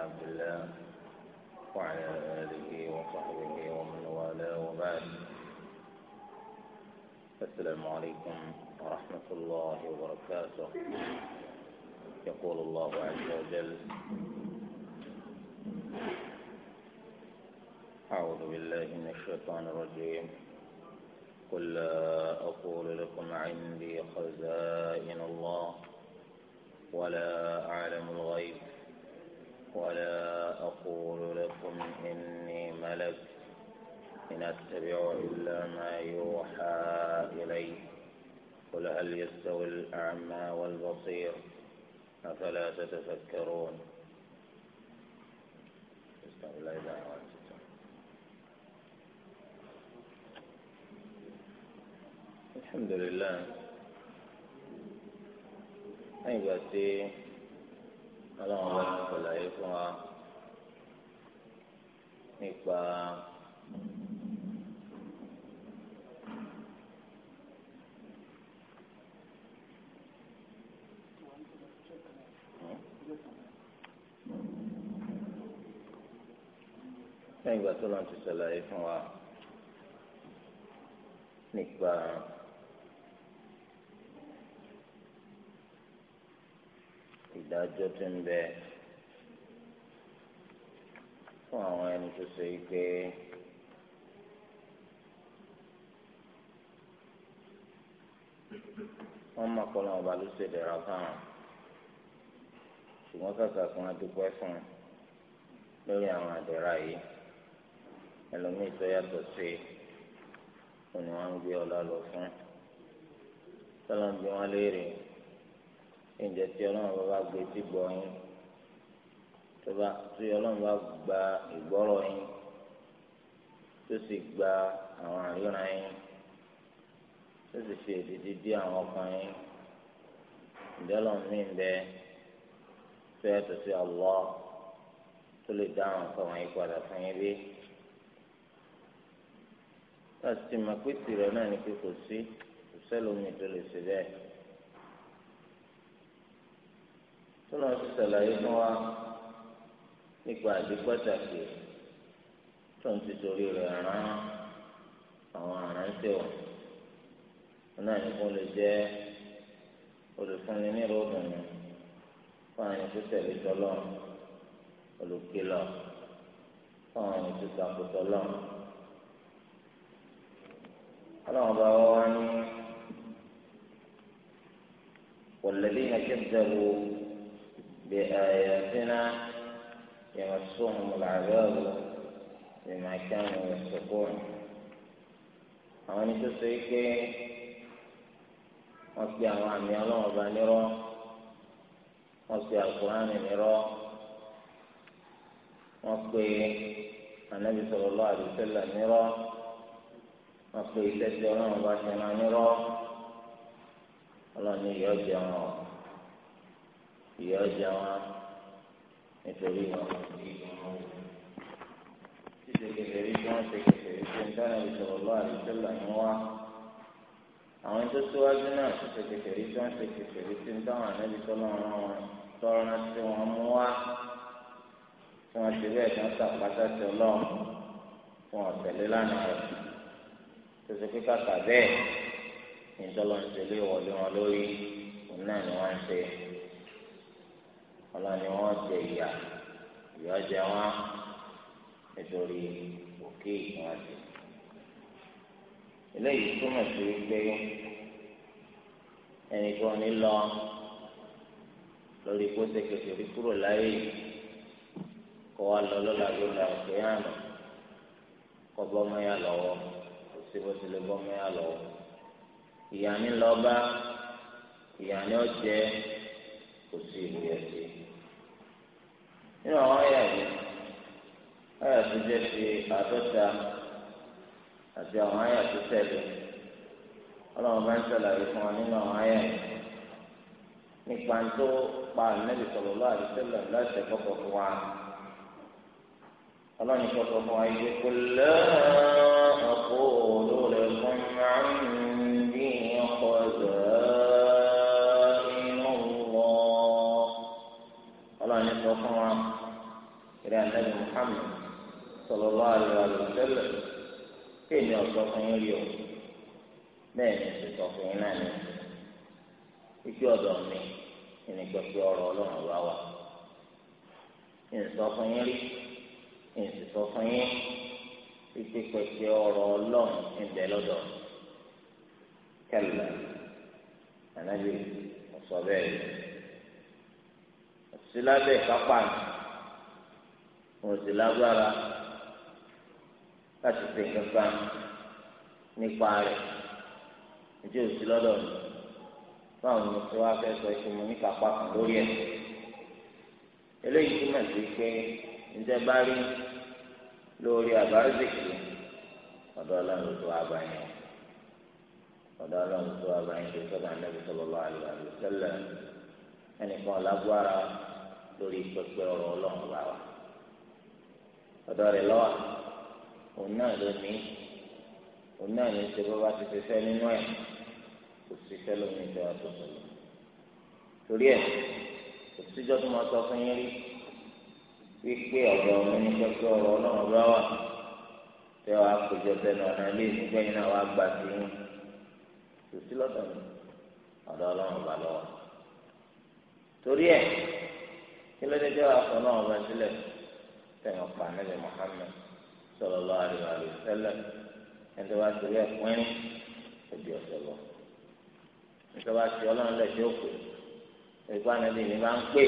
عبد الله وعلى آله وصحبه ومن والاه وبعد السلام عليكم ورحمة الله وبركاته يقول الله عز وجل أعوذ بالله من الشيطان الرجيم قل لا أقول لكم عندي خزائن الله ولا أعلم الغيب ولا أقول لكم إني ملك إن أتبع إلا ما يوحى إلي قل هل يستوي الأعمى والبصير أفلا تتفكرون الله الحمد لله السيد أيوة، ọlọ́run wa ti sọ̀làyé fún wa nípa lẹ́yìn ìgbà tó lọ́n ti sọ̀làyé fún wa nípa. ìdájọ́ tó ń bẹ fún àwọn ẹni tó ṣe pé wọ́n mọ̀ kọ́ lọ́wọ́ ba ló ṣe dẹ̀ra fáwọn ṣùgbọ́n kàkà kan adúpẹ́ fún lórí àwọn àdẹ̀rà yìí ẹlòmíì tó yàtọ̀ sí òní wọn gbé ọlá lọ fún tọ́lọ́ bí wọn léèrè ìjẹ tí ọlọ́run bá bá gbé tí gbọ́ yín tó bá tí ọlọ́run bá gba ìgbọ́rọ̀ yín tó sì gba àwọn àríran yín tó sì fi èdìdí dí àwọn ọkàn yín ìdọ́lọ́run mí bẹ tó yàtọ̀ sí Allah tó lè dá àwọn nǹkan wọ̀nyí padà fún yín bí láti ti mọ̀ pé tìrẹ náà ni pé kò sí kò sẹ́lómi tó lè ṣe bẹ́ẹ̀. sọ́nà ti sàlàyé fún wa nípa àdé pàtàkì tó ń ti torí rẹ̀ rán àwọn àrántí wọn náà ní kó lè jẹ́ olùfúnni ní ìròdùnú fún àwọn ètò tẹ̀lé tọ́lọ́ olùkìlọ̀ fún àwọn ètò tako tọ́lọ́ ọlọ́run bá wá wá ní wọ̀lẹ́lẹ́yìn akẹ́kọ̀ọ́. بآياتنا يمسهم العذاب بما كانوا يفسقون àwọn ẹni tó so yìí pé wọ́n fi àwọn àmì ọlọ́run ọba nírọ́ wọ́n fi àkùránì nírọ́ wọ́n pe ànábì sallallahu alaihi wasallam nírọ́ wọ́n pe iṣẹ́ tí ọlọ́run ọba ṣe máa nírọ́ ọlọ́run jẹ wọn nítorí wọn kò ní ìgbìmọ̀ títí kékeré tí wọn ṣe kékeré tí ń dáná ìṣòro lọ àdìsẹ́là ń wá àwọn tó síwájú náà ti ṣe kékeré tí wọn ṣe kékeré tí ń dáwọn ànábi tọ́lọ́ ọ̀rọ̀ wọn tọ́rọ náà tí wọ́n mú wá tí wọ́n ṣe bẹ́ẹ̀ kí wọ́n ṣàpátá sí ọlọ́run fún ọ̀tẹ̀lẹ́ lánàá rẹ̀ tó ṣe pé kàkà bẹ́ẹ̀ ìjọba ń ṣe lé wọlé wọn lórí òun náà ni wọ́n ń ṣe ọlọ́ni wọn jẹ ìyà ìyà jẹ wọn nítorí òkè ìwọ̀n àti. eléyìí túmọ̀ sí wípé ẹnì kan ní lọ lórí kó ṣe kékeré kúrò láyé kó wá lọ lọ́la lọ́la òkè àná kó bọ́mọ yá lọ́wọ́ kó sí bó tilẹ̀ bọ́mọ yá lọ́wọ́ ìyá ní lọ́ba ìyá ní ọ̀jẹ́ kò sí ìwé ẹ̀sìn nínú àwọn àyà yìí àyà tó jẹ́ ti àádọ́ta àti àwọn àyà tó tẹ̀lé ọlọ́run bá ń ṣàlàyé fún wa nínú àwọn àyà yìí nípa tó pa ànábì sọ̀rọ̀ lọ́wọ́ àdìsẹ́lẹ̀ láti ẹ̀kọ́kọ̀ fún wa ọlọ́run ìkọ̀kọ̀ fún wa yìí kò lẹ́ẹ̀ẹ́ ọ̀pọ̀ olóore fún mi ọkọ̀ ẹ̀zẹ̀ inú wọ ọlọ́run ìrẹ anabi muhammed sọlọlọ àlùwàlù tẹlẹ kéèmí ọsọ fún yín rí o bẹ́ẹ̀ ni ti sọ fún yín náà ní ikú ọ̀dọ̀ mi ìní gbẹgbẹ ọ̀rọ̀ Ọlọ́run wá wa ìsọ fún yín rí ìsọ fún yín ìpèpèpè ọ̀rọ̀ Ọlọ́run ìbẹ lọ́dọ̀ kẹlẹ anabi ọsọ bẹ́ẹ̀ sí kápá mi wọn sì lágbára láti ṣe kankan nípa rẹ̀ ìjọ òsì lọ́dọ̀ mi báwọn ni tí wàá fẹ́ sọ pé mo ní kápá kan lórí ẹ̀ eléyìí túmọ̀ sí pé ǹjẹ́ bá rí lórí àbáríṣèkì ọ̀dọ̀ ọlọ́run tó wà báyìí ọ̀dọ̀ ọlọ́run tó wà báyìí tó sọ́ba anábì sallallahu alaihi wasallam ẹnìkan lágbára lórí pẹpẹ ọ̀rọ̀ ọlọ́run bá ọ̀dọ̀ rẹ̀ lọ́wọ́ òun náà ló ní òun náà ní ṣe bó bá nínú ẹ̀ kò lómi lọ. torí ẹ̀ kò síjọ́ tó máa sọ fún yín rí wípé ọ̀dọ̀ ọ̀run ní pẹ́pẹ́ ọ̀rọ̀ ọlọ́run bá wà tẹ́ wàá péjọ ọ̀nà ilé ìgbẹ́yìn náà wàá gbà sí kò sí lọ́dọ̀ mi ọ̀dọ̀ ọlọ́run bá lọ́wọ́ torí ẹ̀ kí ló dé tẹ́ sẹ́yìn ọ̀pá níbi Muhammad sallallahu alaihi wa sallam ẹ̀ńtẹ́ wá sí ilé ẹ̀pínrín òbí ọ̀sẹ̀ lọ. ẹ̀ńtẹ́ wá sí ọlọ́run lẹ́sẹ̀ òkè ẹ̀gbọ́n anábì ní máa ń pè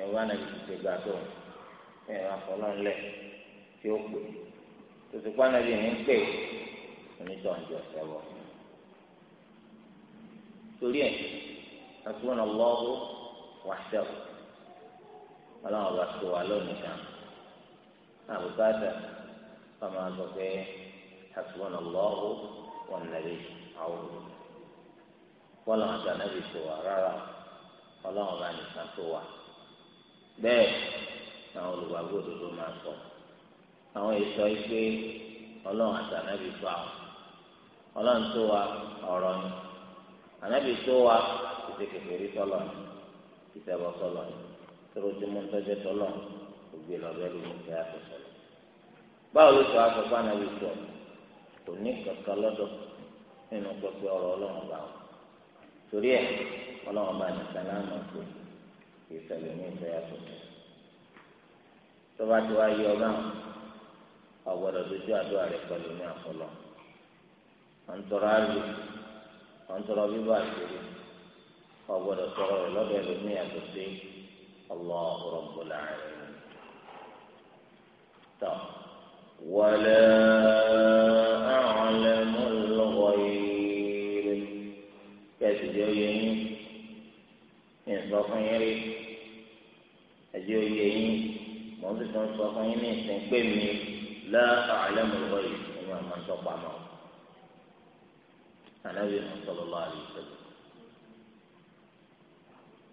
ẹ̀gbọ́n anábì ti ṣe gbàdọ̀ ẹ̀yìn wá fọlọ́run lẹ̀ tí ó pè tòṣùpá anábì ní ń pè oníjọ́njọ́ ọ̀sẹ̀ lọ. torí ẹ̀ àtúwọ̀n ọlọ́wọ́ wàṣẹ́ ọlọ́run ọba tó wà lónìí náà. àbùkátà ọmọ àgbọ̀fẹ́ hasbun allahu wa nabi awùrù bọ́lá wọn sàn nàbì tó wa rárá ọlọ́run bá nìkan tó wa bẹ́ẹ̀ àwọn òdodo máa sọ àwọn àwọn tó wa ni tó wa ni tọlọ ni tó ni. gbé lọ bẹ́ẹ̀ lómi ìyá àtọ̀sọ̀ lọ. báwo ló sọ aṣọ fún anáwó ìtọ́ kò ní kankan lọ́dọ̀ nínú pẹpẹ ọ̀rọ̀ ọlọ́run bá wọn. torí ẹ̀ ọlọ́run bá nìkan náà mọ̀ pé kì í ṣẹlẹ̀ ní yọ náà dojú tọ́ wọlé àwọn lẹ́mú lọ́wọ́ yìí kẹ́sì jẹ́ oyè yín ní sọ fún yín rí ẹ̀jẹ̀ oyè yín mọ̀ ní sọ sọ fún yín ní ìsìn pé mi lẹ́ àwọn lẹ́mú lọ́wọ́ yìí ni wọ́n máa ń sọ pamọ́ ànábì sọlọ́lá àlùfẹ́lẹ́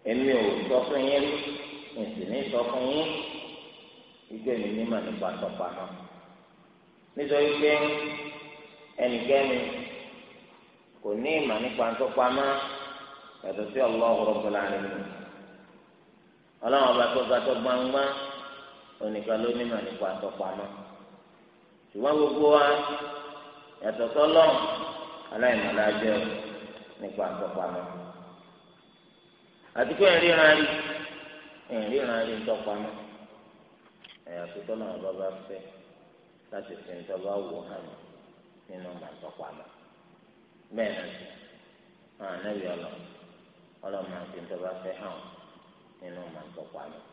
èmi ò sọ fún yín rí ìsìn ní sọ fún yín ìgbé mi nímọ̀ nípa tọ̀pamọ́ nítorí pé ẹnikẹ́ni kò ní ìmọ̀ nípa tọ̀pamọ́ yàtọ̀ sí ọlọ́run rọ̀bùlà rẹ̀ mi ọlọ́run ọba tó ga tó gbangba oníkan ló nímọ̀ nípa tọ̀pamọ́ ṣùgbọ́n gbogbo wa yàtọ̀ sọ́lọ́ aláìmọ̀lá jẹ́ nípa tọ̀pamọ́ àti pé ìríran rí ìríran rí tọ̀pamọ́ àyàfi tọ́lá wọn bá bá fẹ́ láti fi ní tọ́lá wò hàn nínú màtọ́pamọ́ bẹ́ẹ̀ náà sì hàn nẹ́bí ọlọ́ ọlọ́mọ àti ní tọ́lá fẹ́ hàn nínú màtọ́pamọ́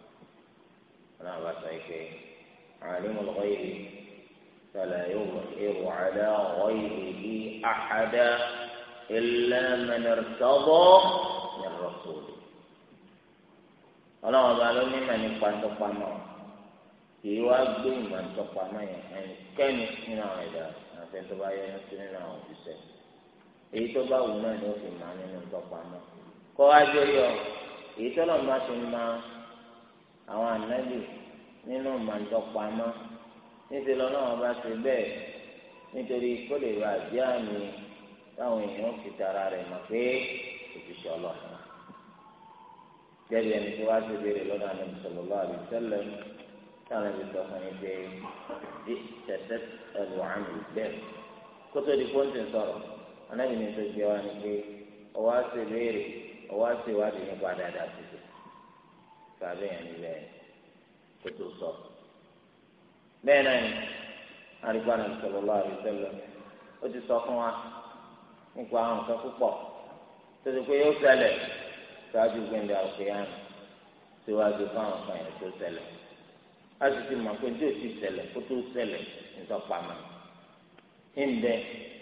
ọlọ́mọ bá sọ pé àlímù lọ́yẹ̀ fẹlẹ̀ yóò wọ ewu àdá ọ̀yẹ̀ èyí àhàdá ilẹ̀ mẹ́nẹ̀rẹ́tọ́bọ̀ yẹn rọ̀ sóòlù ọlọ́mọ bá ló ní mẹ́ni pàtọ́pamọ́ kìí wá gbé ìmọ̀ ìtọ́pamọ́ yẹn ẹnikẹ́ni nínú àwọn ẹ̀dá àfẹ́ tó bá yẹnu sí nínú àwọn òṣìṣẹ́ èyí tó bá wù náà ni ó fi máa nínú ìtọ́pamọ́ kọ́ ajọ́ yọ èyí tó lọ́nà bá ti ma àwọn ànábì nínú ìmọ̀ ìtọ́pamọ́ níṣẹ́ lọ́nà wọn bá ti bẹ́ẹ̀ nítorí kó lè ra àjẹ́ àmì táwọn èèyàn fi tara rẹ̀ mọ̀ pé òṣìṣẹ́ ọlọ́run jẹ́bi ẹni tí wàá ti béèrè lọ́dọ̀ àná táwọn ẹbí sọ fún yín pé di tẹ̀tẹ̀ ẹ̀lú àmì bẹ́ẹ̀ kótó di pọ́ńtì sọ̀rọ̀ anábì ní tó gbé wa ni pé ọwọ́ á ṣe léèrè ọwọ́ á ṣe ìwádìí nípa dáadáa títí tàbí ẹni bẹ́ẹ̀ kótó sọ. bẹ́ẹ̀ náà ni àdìgbò àná sallallahu alaihi wasallam ó ti sọ fún wa nípa àwọn nǹkan púpọ̀ tó pé yóò ṣẹlẹ̀ ṣáájú gbẹ̀ndẹ̀ àwòkè yánn síwájú fún àwọn kan yẹn tó ṣẹlẹ̀ a sì ti mọ̀ pé tí o ti ṣẹlẹ̀ kó tó ṣẹlẹ̀ nítorí pamọ́ ń bẹ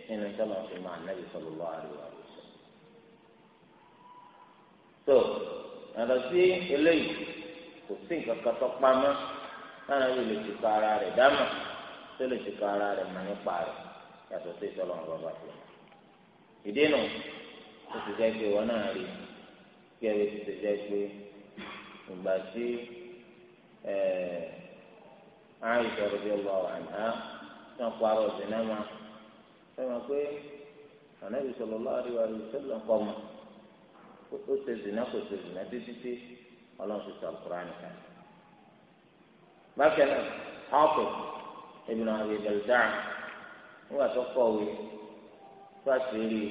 nínú tí wọ́n fi máa nẹ́bí sọ̀rọ̀ lọ́wọ́ àríwá rẹ̀ sọ. tó yàtọ̀ sí eléyìí kò sí nǹkan kan tó pamọ́ lára yóò lè tìka ara rẹ̀ dámọ̀ tó lè tìka ara rẹ̀ mọ̀ nípa rẹ̀ sí ìtọ́lọ́ bàbá tó ìdí nù ó ti jẹ́ wọn náà rí kí ẹ ti jẹ́ pé ìgbà tí ẹ̀ẹ́ Aisha radiyallahu anha náà kó ara ọ̀sìn náà máa fẹ́ràn pé ànábì sallallahu alaihi wa sallam kọ́ mọ́ ó ṣe zìnà kò ṣe zìnà títí tí ọlọ́run ti sọ Al-Qur'an nìkan. bákan náà Hafiz ibn Abi Balta'a nígbà tó kọ̀wé tó àṣírí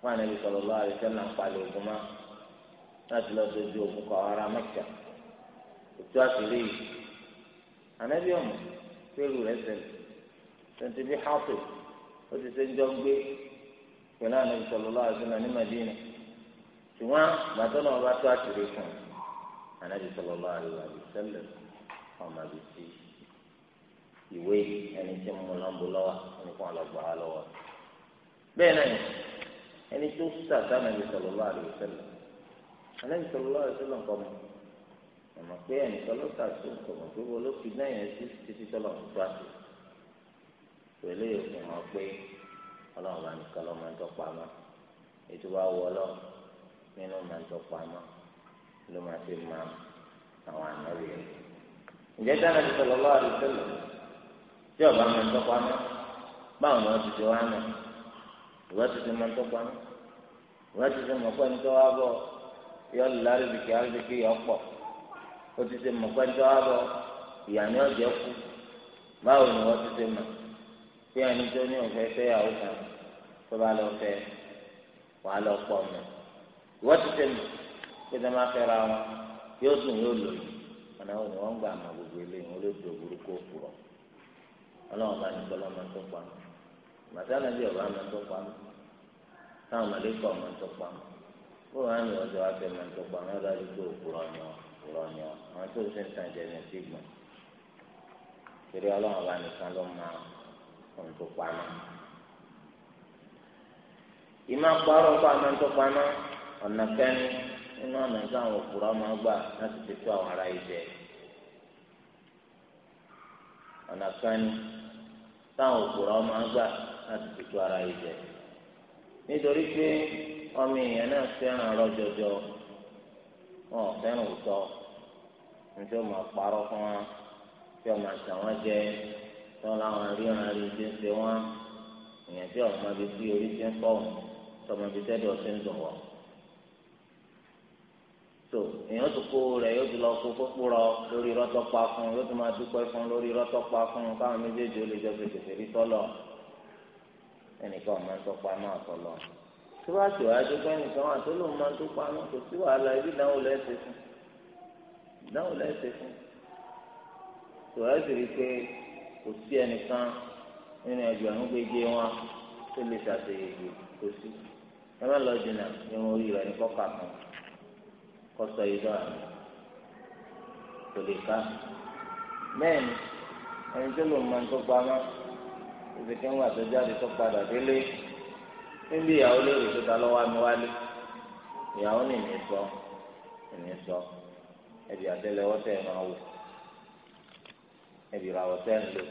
fún ànábì sallallahu alaihi wa sallam pàlẹ́ ogun láti lọ́ọ́ dojú ogun kọ̀ ara mẹ́ta ètò àṣírí yìí ànábì ọmọ pẹ̀lú rẹ̀ ṣẹlẹ̀ tẹ̀sí bí hàpù ó ti ṣe ń jọ gbé pẹ̀lú ànábì sallallahu alaihi wasallam ní Madina ṣùgbọ́n gbàtọ́ náà bá tó àṣírí fún ànábì sallallahu alaihi wasallam ọmọ àbí sí ìwé ẹni tí mo lọ́nbó lọ́wọ́ ẹni kan lọ gbà á lọ́wọ́ náà ẹni tó sàtà ànábì sallallahu alaihi wasallam ànábì sallallahu alaihi wasallam kọ́ mọ́ ọmọ pé ẹnìkan ló tàṣó ọmọ pé wọn ló fi náà yẹn sí títí tọ́lọ̀ ń tó àṣẹ pẹ̀lú ìfún wọn pé ọlọ́run bá nìkan lọ́ máa ń tọ́ pamọ́ ètò wa wọ ọlọ́run nínú máa ń tọ́ pamọ́ ló máa fi ma àwọn àná rẹ̀ ǹjẹ́ dáná ti sọ̀rọ̀ lọ́wọ́ àdúgbò tí ọba máa ń tọ́ pamọ́ báwọn náà ti ti wá náà ìwà ti máa ń tọ́ pamọ́ ìwà ti mọ̀ pé ẹni tó bọ̀ yọ lárìbìkì àrìbìkì yọ pọ̀ ó ti ṣe mọ̀ pẹ́ńtọ́ àbọ̀ ìyàní ọ̀jẹ̀ kú báwo ni wọ́n ti ṣe mọ̀ bí ẹni tó ní òfẹ́ fẹ́ yàwó kan tó bá lọ fẹ́ wàá lọ pọ̀ mọ́ ìwọ́ ti ṣe mọ̀ pé tó máa wọn yóò sùn yóò lò yìí ọ̀nà wo ni wọ́n gbà mọ gbogbo eléyìí wọn ló do burúkú òpùrọ̀ ọlọ́run bá ní bọ́lá máa tó pa màtánà bí ọba máa tó pa táwọn mọ̀lẹ́kọ̀ máa tó pa bó wàá ní ọjọ́ afẹ́ máa tó pa wọn lọ́dọ̀ àdúgbò òpùrọ̀ ni wọn. ìrọ̀ ni ọ àwọn tó ṣe ń tàn jẹ ní ìsìgbọ̀n torí ọlọ́run ọba nìkan ló máa ohun tó pamọ́. ìmọ̀ àpárọ̀ àwọn tó ọ̀nà kẹ́ni nínú ọ̀nà máa gbà láti fi tó wọn ò fẹ́ràn òótọ́ nítorí wọn máa parọ́ fún wa tí wọn máa tàn jẹ tí wọn láwọn ríran rí ti ń ṣe wọn ìyẹn tí ọmọ ibi tí orí ti ń pọ̀ wọn tí ọmọ ibi tẹ́lẹ̀ ọtí ń dùn wọn. tó èèyàn tó kó rẹ̀ yóò ti lọ kó kókó rọ lórí rọ́tọ́ pa fún yóò tó máa dúpẹ́ fún lórí rọ́tọ́ pa fún káwọn méjèèjì ó lè jọ fèsì fèrí tọ́lọ̀ ẹnìkan ọmọ tó bá ṣe wàá dúpẹ́ nìkan wà tó lóun máa ń tó pamọ́ kò sí wàhálà ibi ìdánwò lẹ́sẹ̀ fún ìdánwò lẹ́sẹ̀ fún tó wàá sì rí i pé kò sí ẹnìkan nínú ẹgbẹ̀rún gbèjé wọn tó lè ṣàṣeyege kò sí ẹ má lọ jìnnà irun orí rẹ ní kọ́kà kan kọ́ sọ ìdọ́ àná kò lè ká bẹ́ẹ̀ ẹni tó lóun máa tó pamọ́ ìdíkẹ́ ń wà tó tó padà délé níbi ìyàwó lórí tó ta lọ́wọ́ mi wálé ìyàwó ní ìní sọ ìní sọ ẹbí àtẹ́lẹwọ́ tẹ ẹ máa wò ẹbí ìràwọ̀ tẹ ẹ ń lò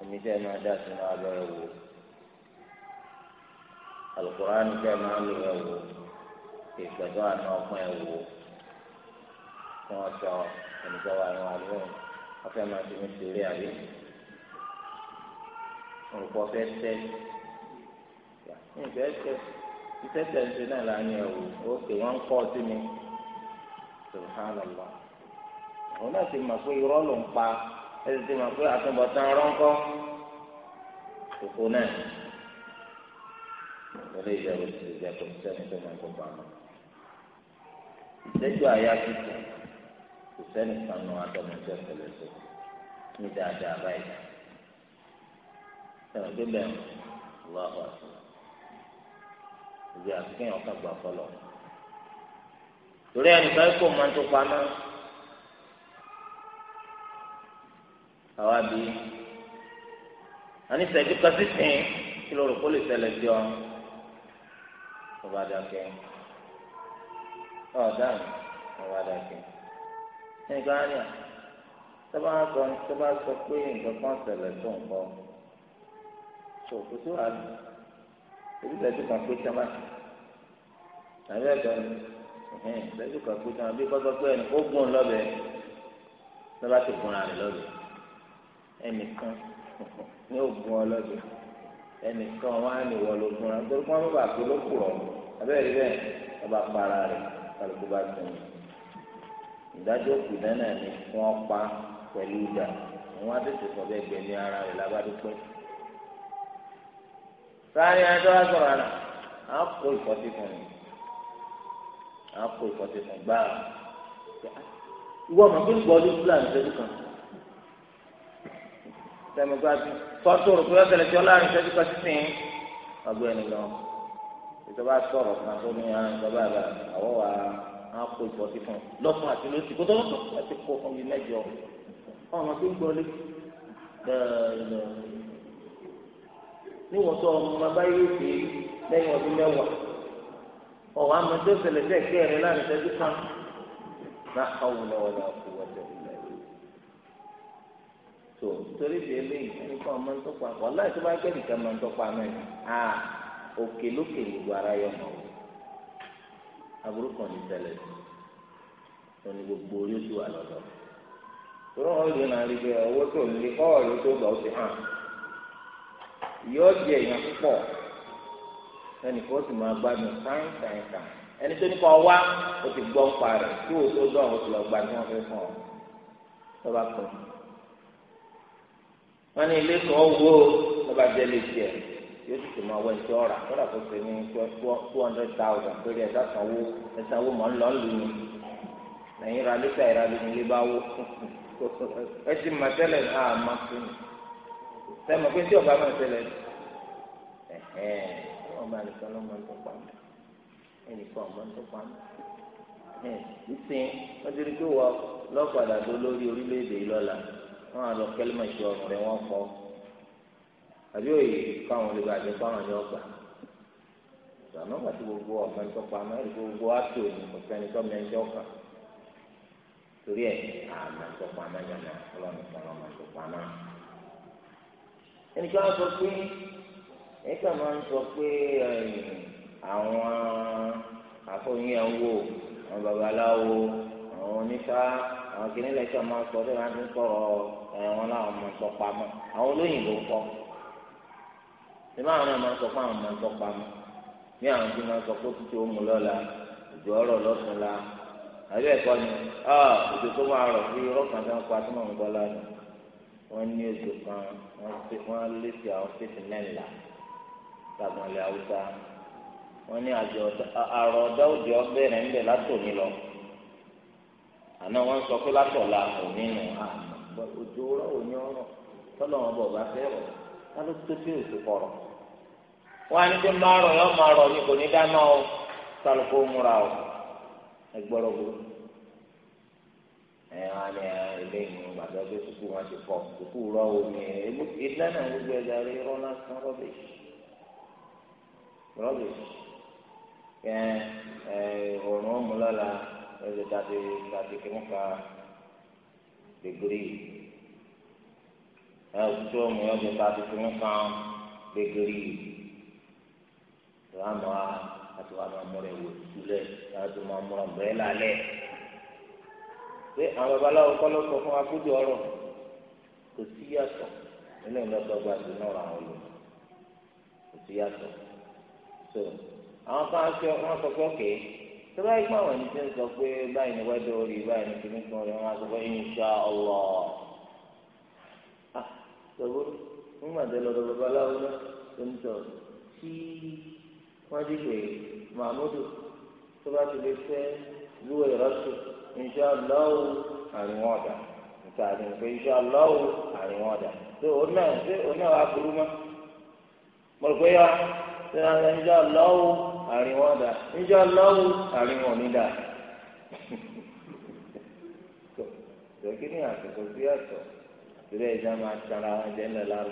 omi tẹ ẹ máa dá sínú abẹ ẹ wò alukóraní tẹ ẹ máa lò ẹ wò ìgbàdo àná ọpọn ẹ wò kí wọn sọ ẹnìkan wà ní wọn wọn fẹẹ máa ti mi sèré àbí olùkọ́ fẹẹ tẹ ìgbẹ́ ṣe iṣẹ́ tẹ̀sí náà la ní ẹ̀wò òkè wọn ń kọ́ sí mi subhanallah òun náà ti mọ̀ pé irọ́ ló ń pa ẹ̀sì ti mọ̀ pé àtúbọ̀tán rọ́ńkọ́ kókó náà lórí ìbẹ̀rù ti ìjẹ́ kò sí ẹni tó máa ń kópa mọ́ ìṣẹ́jú àyà tuntun kò sẹ́ni kan nu àtọmọdé tó ní dáadáa báyìí ẹ̀rọ gbé bẹ́ẹ̀ lọ́wọ́ ìdí àti kéèyàn kan gbà fọlọ torí ẹnìkan kò máa ń tó pamọ́ àwa bí anísẹ̀jú kan sí sìn kí ló rò kó lè ṣẹlẹ̀ jọ ọba dàkẹ́ ọ̀dà ọba dàkẹ́ ẹnìkan á yà tọ́ba sọ tọ́ba sọ pé nǹkan kan ṣẹlẹ̀ tó nǹkan tó kó tó àlù ìṣẹ́jú kan pé sẹ́mà tàbí ẹ̀dọ́ ìṣẹ́jú kan pé sẹ́mà bí kọ́sọ́ pé ẹnì kó gùn lọ́bẹ̀ lọ́ba ti gùn àrè lọ́bẹ̀ ẹnìkan ní ògùn ọlọ́bẹ̀ ẹnìkan wọn á ní wọlé gùn àrè torí wọn bá pè ló kùrọ̀ abẹ́rẹ́ bẹ́ẹ̀ wọ́n bá para rẹ̀ kálukú bá sùn ìdájọ́ òkú náà ní wọ́n pa pẹ̀lú ìdá wọn á tètè sọ bẹ́ẹ̀ gbẹ̀mí ara rẹ̀ lábádúpẹ́ sáré ẹjọ́ wá sọ̀rọ̀ àná à ń kó ìfọ́tí fún mi à ń kó ìfọ́tí fún gbà á ìwọ ọmọ kí n gbọ́ ọdún fúlàní ṣẹ́jú kan sẹ́mìgbà tí tọ́tù rò pé ọ̀sẹ̀lẹ̀ tí ọlọ́run ṣẹ́jú kan ti sìn ọgbẹ́ ẹni lọ ìjọba sọ̀rọ̀ kan tó ní ìjọba rẹ̀ àwọ̀ wa à ń kó ìfọ́tí fún lọ́sùn àti lọ́sì kó tó lọ́sùn àti kó fún mi mẹ́jọ ọmọ kí gbọ́ ọdún níwọ̀n ọmụmụ ọmọ bá yóò ṣe lẹ́yìn ọdún mẹ́wàá ọ̀wọ́ amadu ṣẹlẹ̀ tẹ̀ kí ẹ̀rẹ́ láàrin ìtẹ́jú kan ná àwọn ọ̀nà kò wọ́tẹ̀ ilẹ̀ tó torí di eléyìí nípa ọmọ ń tọ́pa wọ́n láì tó bá gbẹ́ nìkan máa ń tọ́pa mẹ́rin à òkè lókè ara yọ aburú kan ní gbogbo orí oṣù wà tó yóò di èèyàn púpọ̀ ẹnì kan ó sì máa gbádùn sáyìn sáyìn sáyìn ẹni tó ní kọ́ wá o ti gbọ́ ń pa rẹ̀ tí o tó dọ̀ o ti lọ gba tí wọ́n fẹ́ fún ọ tó bá pọ̀ jù. ní ilé kan wo tó jẹ́ lè tiẹ̀ yóò sì tún máa wọ ìṣe ọ̀rà tó dàgbà pé ní two hundred thousand péré ẹ̀dá sanwó ẹ̀sanwó mọ̀ ń lọ lù mí lẹ́yìn ra lítà ìra lómi ilé bá wó ẹ ti mà tẹ́lẹ̀ náà má fún mi sẹ́mi pé tí ọba máa ṣẹlẹ̀ ẹ̀hẹ́n ọba nìkan ló máa ń tó pa mọ́ ẹnìkan ọba ń tó pa mọ́ ẹ̀ ìsìn wọ́n ti rí pé wọ́n lọ́padà tó lórí orílẹ̀-èdè ìlọ́la wọ́n á lọ kẹ́lẹ́mọ̀ ìṣe ọ̀rùn rẹ̀ wọ́n kọ́ àbí òye káwọn olè bàjẹ́ fáwọn ní ọgbà ìgbàna wà tí gbogbo ọ̀gá ń tọ́pa náà rí gbogbo àtò ìmọ̀ torí ẹ̀ àmà ń tọ́pa náà yànnà ọlọ́run ẹnìkan máa sọ pé ẹnìkan máa ń sọ pé àwọn àfọyín ẹwọ àwọn babaláwo àwọn oníṣà àwọn kìnìún lẹsẹ máa ń sọ pé wọn ti ń sọ̀rọ̀ ẹwọn láwọn máa ń sọ pamọ́ àwọn olóyìnbó kọ ìmọ̀ àwọn náà máa ń sọ pé àwọn máa ń sọ pamọ́ ní àwọn tí wọn sọ pé títí ó mú lọ́la ìjọ ọ̀rọ̀ lọ́sùn la àbí ẹ̀kọ́ ni ọ̀ọ́ ah, òjò tó máa rọ̀ sí rọ́ọ̀kan tó ń pa tó máa ń gbọ́ lánàá. wọ́n ní oṣù kan wọ́n lé sí àwọn fèsì mẹ́la lágbọ̀nlẹ̀ haúsá wọ́n ní àjọ àrò ọ̀dá òdì ọ̀bẹ̀rẹ̀ ńbẹ̀ látòní lọ àná wọ́n sọ pé òní ọrọ tọ́lọ̀ wọn bọ̀ bá fẹ́ wọ́n ló tó sí oṣù kọ̀rọ̀ wọ́n ní pé má rọ̀ yọ́ máa kò ní dáná o múra o ẹgbọ́rọ̀ ẹ wọn ah, ni ilé ìwé gbàgbọ́ pé kúkú wọn ti kọ kúkú rọ omi iná náà gbogbo ẹja rí rọ lásán rọbìṣì rọbìṣì kẹ ẹ òórùn ọmọlọ́la ẹ̀jẹ̀ tàbí tàbí kí wọ́n ka dègírì ẹ òtútù ọmọ ẹ̀jẹ̀ tàbí kí wọ́n ka dègírì ìwà máa àti wà máa múra ìwòsùlẹ̀ láti máa múra bẹ́ẹ̀ lálẹ́ pé àwọn babaláwo kọ́lọ́ sọ fún akójú ọ̀rọ̀ kò sí yàtọ̀ nínú ìlọsọgbà tó náà ra àwọn olùkọ́ kò sí yàtọ̀ so àwọn kan sọ wọn sọ pé ọkẹ́ tó bá yípa àwọn ẹni tí ń sọ pé báyìí ni wẹ́dọ̀ orí báyìí ni kìíní kan rí wọn sọ pé insha Allah ah sọgbó nígbà tó lọ sọ babaláwo náà tó ń sọ tí wọ́n dìgbè mahmudu tó bá ti lè fẹ́ lúwẹ̀ rọ́ṣù. inshallah àríwọ̀n ọ̀dà ìtàdé pé inshallah àríwọ̀n ọ̀dà tó o náà ṣé o náà wà burú mọ́ mo rò pé yá ṣé náà ṣe inshallah àríwọ̀n ọ̀dà inshallah àríwọ̀n onídà tó kí ni sí ìjà máa tara wọn jẹ́ ńlẹ̀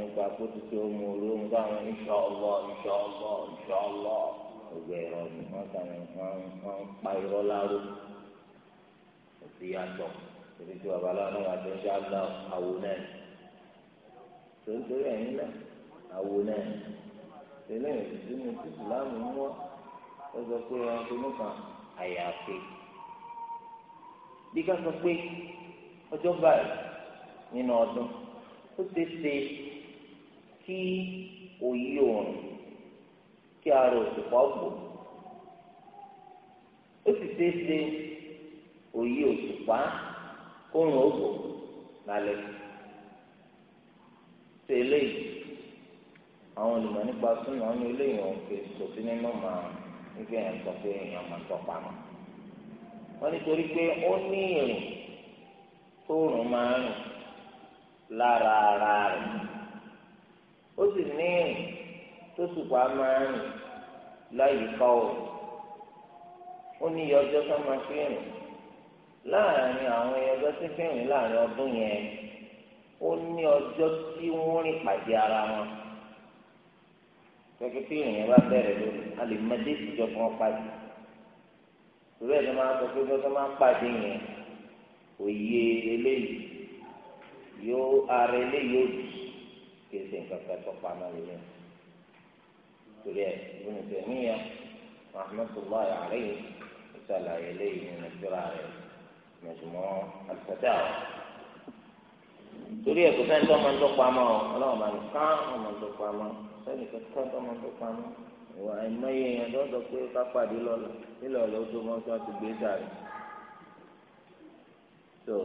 nípa kó tuntun mú olóhùn báwọn gbogbo ẹ̀rọ ni wọ́n kàn wọ́n ń pa irọ́ láró òsì yàtọ̀ torí tí babaláwo náà wà tó ń ṣe àgbà àwo náà tó ń torí ẹ̀yìn náà àwo náà tẹ́lẹ̀ ìdúnnú tí ìsìláàmù ń wọ́ sọ pé ẹran tó mú kan àyàfi bí ká sọ pé ọjọ́ báyìí nínú ọdún ó ṣeé ṣe kí òye òrùn. kí ara òṣùpá o ó sì oyi ṣe òye òṣùpá kóòrùn ògbò lálẹ́ ṣe àwọn olùmọ̀ nípa súnmọ́ ní eléyìí wọn kì sòfin nínú màá nígbà yẹn sọ pé èèyàn máa tọ́ pamọ́ wọ́n nítorí pé ó ní ìrìn tó ṣùpá máa ń rìn láyìíká òòrùn ó ní iye ọjọ́ tó máa fi rìn láàrin àwọn iye ọjọ́ tí fi rìn láàrin ọdún yẹn ó ní ọjọ́ tí wọ́n rìn pàdé ara wọn gẹ́gẹ́ bí ìrìn bá bẹ̀rẹ̀ lórí a lè mọ déètì ìjọ fún ọ pàdé ìwé ẹni máa sọ pé gbọ́dọ̀ máa pàdé yẹn òye eléyìí yóò ara eléyìí yóò dì kí ẹsẹ̀ nǹkan kan tó pa náà lóyún torí ẹ Ibn Taymiyyah rahmatullahi alayhi ṣàlàyé lẹ́yìn nínú ìjọra rẹ Majmu' al-Fatawa torí ẹ kò sẹ́ni tó máa ń tó pamọ́ ọlọ́run máa ń ká ọmọ tó pamọ́ sẹ́ni tó ká tó máa ń tó pamọ́ ìwà ẹ̀mọ́yé yẹn lọ́dọ̀ pé ká pàdé nílò ọ̀lọ́ tó mọ́ tó ti gbé dàrí. tó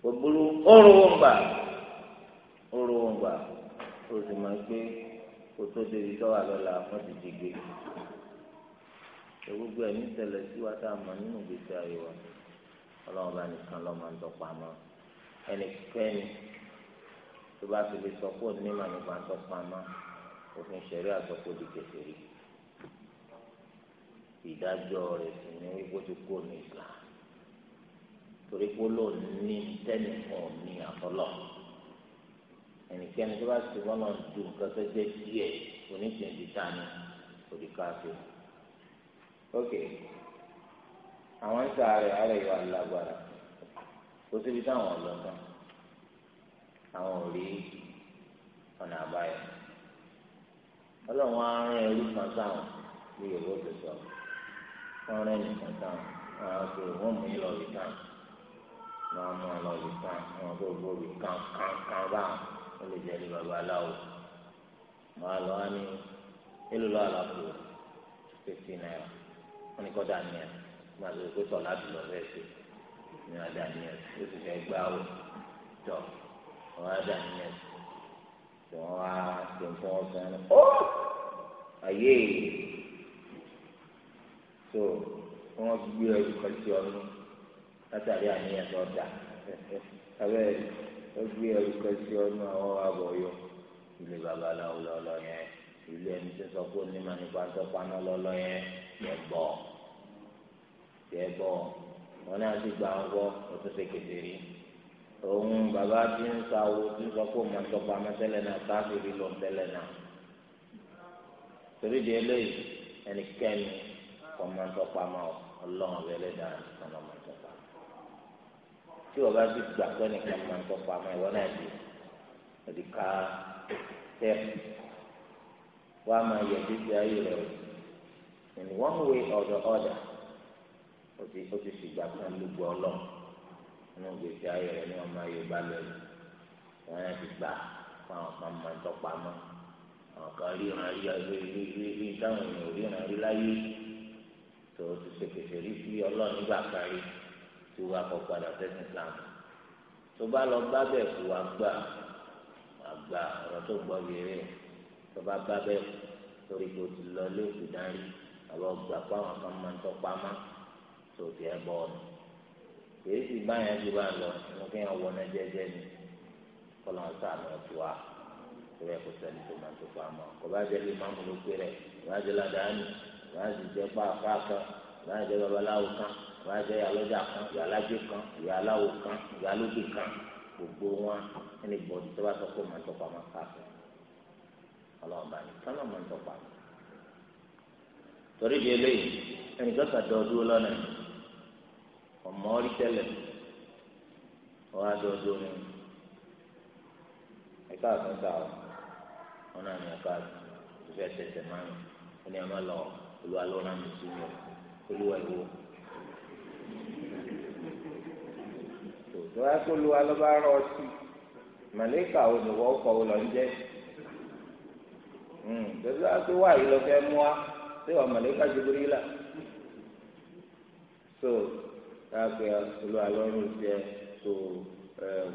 gbogbo oró wọn gbà oró wọn gbà ó sì máa gbé kó tó débi tó wà lọ́la wọ́n ti di gbé gbogbo ẹ̀mí tẹ̀lẹ̀ sí wa tá a mọ̀ nínú gbèsè ayé wa ọlọ́run bá nìkan lọ́ọ́ máa ń tọpa mọ́ ẹnikẹ́ni tó bá fi lè sọ pé òní nípa ń tọpa mọ́ òfin ṣẹ̀rí àtọ́kọ́ di kẹsìrì ìdájọ́ rẹ̀ sì ní wípé tó kó ní ìgbà torí pé lóun ní tẹ́nìkan ní àfọlọ́ọ̀ ẹnikẹ́ni tó bá ti wọ́n lọ ju nǹkan tó jẹ́ díẹ̀ oníṣẹ́jú dání òdìkáfẹ́. ok àwọn ń sàárẹ̀ ara ìwà lágbára kó síbi táwọn ọlọ́tàn àwọn ò rí ọ̀nà àbáyọ. ọlọ́run á rán ẹrú kan sáwọn bí yorùbá ti sọ wọ́n rán ẹnìkan sáwọn wọ́n á sọ wọ́n mú yín lọ rí kan wọ́n á mú ọ lọ rí kan wọ́n á sọ gbogbo rí kan kan kan báwọn ó lè jẹ́ ní babaláwo wọn lọ wá ní èlò lọ àlàfo fifty naira wọn ni kọjá ní ẹ wọn àti òkú tọ láti lọ bẹ́ẹ̀ sí ní adá ní ẹ ó sì fẹ́ gbá o tọ wọn adá ní ẹ tí wọn wá tó ń tọ́ wọn ó ayé so wọn gbé ẹrù kan sí ọdún látàrí àníyàn tó dà abẹ́rẹ́ ó gbé ẹrù kẹsí ọdún àwọn abọ̀yọ ilé babaláwo lọ́lọ́ yẹn ilé ẹni tó sọ pé onímọ̀ nípa tó paná lọ́lọ́ yẹn yẹ bọ̀ yẹ bọ̀ wọn náà ti gbà ń gbọ́ ọtún òun bàbá tí ń sa owó tí ń sọ pé òun tó náà káfíìrì lọ tẹ́lẹ̀ náà torí di eléyìí ẹnikẹ́ni kọ́ máa ń tọ́ pamọ́ ọlọ́run ọ̀bẹ ẹlẹ́dàá ìsọ̀nàmọ́ tí wọ́n bá ti gbà pé nìkan máa ń tọpa àmọ́ ìwọ náà di òdì tẹ́ wọ́n á máa yẹ títí ayé rẹ̀ o in one way or the other ó ti ó ti fìgbà kan lùgbọ́ ọlọ́ inú gbèsè ayé rẹ̀ ni wọ́n máa yọ bá lọ́yìn wọ́n á ti gbà fáwọn kan máa ń tọpa àmọ́ àwọn kan ríran rí ọdún rí rí rí táwọn èèyàn ríran rí láyé tó o ti ṣe kẹsẹ̀ rí sí ọlọ́run nígbà kan rí ti wá kọ padà sẹ́sìn Islam tó bá lọ bá bẹ̀ kú wá gbà wá gbà ọ̀rọ̀ tó gbọ́ yẹrẹ tó bá bá bẹ̀ torí kò ti lọ lé òkú dárí àwọn gbà pa àwọn kan máa ń tọpa má tó ti ẹ bọ ọnà èyí sì bá yẹn ju bá lọ inú kí yẹn wọ náà jẹ́jẹ́ ni kọlọ ń sàánú ọtí wa ìwé kò sẹ́ni tó máa ń tọpa mọ kò bá jẹ lè má múlò pé rẹ ìwádìí ládàá ni ìwádìí jẹ pàápàá kan ìwádìí jẹ babaláwo kan wọ́n á jẹ́ ìyálọ́jà kan ìyálájé kan ìyáláwo kan ìyálógbè kan gbogbo wọn ẹni bọ̀dì tó bá sọ pé màá tọpa máa ká fún ọlọ́run bá ní kánà máa tọpa. torí di eléyìí ẹnì kọ́kà dọ̀ dúró lọ́nà ọmọ orí tẹ́lẹ̀ wọ́n á dọ̀ dúró ní ẹ̀ka àtúntà wọn náà ní ẹ̀ka ìfẹ́ tẹ̀tẹ̀ máa ń ní ẹ̀ má lọ olúwa lọ́ọ́ náà mi sí olúwa ìwọ. tòtò akólu alọ́ba rọ ọtí màlẹ́kà òdòwò ọkọ̀ wò lọ́njẹ́ hmm, tòtò akó wà yìí lọ́fẹ́ mú wa tí wà màlẹ́kà jìbìrì la tó káàpé olú alọ́run jẹ tó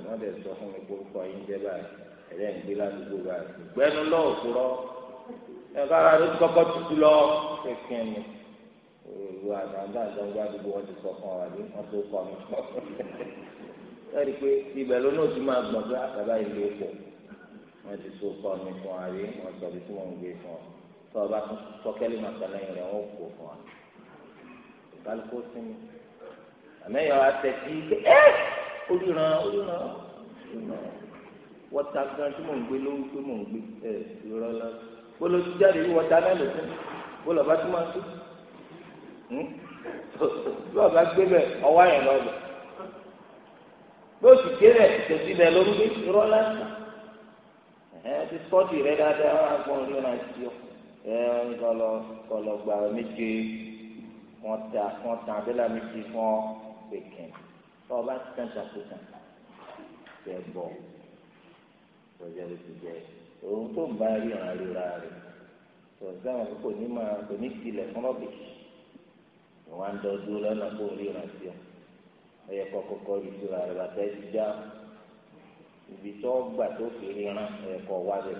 wọ́n dẹ̀ sọ fún mi kó kọ́ yín jẹ báyìí ẹ̀rẹ́ ń ládùúgbò báyìí gbẹ́nu kúrọ́ kọ́kọ́ tutù lọ kékeré. ìlú àgbàdo àjọyọ̀ àdúgbò wọn ti sọ fún ọ àbí wọn tó kọ mi kọ lẹ́yìn pé ibẹ̀ ló náà ti máa gbọ̀n pé àtàbà ìlú epo wọn ti so kọ mi fún àbí wọn sọ bí tí wọn ń gbé fún ọ tó o bá tún tọ́kẹ́lì máa sọ lẹ́yìn rẹ̀ wọ́n kò fún ọ ìbálòpọ̀ sí mi àmẹ́yọ̀ àtẹ̀tí ẹ́ olùràn olùràn wọ́tà gan tí mò ń gbé lówó pé mò ń gbé ẹ̀ lọ́lọ́ bó ló ti jáde wọ́tà mẹ́lòó fún bó lọ́ bá tún máa tún. Hmm? bí ọba gbé bẹ ọwọ àyàn lọ bẹ bí o sì gbé bẹ tòsí bẹ lórúkọ irọ́ lásán ẹ ti sọ́ọ̀tì rẹ dáadáa wọn àgbọn rí wọn àti ọ ẹ kọlọ kọlọ gbà méje wọn ta wọn ta abẹ́là méje fún ọ pèkìn tọ́ ọba ti tẹ̀ ṣàkóso tẹ̀ bọ̀ lọ́jọ́ ló ti jẹ́ òun tó ń bá rí ọ̀ràn ríra rẹ̀ tọ̀ sí àwọn ní máa kò ní tilẹ̀ fún ọ̀bì wọn ń dọdún lọ́nà kó rí ìrántí ọ ẹyẹ kọkọkọ rí tura rẹ bàtà ẹsì já ibi tí wọn gbà tó fi ríran ẹyẹ kọ wá bẹ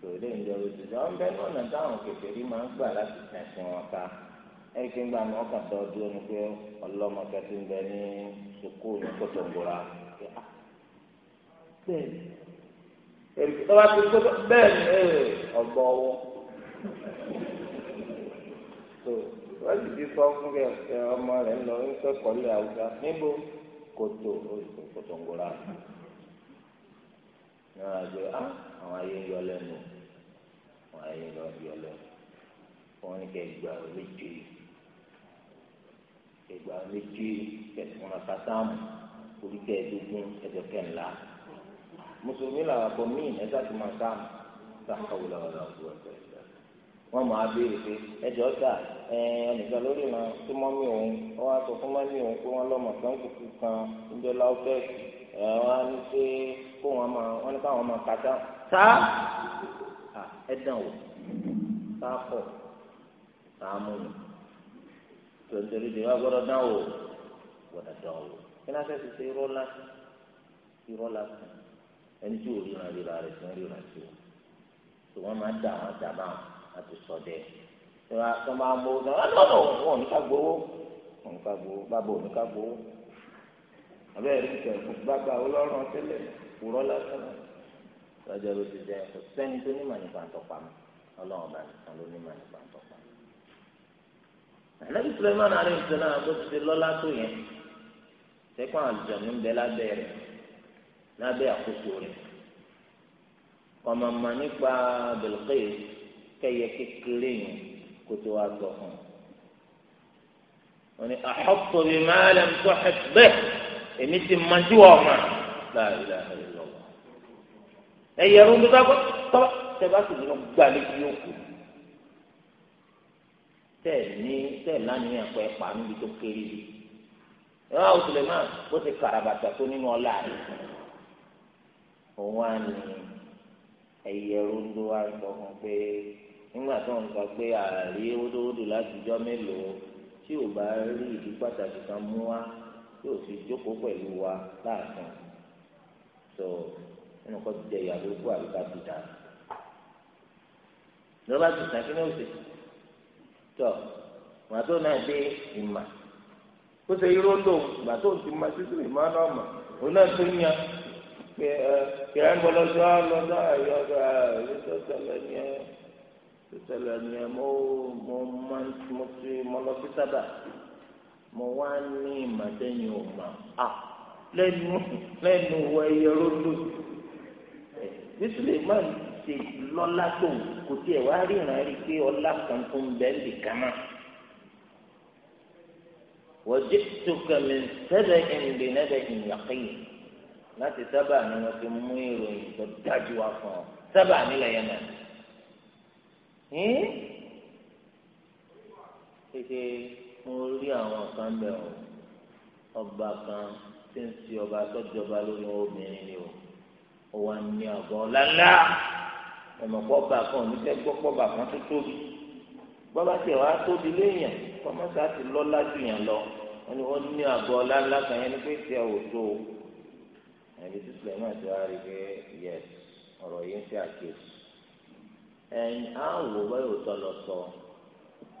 tó ilé ìjọba ti sọ ọmọbẹ náà nà táwọn kékeré máa ń gbà láti tẹsí wọn ká ẹyẹ kí n gbà mọ ọkàn dọdún ni pé ọlọmọ kẹtí ń bẹ ní sukuu ní kòtòǹgòrà ah, bẹ́ẹ̀ èrìkì ọgbọ ọwọ wọ́n sì ti sọ fún kẹ ọmọ rẹ̀ lọ ń kẹ́kọ̀ọ́ lé àwùjọ níbo kòtò olùkọ́ kòtò ń gbọ́ra náà àjọ àwọn ayé ń yọ lẹ́nu àwọn ayé ń yọ lẹ́nu wọ́n ní kẹ́ gba méje kẹ́ gba méje kẹsàn-án akátàmù orí kẹ́ẹ̀ẹ́dógún ẹ̀jọ̀ kẹ́ńlá mùsùlùmí làwọn akọ míì ẹ̀dá tó máa sáàmù sáà kàwé làwọn làwọn tó wà bẹ́ẹ̀ wọ́n máa béèrè pé ẹjọ́ sà ẹnìkan lórí ìran tí mọ́mí òun wọ́n wá sọ fún mọ́mí òun pé wọ́n lọ́mọ kan kùkù kan níjọ́ láwùfẹ́ẹ̀kì ẹ̀ wọ́n á ní pé kó wọn máa wọ́n ní káwọn máa kàtá. sá ẹ dàn wò sá pọ̀ sá mú mi tòǹtòrí ti wá gbọ́dọ̀ dán wò gbọ́dọ̀ dán wò kí náà fẹ́ẹ́ fi ṣe irọ́ lásán irọ́ lásán ẹni tí ò ríran ríra rẹ̀ sí ń ríran sí o tò wọ́n máa dà wọ́n dà báwọn àti sọdẹ tí wọn máa mú náà wọn náà wọn ò ní ká gbowó wọn ní ká gbowó bábà ò ní ká gbowó abẹ́rẹ́ ìtẹ̀ gbàgbà ọlọ́run tẹ́lẹ̀ kúrọ́ lásán lọ́jọ́ ló ti jẹ́ kò sẹ́ni tó nímọ̀ nípa àtọ́pamọ́ ọlọ́run bá nìkan ló nímọ̀ nípa àtọ́pamọ́. ànábì Sulaiman alayhi salam bó ti ṣe lọ́lá tó yẹn tẹ́kọ̀ àjọ ní bẹ lábẹ́ rẹ̀ lábẹ́ àkóso rẹ̀ ọmọ mọ̀ nípa Bilqis kẹyẹ kékeré yẹn kó tó wá sọ fún un wọn ni àhọ́pọ̀ bíi máa lẹ́m tó ẹgbẹ́ èmi ti máa ju ọ̀ma láàrin láàrin lọ́wọ́ ẹ yẹ ẹrú nígbà kó tọ́ tẹ́bá sì ní gbà létí yóò kú tẹ́ ní tẹ́ lánìí ẹ̀kọ́ ẹ̀ pa níbi tó kéré yìí ẹ̀ wá òsèlè náà ó ti kàràbàtà tó nínú ọlá rẹ̀ òun á ní. ẹyẹ rondo wa sọ fún pé nígbà tó ń sọ pé ààrí wódòwódò látijọ́ mélòó tí ò bá rí ìdí pàtàkì kan mú wa yóò fi jókòó pẹ̀lú wa láàfin tó nínú kọ́ ti jẹ ìyàwó ikú àbíká ti dà lọ́ba ti sàn kí ni ó náà dé ma náà pé ẹ kìlá ń bọ̀lọ̀ sọ lọ́dọ̀ ẹ̀yọ́ ọ̀dọ̀ ẹ̀yọ́ tó ṣẹlẹ̀ ni ẹ tó ṣẹlẹ̀ ni ẹ mo mo máa ń mo ti mo lọ sí sábà mo wá ní ìmọ̀tẹ́yìn òmà à lẹ́nu lẹ́nu wọ ẹyẹ rólù bísílẹ̀ máa ń ṣe lọ́lá tó kò tiẹ̀ wá ríran rí pé ọlá kan tó ń bẹ́ẹ̀ lè kàn náà. وجئتك من سبأ بنبأ يقين láti sábà ni wọ́n ti mú ìròyìn tó dájú wá fún ọ sábà nílẹ̀ yẹn náà kéke mo rí àwọn kan bẹ̀ ọ́ ọba kan tí ń fi ọba tọ́jọba lórí obìnrin ni o ó wà ní àgọ́ lálá ọ̀nàpọ̀ ọba kan ò ní fẹ́ gbọ́ pọ̀ ọba kan tó tóbi bọ́lá tiẹ̀ wá tóbi léèyàn kọ́mọ́sá ti lọ́lá ju yàn lọ wọ́n ní àgọ́ lálá kan yẹn ní pé tiẹ̀ ò tó o ẹni tí suleman ti wá rí pé yes ọ̀rọ̀ yìí ń ṣe àkíyèsí ẹn á wò báyìí ò tọ́ lọ sọ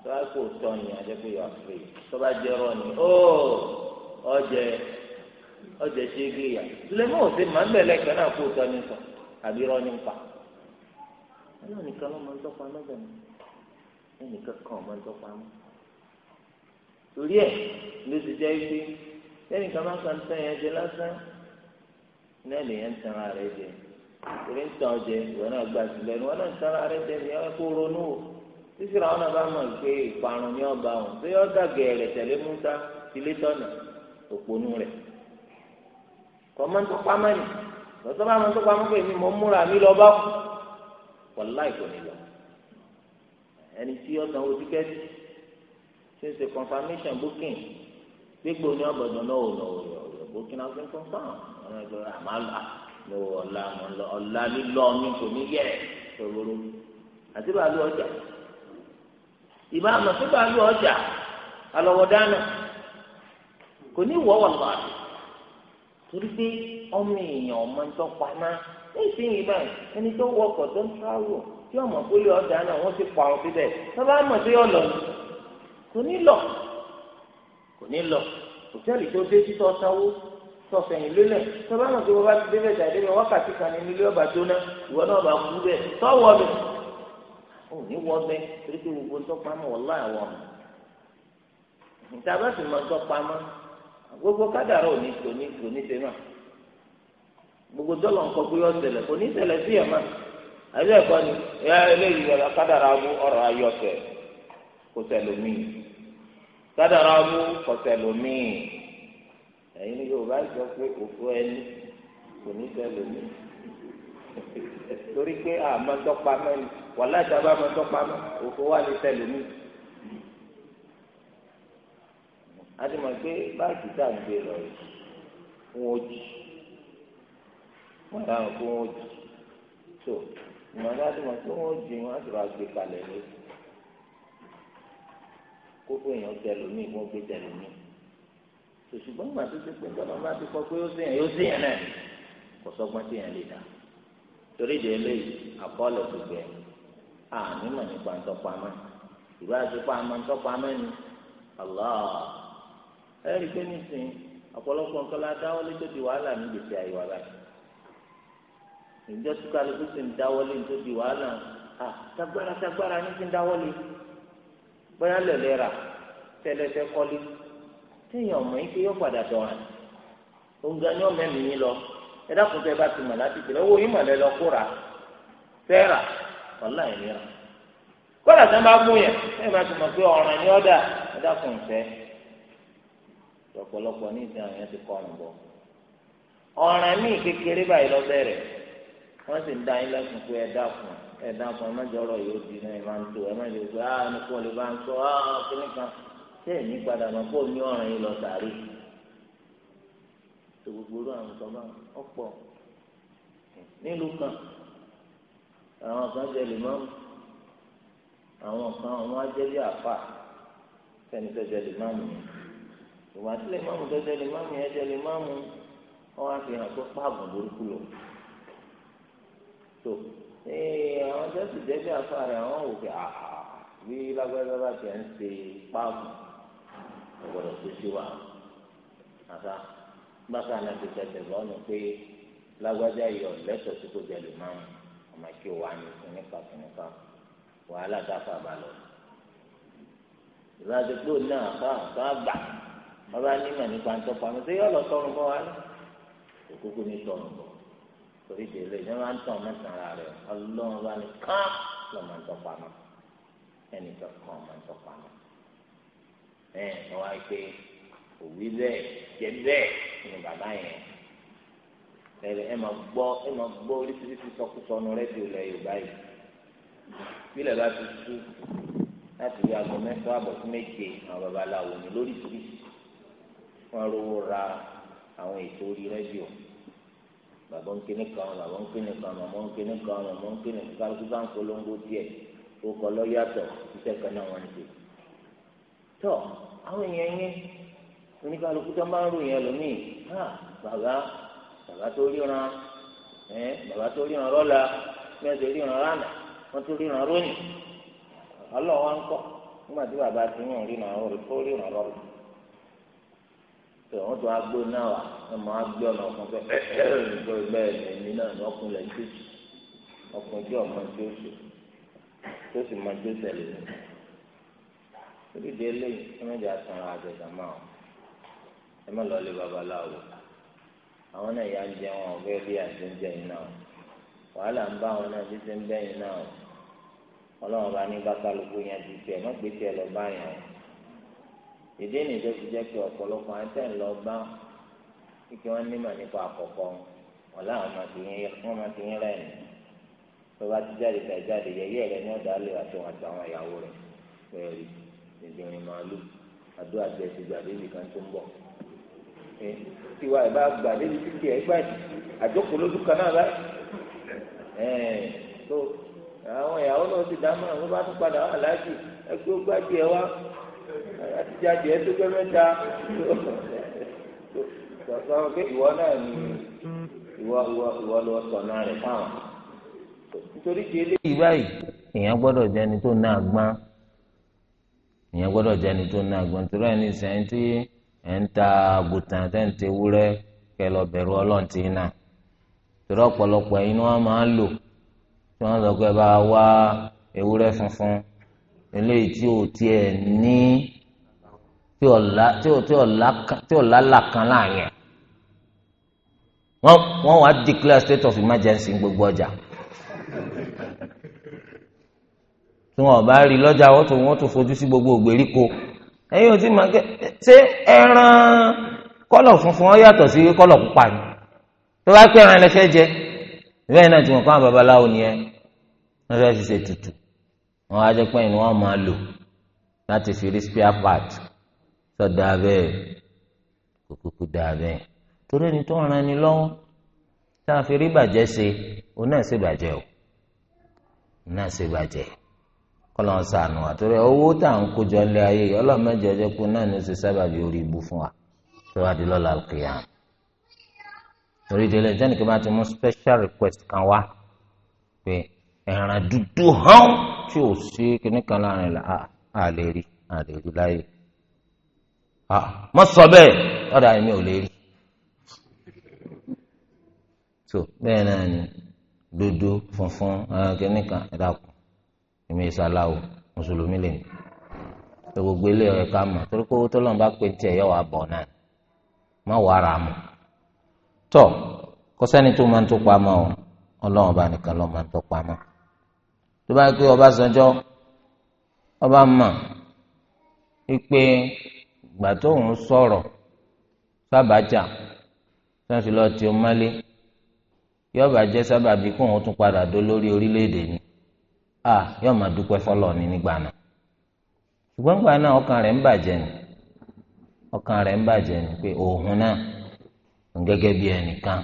tó bá kó tọ́ ni adẹ́kùn yóò àfẹ́ tó bá jẹ́ rọ ni ó oh, ọjẹ ọjẹ ṣe gé ya suleman ò sí màá bẹ̀rẹ̀ kan náà kó tọ́ ni sọ àbí rọ ni pa ẹnìkan ló máa ń tọ́pa mẹ́jọ ni ẹnìkan kan máa ń tọ́pa mọ́ torí ẹ̀ ló ti jẹ́ pé ẹnìkan máa ń kàn tán yẹn jẹ lásán iná lèyẹn ń tanra rẹ jẹ torí ń tàn jẹ ìwọ náà gba sílẹ̀ ìwọ náà ń tanra rẹ jẹ ní ọ̀rẹ́ kó ronú o títí ra ọ̀nà bá mọ̀ pé ìparun ní ọba òun tó yọ dàgẹ̀ rẹ̀ tẹ̀lé Musa ilé tọ̀nà òpònú rẹ̀ kọ́mọ́ntò pamẹ́nì lọ́sọ́ bá mọ́tò pamọ́ pé mi mọ́ múra mi lọ bá kú wọ́lá ìkò ní ẹni tí ọ̀sán wo tíkẹ́tì ṣe ń ṣe confirmation booking gbégbó ní ọ̀gbọ̀dọ̀ burkina faso tó ń tán àwọn ẹgbẹ́ àmàlà lọ́wọ́ ọ̀la mọ̀lá ọ̀la lílọ́ mi kò ní yẹ tòwòrò àti bàálù ọjà ìbá àmọ̀ sí bàálù ọjà alọ́wọ́ dáná kò ní wọ́ wọ̀ lọ́wọ́ àti torí pé ọmọ èèyàn ọmọ ń tọ́ pamá nísìnyí báyìí ẹni tó wọkọ̀ tó ń tíráwò tí ọmọ kúlẹ̀ ọjà náà wọ́n ti pààrọ̀ síbẹ̀ tó bá mọ̀ sí ọ̀lọ́ kò ní lọ kò ní lọ hòtẹ́ẹ̀lì tó dé títọ́ sanwó tọ̀fẹ̀yìn lélẹ̀ tọ́lá náà tó bá ti débẹ̀ jáde ní wákàtí kan ní nílé ọba jóná ìwọ náà bá kú bẹ́ẹ̀ tọ́wọ́ mi ò ní wọ́ bẹ́ẹ̀ torí pé gbogbo sọ́pamọ́ wọ́n láì gbogbo kádàrá ò ní tò ní tò ní tẹ́ náà gbogbo kò ní sí ẹ̀ àbí sádàrà mú kọ̀tẹ̀lómìn ẹ̀yin ní yorùbá sọ pé òfò ẹni kò ní tẹ̀lómìn torí pé àmọ́tọ́pá mẹ́rin wà látàbá àmọ́tọ́pá mẹ́rin òfò wà ní tẹ̀lómìn. a ti mọ̀ pé báàgì tá à ń gbé lọ yìí fún ojì wọ́n dáhùn fún ojì tó ìmọ̀ láti pé wọ́n ojì wọn á ti rà gbé kalẹ̀ kókó èèyàn jẹ lómìn ìwọ́n gbé jẹ lómìn ṣùgbọ́n ìgbà tó ti pé tọ́lọ́ bá ti kọ́ pé ó sèyàn yóò sèyàn náà kò sọ́gbọ́n sèyàn lè dà torí ìdè eléyìí àkọọ́lẹ̀ tó gbẹ àmì mọ̀ nípa ntọ́pamọ́ ìwé àtúpọ̀ àmọ́ ntọ́pamọ́ ni Allah ẹ rí i pé nísìnyí ọ̀pọ̀lọpọ̀ nǹkan la dáwọ́lé tó di wàhálà ní gbèsè àyè wàhálà ìjọ tí kálukú sì ń dáwọ́lé tó di wàhálà ah tagbára tagbára ní ti ń dáwọ́lé bóyá lẹ̀lẹ́ rà tẹ́lẹ̀fẹ́ kọ́lé téèyàn mọ̀ yín pé yóò padà dọ̀ràn òǹgà ni ọmọ ẹ̀mí yín lọ ẹ dákun tẹ́ bá ti mọ̀ láti tẹ̀lé owó yín lọ kó rà fẹ́rà ọ̀là ẹ̀ kọ́lá yẹn ẹ̀ ti mọ̀ pé ọ̀ràn ni fẹ́ ní àwọn yẹn ti kọ́ ọ̀ràn míì kékeré lọ bẹ̀rẹ̀ wọ́n sì ń ẹ̀dá kan mẹ́jọ ọ̀rọ̀ yóò di náà ẹ máa ń tó ẹ máa yóò gbé ah nìkan lè bá ń sọ ah kíní kan ṣé èmi padà mọ̀ kó ní ọ̀ràn yìí lọ sàárè tó gbogbo irú àwọn kan máa ọ̀pọ̀ nílùú kan àwọn kan jẹ lè máa àwọn kan àwọn ajẹ́bí àfà sẹ́ni tó jẹ lè máa mú yẹn ìwà tí lè máa mú tó jẹ lè máa mú yẹn jẹ lè máa mú wọn á fi hàn tó pààbò burúkú lò ee eh, àwọn tó sì jẹ́ bí afárẹ̀ àwọn wò pé àhà bí lágbára bá tiẹ̀ ń ṣe páàkù ọ̀gbọ̀dọ̀ tó ṣe wà àtà bákan náà ti tẹ̀sẹ̀ lọ́nà pé lágbájá yọ lẹ́tọ̀ọ́ sí kò jẹ́ lè máa mú ọmọ kí o wà ní kìnìkan kìnìkan wàhálà dáfà bá lọ. ìrìnàjò pé òun náà bá bá gbà bàbá nímọ̀ nípa ń tọ́pa mi ṣé yọ lọ sọ́run bọ́ wa ní kókó ní sọ́run bọ́ torí délé ìyẹn máa ń tàn mẹ́tàlá rẹ̀ ọlọ́run bá ní kán lọ́ máa ń tọ́pa náà ẹnìkan kan máa ń tọ́pa náà bẹ́ẹ̀ ni wọ́n á pé òwí bẹ́ẹ̀ jẹ́ bẹ́ẹ̀ ni bàbá yẹn ẹ̀rẹ̀ ẹ̀ máa gbọ́ ẹ̀ máa gbọ́ oríṣiríṣi sọkúsọ nu rẹ́díò lẹ̀ Yorùbá yìí bílẹ̀ bá ti tú láti rí aago mẹ́fà àbọ̀ sí méje àwọn babaláwo ní lóríṣiríṣi wọ́n rówó ra àwọn ètò orí rẹ́díò bàbá ń kíní kan bàbá ń kíní kan màmá ń kíní kan màmá ń kíní kan kálukú bá ń polongo díẹ̀ ó kọ lọ́yàtọ̀ iṣẹ́ kan náà wọ́n ń ṣe. tọ́ àwọn èèyàn yẹn oníkálukú tó máa ń ròyìn ẹlòmíì ha bàbá bàbá tó ríran ẹ bàbá tó ríran rọ́là mẹ́tò ríran ránà wọ́n tó ríran rónì ọlọ́wọ́ ń kọ́ nígbà tí bàbá ti ń ríran rọ́là tó ríran rọ́là tó wọn tó agbó náà wà wọn máa gbé ọ̀nà ọkùnrin pé ẹ̀ẹ́dẹ́gbẹ́ bẹ́ẹ̀ ni èmi náà ní ọkùnrin lẹ́yìn tó jù ọkùnrin tí ọmọ tí ó ṣe tó sì máa tó tẹ̀lé ní. oríṣi eléyìí ẹ mẹ́jọ àtàrà àjẹsà máa ọ̀ ẹ má lọ lé babaláwo àwọn náà yà ń jẹ wọn ọ̀gẹ́ bí àti ń jẹ yín náà wàhálà ń bá wọn náà títí ń bẹ́yìn náà ọlọ́run bá ní bá kálukú yẹn ti tẹ̀ mọ́ gbé tiẹ̀ lọ báyìí ìdí ni tó fi jẹ́ pé ọ̀pọ̀lọpọ̀ àti ẹ̀ ń lọ bá kíkẹ́ wọn nímọ̀ nípa àkọ́kọ́ wọn láwọn máa fi yín wọn máa fi yín rẹ̀ ní tó bá ti jáde tẹ̀ jáde yẹyẹ rẹ̀ ní ọ̀dà lè àti wọn àti àwọn ìyàwó rẹ̀ pẹ̀lú ìdìrín màálù àdúrà tẹ̀ ti gbàdé nìkan tó ń bọ̀ tiwa ẹ̀ bá gbàdé ní títí ẹ̀ gbà àjókòó lójú kan náà láì ẹ̀ tó àwọn ìyàwó náà ti dá mọ́ àwọn bá tún padà wà láàjì ẹgbẹ́ ó gbájú ẹ wá àtijọ́ adìẹ tó gbẹ mẹ́ta sọ̀tọ̀ pé ìwọ náà ni ìwọ ìwọ ìwọ lọ sọ̀nà rẹ̀ fáwọn. nítorí ti eléyìí báyìí èèyàn gbọ́dọ̀ jẹ́ ẹni tó ná èèyàn ẹni tó ná tí ń ta àgùntàn tẹ́ ń kẹ lọ bẹ̀rù ọlọ́run náà ọ̀pọ̀lọpọ̀ ẹ̀yin máa ń lò tí bá wá ewúrẹ́ tí ọ̀la tí ọ̀la tí ọ̀la là kan láàrin wọ́n wọ́n wá declare state of emergency gbogbo ọjà tí wọn bá rí lọ́jà wọ́n tún wọ́n tún fojú sí gbogbo ògbèríko ẹ̀yin ò tí ma kẹ́ ṣé ẹran kọ́lọ̀ funfun ọ yàtọ̀ sí kọ́lọ̀ pupa ni tó bá pẹ́ ẹran ẹlẹ́fẹ́ jẹ bẹ́ẹ̀ náà tí wọn kọ́ àwọn babaláwo ni ẹ wọ́n fẹ́ fi tutù wọn á jẹ́ pé ẹni wọ́n máa lò láti fi rí spare part sọ dáa bẹ́ẹ̀ kò kúkú dáa bẹ́ẹ̀ torí ẹni tó ń ni lọ́wọ́ tá a fi rí bàjẹ́ ṣe òun náà ṣe bàjẹ́ o òun náà ṣe bàjẹ́ kọ́lọ́n sànù àtúrẹ́ owó tá à ń kójọ lé ayé ọlọ́mọdé ọjọ́ pé náà ni ó ṣe sábàbí orí ibu fún wa tó wá di lọ́la kìíyà torí délé jẹ́nìkan bá ti mú special request kan wá pé ẹ̀ràn dúdú hàn tí ò sí kíníkan láàrin là á lè rí á lè Ah, mọ sọ bẹ́ẹ̀ ọ̀dà èmi ò lè rí tó bẹ́ẹ̀ náà ni dúdú funfun kínní kan ẹ̀dá kù èmi ìsàláwò mùsùlùmí lè ní gbogbo ilé ẹ̀ka mọ̀ torí pé owó tó lọ́nà bá pè tiẹ̀ yọ̀ wá bọ̀ náà má wàá ra mọ̀ tọ́ kọ́sẹ́ni tó máa ń tó pamọ́ o ọlọ́run ọba nìkan ló máa ń tó pamọ́ tó bá pé Ọbásanjọ́ ọba mọ̀ wípé gbà tó ń sọ̀rọ̀ sábàjá tó ń fi lọ ti ọmọlé yóò bá jẹ́ sábàbí kó òun tún padà dó lórí orílẹ̀ ni a yóò máa dúpẹ́ fọlọ́ ni nígbà náà ṣùgbọ́n gbà náà ọkàn rẹ̀ ń bàjẹ́ ni ọkàn rẹ̀ ń bàjẹ́ ni pé òun náà gẹ́gẹ́ bí ẹnìkan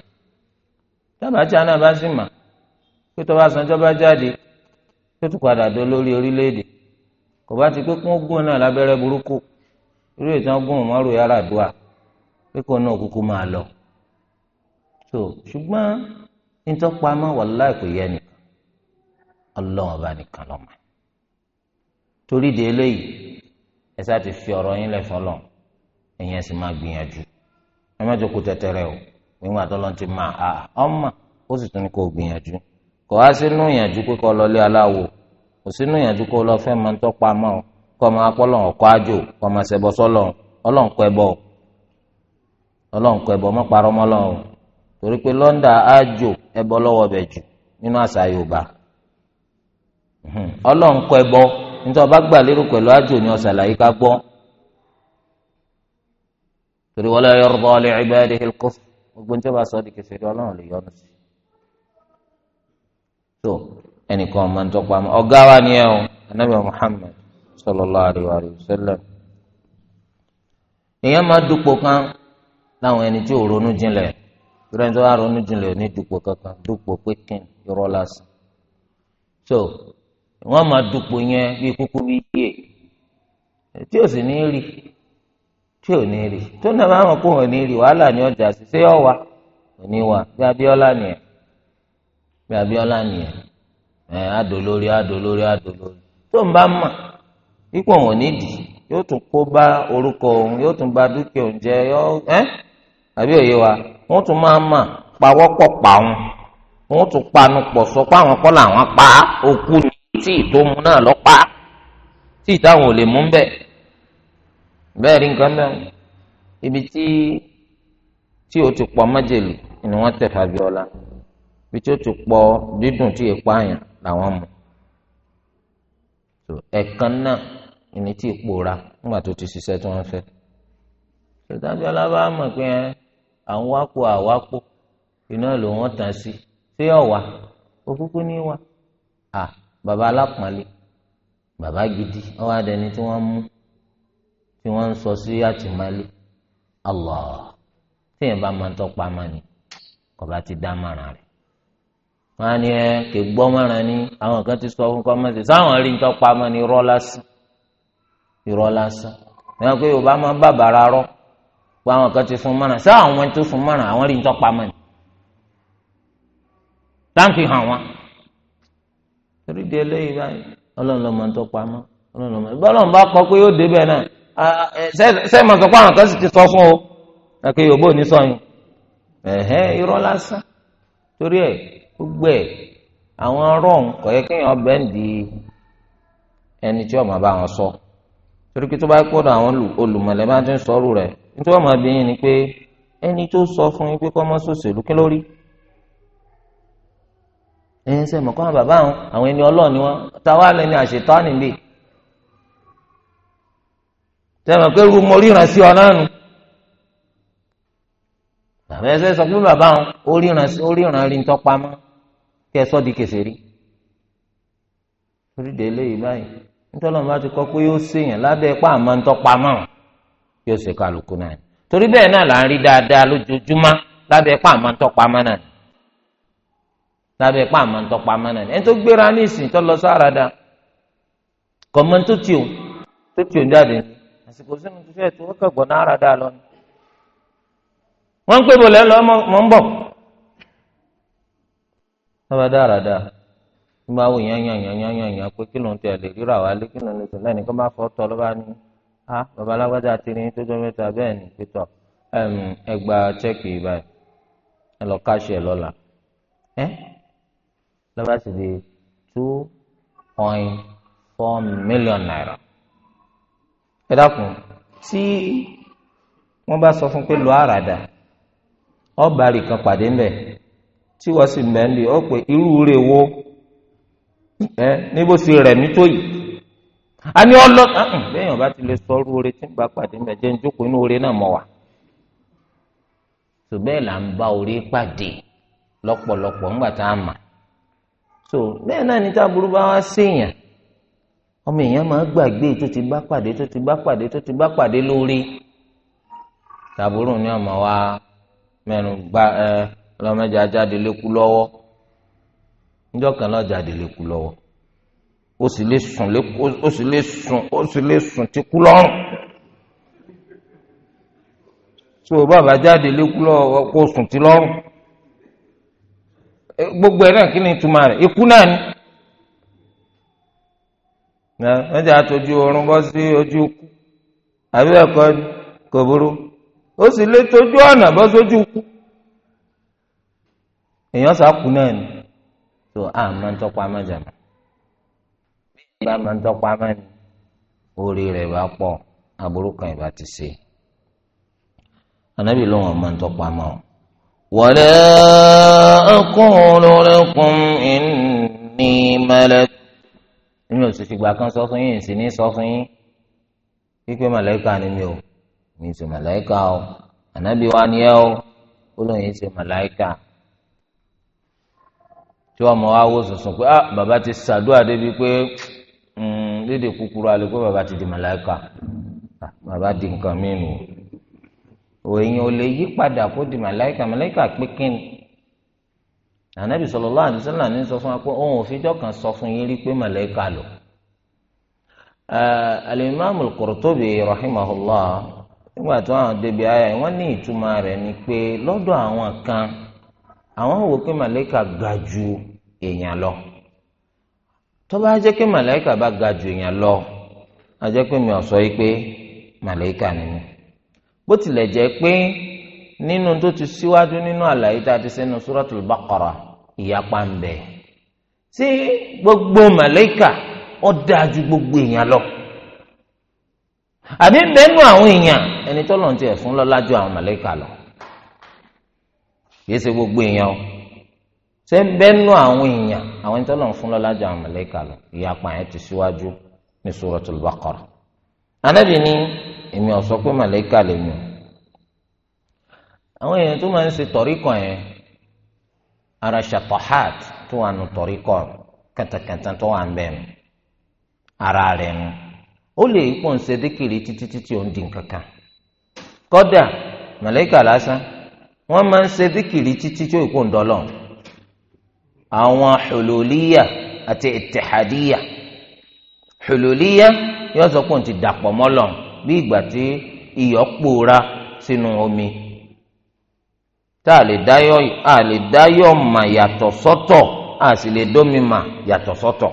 sábàjá náà bá sì mà pé tó bá bá jáde tó irú ìtàn gún ọmọrò yàrá àdúrà pé kò náà kúkú máa lọ so ṣùgbọ́n ìtọpamọ wàláì kò yẹ nìkan Ọlọ́run ọba nìkan lọmọ torí de eléyìí ẹ sá ti fi ọ̀rọ̀ yín lẹfọ lọ ẹ̀yin ẹ sì máa gbìyànjú ẹ má jókòó tẹtẹrẹ o nígbà tó ti máa a ọmọ ó sì tún ní kó gbìyànjú kò wá sínú ìyànjú pé kó lọ lé aláwo kò sínú ìyànjú kó lọ fẹ́ máa ń o kọ́ ọmọ akpọ́lọ̀ ọ̀kọ́ àjò kọ́ ọmọ ṣẹbọ sọ́lọ̀ ọlọ́nkọ́ ẹbọ ọlọ́nkọ́ mọ́lọ́ o torí pé lọ́ndà àjò ẹbọ lọ́wọ́ bẹ̀ jù nínú àṣà Yorùbá hmm. ọlọ́nkọ́ ẹbọ nítorí ọba gbà lérò pẹ̀lú àjò ni ọ̀sàlàyé ká gbọ́ torí wọlé yorùbá ọlẹ́ ìbáyé hilkuf gbogbo ní tí wọ́n bá sọ ọ́ di kẹsìrì ọlọ́run lè yọ́nú sí so ẹnìkan ọmọ nítorí pamọ́ ọ̀gá wa ni ẹ o anabi Muhammad sallallahu alaihi wasallam èèyàn máa dúpọ̀ kan láwọn ẹni tí ò ronú jinlẹ̀ ìrọ̀ ẹni ronú jinlẹ̀ ní kankan dúpọ̀ pé irọ́ so wọ́n máa dúpọ̀ yẹn bí kúkú bí yíyẹ tí ò sì ní rí tí ò ní rí tó náà máa mọ̀ ní rí wàhálà ní ọjà ò ní bí nìyẹn bí nìyẹn ipò wọn nídìí yóò tún kó bá orúkọ òun yóò tún ba dúkìá òun jẹ yọ ẹ àbí òye wa wọn tún máa mà pawọ́pọ̀ pa òun wọn tún panu pọ̀ sọ pé àwọn kọ́ làwọn pa òkú ni tí ìtò mu náà lọ pa tí ìtàwọn ò lè mú bẹ́ẹ̀ bẹ́ẹ̀ rí nǹkan mẹ́rin ibi tí tí o ti pọ̀ májèlé ni wọ́n tẹ̀ Fabiola ibi tí o ti pọ̀ dídùn tí èèpá yàn làwọn mú ẹ̀kan náà ẹni tí ìpòra nígbà tó ti ṣiṣẹ́ tí wọ́n fẹ́. ṣètàjọ́ alábàámọ̀ pé àwọn wákò àwákò iná ló wọ́n tàn sí ṣé ọ̀wà òkúkú ní wa à bàbá alápọ̀nlé bàbá gidi ọwọ́ adẹni tí wọ́n mú tí wọ́n ń sọ sí àtìmọ́lé Allah tíyẹn bá máa ń tọ́pa máa ní kọba ti dá márùn rẹ̀ wọ́n á ní ẹ kè gbọ́ márùn ní àwọn kan ti sọ fún kọ́mọ́sì sáwọn rí ń tọ́pa máa ní rọ́lá sí irọ́ lásán ẹ̀yàn pé yorùbá máa bá bàrà rọ pé àwọn kan ti ṣé àwọn tó sun mọ́ràn àwọn rí ń tọ́pa torí di eléyìí báyìí ọlọ́run lọ́mọ ń tọ́pa mọ́ ọlọ́run lọ́mọ bá kọ́ pé yóò débẹ̀ náà ṣé pé àwọn kan sì ti sọ fún o yorùbá ò ní sọ yín ẹ̀hẹ́ irọ́ lásán torí ẹ̀ àwọn yẹ torí pé tó bá gbọ́dọ̀ àwọn olùmọ̀lẹ́ bá sọ̀rọ̀ rẹ̀ nítorí wọn máa bí ni pé ẹni tó sọ fún yín pé kọ́mọ́ sòṣèlú kí ló rí ẹ̀yin àwọn bàbá àwọn àwọn ẹni ọlọ́ọ̀ni wọn táwa lẹni àṣetọ́ nílé sẹ́mi pé ru mo ríran sí ọ náà nù bàbá ẹsẹ̀ sọ pé bàbá àwọn ó ríran rí nítorí wọn bá ti kọ pé yóò ṣèyàn lábẹ́ ipá àmọ́ ń tọ́pa mọ́ yóò ṣe kálukú náà torí bẹ́ẹ̀ náà là ń rí dáadáa lójoojúmọ́ lábẹ́ ipá àmọ́ ń tọ́pa mọ́ náà lábẹ́ ipá àmọ́ ń tọ́pa mọ́ náà ẹni tó gbéra ní ìsìn tó lọ sáradà kọ̀mọ́ tó tì ó tó tì ó jáde àsìkò sínú tó fẹ́ tó wọ́kẹ́ gbọ́n náà rádà lọ ni wọ́n ń pè bọ̀lẹ́ lọ mọ́ ń bọ̀ lọ́ba tí máa wò yán yán yán yán yán yán pé kí ló ń tẹ̀ lè ríra wa lé kí ló ń lè tẹ̀lé ẹnì kan bá fọ́ tọ́ ló bá ní á bàbá alágbádá ti rí tó jọ mẹ́ta bẹ́ẹ̀ ni pétọ́ ẹ gba chẹ́ẹ̀kì báyìí ẹ lọ káṣí ẹ lọ́la ẹ lọ́ba sì di two point four million naira ẹ dákun tí wọ́n bá sọ fún pé lọ àràdà ọ̀bàrì kan pàdé ńbẹ tí wọ́n sì mẹ́ńlẹ̀ ó pé irú rẹ̀ wo. ẹ níbo sì rẹ̀ nítóyì a ní ọlọ ah, mm, bẹ́ẹ̀yàn bá ti lè sọ ọrú oore tí ń bá pàdé mẹ́jẹ ń jókòó inú oore náà mọ̀ wà tó bẹ́ẹ̀ là ń bá pàdé lọ́pọ̀lọpọ̀ ńgbà tá a mà so bẹ́ẹ̀ náà níta burú bá wá séèyàn ọmọ èèyàn máa gbàgbé tó ti pàdé tó ti bá pàdé tó ti bá pàdé lórí tàbúrò ní ọmọ wa ẹ ajáde níjọ́ kan lọ́ọ́ jáde lè kú lọ́wọ́ ó sì lè sùn ó sì lè sùn ó sì lè sùn tí kú lọ́rùn tí o bàbá jáde lè kú lọ́wọ́ kó sùn tí lọ́rùn eh, gbogbo ẹ̀ náà kí ni ìtumọ̀ rẹ̀ ikú náà ni mẹ́jọ àtọ́jú oorun bọ́ sí ojú kú àbí ẹ̀kọ́ kò burú ó sì lè tójú ọ̀nà bọ́ sójú kú èèyàn sá kú náà ni tó a máa ń tọ́pọ̀ amájàmá bí a máa ń tọ́pọ̀ amáni orí rẹ̀ bá pọ̀ aburú kan ìbá ti ṣe anabi lóun máa ń tọ́pọ̀ amá o. wala aqulu lakum inni malak. èmi ò sì fìgbà kan sọ fún yín sì ní sọ fún yín pípé màláìka ni mi ò mi ò màláìka o anabi wa ni ẹ o ó lóun màláìka o tí wọn mọ awo sùnsùn pé ah baba ti ṣàdúrà débi pé lédè mm, kúkúrú alẹ pé baba ti di màláìka ah, bàbá di nǹkan mìíràn o èèyàn ò lè yí padà kó di màláìka màláìka pé kíni ànábì sallallahu alaihi wasallam ní sọ fún wa pé òun ò fijọ́ kan sọ fún yín rí pé màláìka lọ. Ah, al-Imam rahimahullah nígbà tí wọn débi ayé wọn ní ìtumọ̀ rẹ̀ ni pé lọ́dọ̀ àwọn kan àwọn wò pé màláìka ga èèyàn lọ tó bá jẹ́ pé màláìka bá ga ju èèyàn lọ a jẹ́ pé mi ò sọ yìí pé màláìka ni mí bó tilẹ̀ jẹ́ pé nínú tó ti síwájú nínú àlàyé tá a ti sẹ́nu Suratul Baqara ìyapa ń tí gbogbo màláìka ó dáa ju gbogbo èèyàn lọ ṣé ń bẹ́nu àwọn èèyàn àwọn ẹni tó lọ́n fún àwọn mọ̀lẹ́kà lọ ìyapa yẹn ti síwájú ní Suratul Baqara anábì ní èmi ọ̀sọ́ pé mọ̀lẹ́kà lè àwọn èèyàn tó máa ń ṣe tọ̀ríkọ̀ yẹn ara ṣàtọ̀hát tó wà nù tọ̀ríkọ̀ kẹtẹkẹtẹ tó wà ń nù ara rẹ̀ nù ó lè pọ̀ ṣe dékèrè títí àwọn hululiyya àti ittihadiyya hululiyya yóò sọ pé òun ti dàpọ̀ mọ́lọ̀ bí ìgbà tí iyọ̀ pòórá sínú omi tá a lè dáyọ̀ a lè dáyọ̀ mà yàtọ̀ sọ́tọ̀ a sì lè dómi mà yàtọ̀ sọ́tọ̀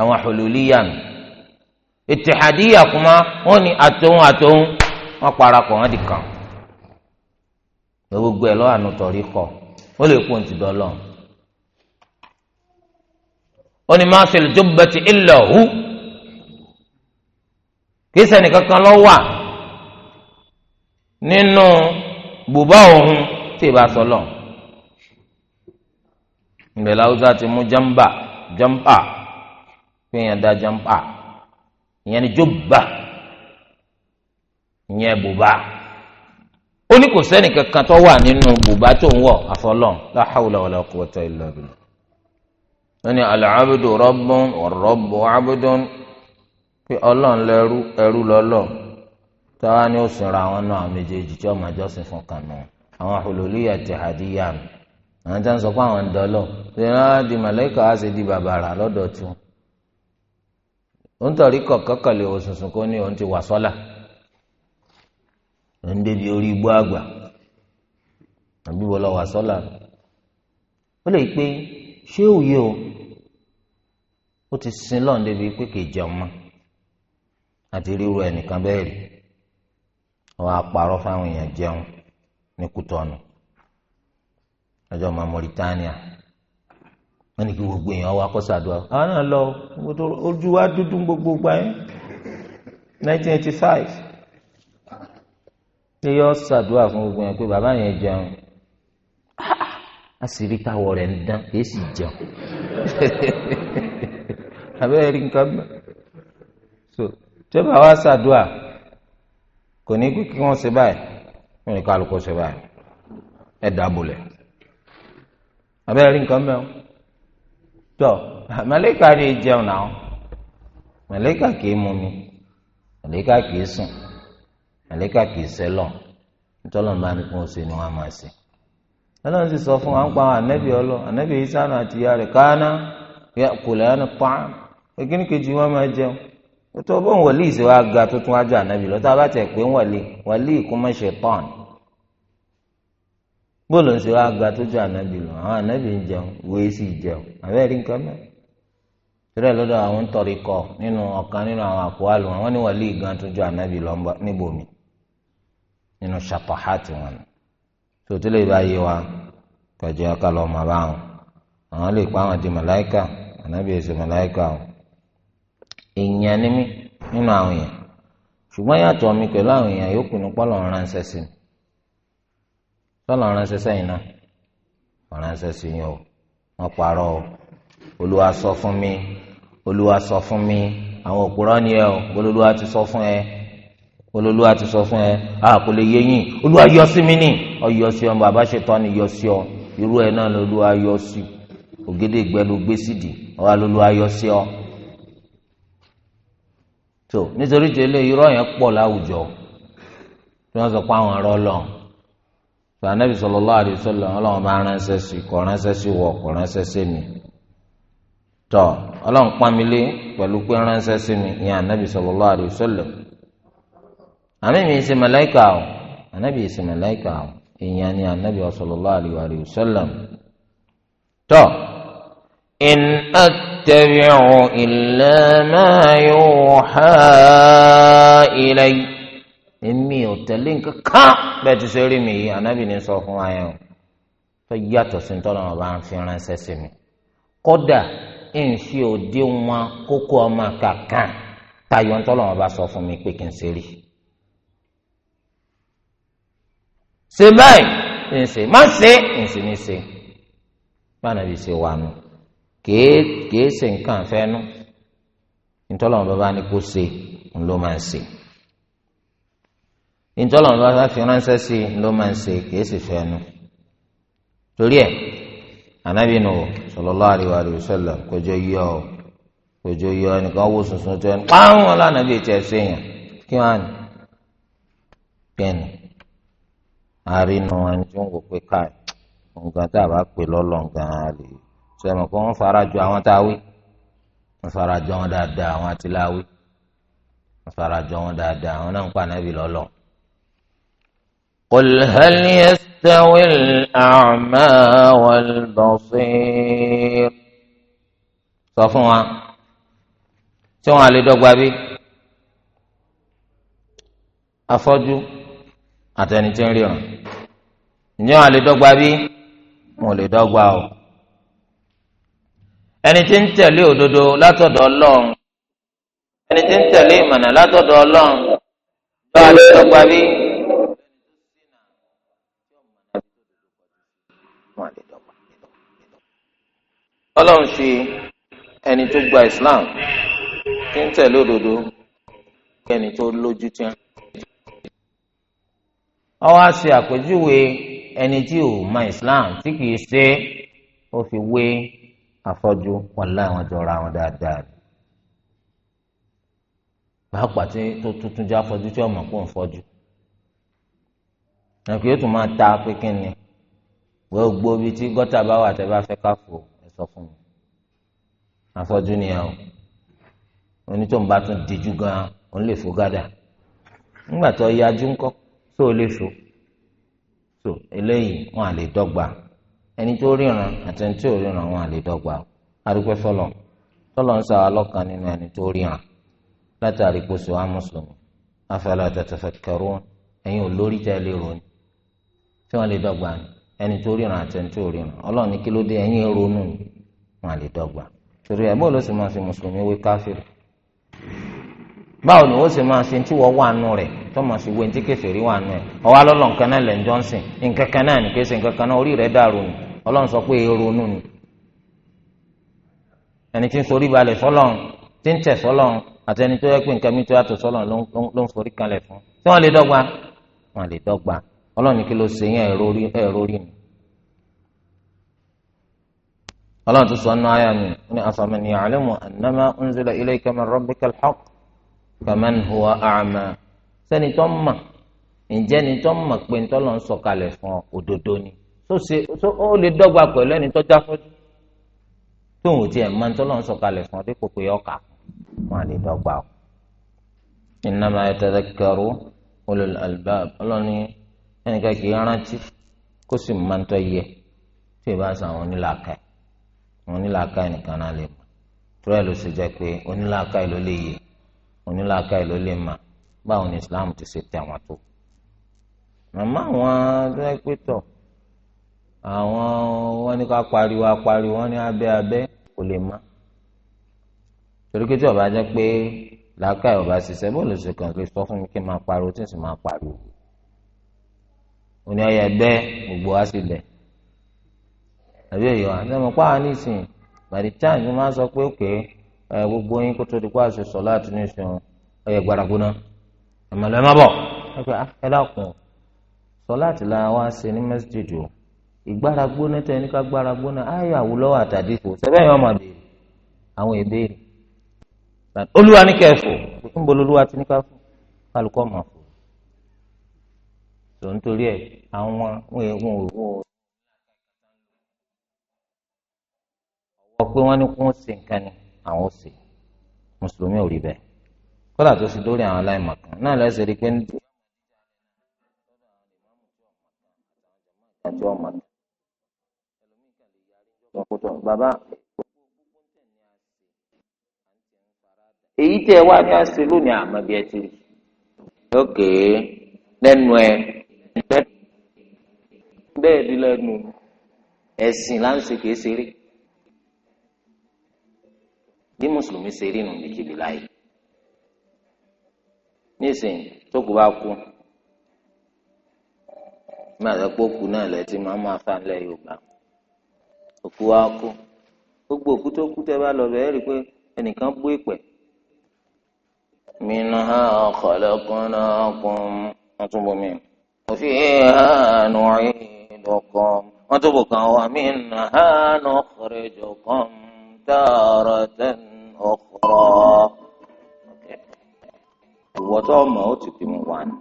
àwọn hululiyya nù ittihadiyya kuma wọ́n ní àtòun àtòun wọ́n parapọ̀ wọ́n di kan gbogbo ẹ̀ lọ́wọ́ àánú tọ̀rí kọ̀ ó lè kó ntì dọ́lọ́ ó ní máa ṣẹlẹ̀ jubbati illa hu kìí sẹ́ni kankan lọ wà nínú bùbá òun tí ì bá sọ lọ ìgbẹ́ làwùjọ ti mú jàmbá jàmbá pé yẹn da jàmbá ìyẹn ni jubba ìyẹn bùbá ó ní kò sẹ́ni kankan tó wà nínú bùbá tó ń wọ̀ àfọlọ́n la hawla wala quwwata illa billah wọ́n ní al-abdu rabbun war-rabbu abdun pé ọlọ́run lẹ́rú ẹrú lọ́lọ́ táwa ni ó sinra àwọn náà méjèèjì tí ọmọ ìjọsìn fún kan náà àwọn hululiyya jihadiyya mi àwọn tí wọ́n sọ pé àwọn ń dọ́lọ̀ ṣé wọ́n ah, di màlẹ́kà á sì di bàbàrà lọ́dọ̀ tí wọ́n tọ̀rí kọ̀ọ̀kọ̀kọ̀ lè wọ ń débi orí igbó àgbà àbí wọ́n lọ wà sọ́là ó lè pé ṣé òye o ó ti sin lọ́n débi pé kì í àti ríru ẹnìkan bẹ́ẹ̀ rí wọn á parọ́ fáwọn èèyàn jẹun ní Kútọ́nù ọjọ́ ọmọ Mauritania wọ́n ní kí gbogbo èèyàn wá kọ́ sàdúrà àwọn náà lọ ojú wa dúdú gbogbo gbà yẹn nineteen eighty five pé yọ ṣàdúrà fún gbogbo yẹn pé bàbá yẹn jẹun àṣírí káwọ rẹ̀ ń dán kì í sì jẹun abẹ́rẹ́ rí nǹkan mọ́ so tí wọ́n bá wá ṣàdúrà kò ní kí wọ́n ṣe báyìí wọ́n ní kálukú ṣe báyìí ẹ̀ dábòlẹ̀ abẹ́rẹ́ rí nǹkan mọ́ tọ́ màlẹ́kà ni jẹun náà màlẹ́kà kì í mi màlẹ́kà kì sùn. màlẹ́kà kìí sẹ́lọ̀ ntọ́lọ̀ máa ní kí wọ́n ṣe ni wọ́n á máa ṣe. ọlọ́run sì sọ fún wa ń pa ànẹ́bí ọlọ́ ànẹ́bí ìsáná àti ìyá rẹ̀ káná kò lẹ́yìn pa kíní kejì wọn máa jẹun tó wọlé ìṣe wa ga tó wá jọ ànẹ́bí lọ́tọ́ bá tẹ̀ pé ń wọlé wọlé ìkúmọ̀ṣẹ̀ bóòlù ń ṣe wa ga tó jọ ànẹ́bí lọ àwọn ànẹ́bí ń jẹun jẹun kọ nínú ọ̀kan nínú àwọn àpò tó jọ ànábì nínú ṣàpàhátì wọn sòtúlẹ̀ ìbáyé wa kọjá kálọ̀ ọmọ bá wọn àwọn lè pa àwọn di màláìkà ànábì èsì màláìkà o èèyàn ni mí nínú àwọn èèyàn ṣùgbọ́n yàtọ̀ mi pẹ̀lú àwọn èèyàn yòókù ní pọ́lọ̀ ránṣẹ́ sí mi pọ́lọ̀ ránṣẹ́ sẹ́yìn náà ránṣẹ́ sí yín o wọ́n parọ́ o olúwa sọ fún mi olúwa sọ fún mi àwọn òpùrọ́ olólùwà ti sọ fún ẹ a kò lè yé yín olúwa yọ sí mi ní ọyọ sí ọ bàbá ṣetán ni yọ sí ọ irú ẹ náà lolúwa yọ sí ògèdè ìgbẹ́ ló gbé sídìí ọwọ́ lolúwa yọ sí ọ. tó nítorí tẹ́lẹ̀ irọ́ yẹn pọ̀ láwùjọ tí wọ́n sọ pé àwọn ọ̀rọ̀ lọ sọ anábì sallallahu alaihi wasallam ọlọ́run bá ránṣẹ́ sí kọ̀ ránṣẹ́ sí wọ kọ̀ ránṣẹ́ sí mi tọ́ ọlọ́run pọ́nmi lé pẹ̀lú pé ránṣẹ́ sí mi ìyẹn anábì sallallahu alaihi wasallam àmì mi ṣe màláìkà o ànábì ṣe màláìkà o èèyàn ni ànábì sallallahu alaihi wa sallam tọ́ in attabi'u illa ma yuha ilay èmi ò tẹ̀lé nǹkan kan bẹ́ẹ̀ ti ṣe rí mi yìí ànábì ní sọ fún wa yẹn o tó yàtọ̀ sí tọ́lá wọn bá ń fi ránṣẹ́ sí mi kódà ń fi òdiwọ̀n kókó ọmọ kàkàn tayọ̀ tọ́lá wọn bá sọ fún mi pé kí n ṣe rí i. se báyìí ń ṣe má ṣe ń ṣe ní ṣe báyìí nàbí ṣe wà nù kèé kèé ṣe nǹkan fẹ́nu ntọ́lọ́mọ bàbá ni kò ṣe ńlọ máa ń ṣe ntọ́lọ́mọ bàbá fi ránṣẹ́ sí ńlọ máa ń ṣe kèé ṣe fẹ́nu torí ẹ̀ anabi nù sallallahu alaihi wasallam kọjọ yọ ọ kọjọ yọ ọ nìkan wò sùnsùn tó ẹni pààrọ̀ wọn lánàá bíi tiẹ̀ sẹ́yìn kí wọ́n á bẹ́ẹ̀ nì àrínú ẹni tí ń wò pé káì nǹkan tá a bá pè lọ́lọ́n gan-an lè sọ ẹ̀mọ̀ pé wọ́n fara jọ àwọn tá a wí wọ́n fara jọ wọn dáadáa àwọn àti láwí wọ́n fara jọ wọn dáadáa àwọn náà ń pa ànábì lọ́lọ́n. قل هل يستوي الأعمى والبصير sọ fún wa tí wọn àlè àtẹni tí ń ríran ǹjẹ́ wọn lè dọ́gba bí wọn lè o ẹni tí ń tẹ̀lé òdodo látọ̀dọ̀ ọlọ́run ẹni tí ń tẹ̀lé ìmọ̀nà látọ̀dọ̀ ọlọ́run lọ́wọ́ lè dọ́gba bí ọlọ́run fi ẹni gba Islam tí ń tẹ̀lé òdodo kẹ́ni tó lójú ó wá ṣe àpèjúwe ẹni tí ò mọ islam tí kì í ṣe ó fi wé afọ́jú wàhálà àwọn jọra wọn dáadáa pàápàá tí tó tuntun já fọ́jú tí ọmọ kò ń fọ́jú nàkì yóò tún máa ta pínpín ni wọ́n gbó bí tí gọ́tà bá wà tẹ́ bá fẹ́ ká ẹ sọ fún mi afọ́jú ni ẹ o onítọ̀hún bá tún díjú gan-an òun lè fò gádà nígbà tó yájú ńkọ́ tó o so so eléyìí wọn à lè atenti ẹni tó ríran àti ríran wọn à lè arúgbó sọlọ sọlọ ń sọ alọkan nínú ẹni tó ríran látàrí kóso á mùsùlùmí afẹlẹ àtẹtẹfẹkẹrù ẹyin olórí tẹ lè ronú tí wọn lè dọ́gba ẹni tó ríran àti ẹni ríran Ọlọ́run ẹyin ronú wọn à lè torí ẹ bó ló sì fi mùsùlùmí wé káfíìrì. báwo ni wọ́n sì máa ṣe tí wọ́n wà nù rẹ̀ tó máa sì wé ní tí kèfèrí wà nù ẹ̀ ọwọ́ alọ́lọ́ nǹkan náà lẹ̀ jọ́nsìn nǹkan kan náà ní ṣe nǹkan kan náà orí rẹ̀ dàrú ni ọlọ́run sọ pé èrò nù ni ẹni tí ń balẹ̀ tí ń tẹ̀ àti ẹni tó yẹ pé nǹkan tó yàtọ̀ ló ń forí kalẹ̀ fún tí wọ́n lè dọ́gba wọ́n lè dọ́gba faman huwa a'ma sẹ́ni tó ń mà ǹjẹ́ ni tó ń mà pé ń tọ́lọ̀ ń sọ̀kalẹ̀ fún ọ òdodo ni tó ṣe ó lè dọ́gba pẹ̀lú ẹni tó jáfọ́jú tóun ò tiẹ̀ máa ń tọ́lọ̀ ń sọ̀kalẹ̀ fún ọ dípò pé ọkà wọn à lè dọ́gba o. innama yatadhakkaru ulul albab ọlọ́ni ẹnìkan kì í rántí kó sì máa ń tọ́ yẹ tí ì bá sàn àwọn onílàákàyè àwọn onílàákàyè nìkan náà lè mọ̀ tó ẹ̀ ló ṣe jẹ́ pé onílàákàyè ló lè yẹ onílàákà ló lè mà báwo ni islam ti ṣe tẹ àwọn tó màmá àwọn dẹ́pẹ́tọ̀ àwọn wọn ní ká pariwo apariwo wọn ní abẹ́ abẹ́ kò lè má torí pé tí ọba jẹ́ pé làákà ọba ṣiṣẹ́ bó ló ṣe kàn lè sọ fún mi kí n máa pariwo tí n sì máa pariwo òní ọyẹ bẹ́ẹ̀ gbogbo wa sì lẹ̀ àbí èyí wa ṣé mo pa á nísìnyí by the time mo máa sọ pé òkè. Okay, gbogbo yín kó tó di kó àṣẹ sọlá àtúnṣe ọyẹ gbàràgbóná àmàlẹ́ má bọ̀ ẹ ah, dákun sọlá àtìlá wa ṣe ní mẹsíjìdì o ìgbàràgbóná tẹ ní ká gbàràgbóná ayé àwòlọ́wọ́ àtàdé kò sẹ́fẹ́ yẹn ọmọ béèrè àwọn ìbéèrè olúwa ní kẹfù níbo lolúwa ti ní ká fún kálukọ́ mọ̀ fún tòun torí ẹ àwọn wọn ò wọ wọn ní kó ń nǹkan ni. àwọn ò mùsùlùmí ò rí bẹ́ẹ̀ kódà tó fi dórí àwọn aláìmọ̀kan náà lẹ́sẹ̀ rí pé ní. àti bàbá èyí tẹ wá ní àṣẹ lónìí àmọ́ bí ẹ ti rí lókè lẹ́nu ẹ bí láǹṣe kìí ṣeré. bí mùsùlùmí ṣe rí nù níkìlì láyé nísìnyí tó kù bá kú máa sọ pé òkú náà lẹ ti máa máa fa ilẹ̀ Yorùbá òkú wa kú gbogbo òkú tó kú tẹ bá lọ bẹ ẹ rí i pé ẹnìkan bú ìpẹ. منها خلقناكم أتوب من وفيها نعيدكم أتوب ومنها نخرجكم تارة أخرى ìwọ́tọ́ ọmọ ó ti pè mí wá ní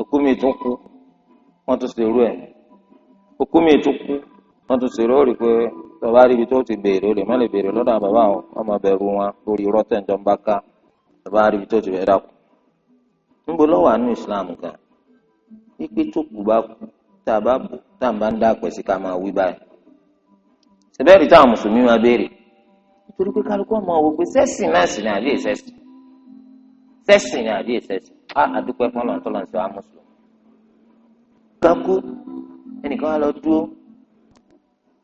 okú mi tún kú wọ́n tún ṣe irú ẹ̀ okú mi tún kú wọ́n tún ṣe irú pé tọ́ba rí ibi tó ti bèèrè ó lè má lè lọ́dọ̀ ọmọ bẹ̀rù wọn lórí sẹbẹẹrì táwọn mùsùlùmí máa béèrè nítorí pé kálukú ọmọ wò pé sẹ́sìn náà sì ni àbí ìsẹ́sìn sẹ́sìn ni àbí ìsẹ́sìn á àdúpẹ́ fọlọ́n tó lọ́n sí wa mùsùlùmí. ẹnìkan á lọ dúró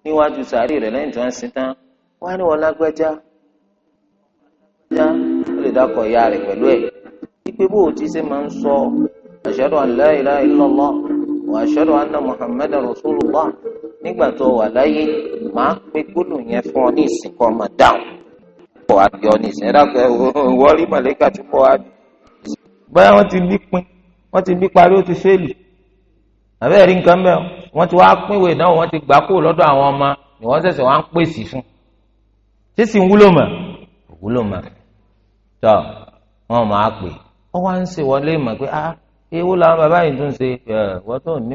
níwájú sàárì tí sin tán á ní wọn já ó lè ìyá bó o ti ṣe máa ń sọ rasulullah nígbà tó wà láyé màá pe gbólóhùn yẹn fún ọ ní ìsìnkú ọmọ dáhùn pọ̀ àbíọ́ ní ìsìn dákẹ́ ìwọ rí màlẹ́kà tí pọ̀ àbí. báyà wọ́n ti nípin wọ́n ti bí parí ó ti fẹ́ẹ̀lì àbẹ́ẹ̀ rí nǹkan mẹ́ọ̀ wọ́n ti wá pínwèé náà wọ́n ti gbà kúrò lọ́dọ̀ àwọn ọmọ ni wọ́n ṣẹ̀ṣẹ̀ wá ń pèsè fún sísì ń wúlò mọ̀ wúlò mọ̀ tọ́ wọn máa pè ọ wá ń ṣe wọlé mọ̀ pé ah ewu làwọn bàbá yìí tún ṣe ẹ̀ wọ́n tó ní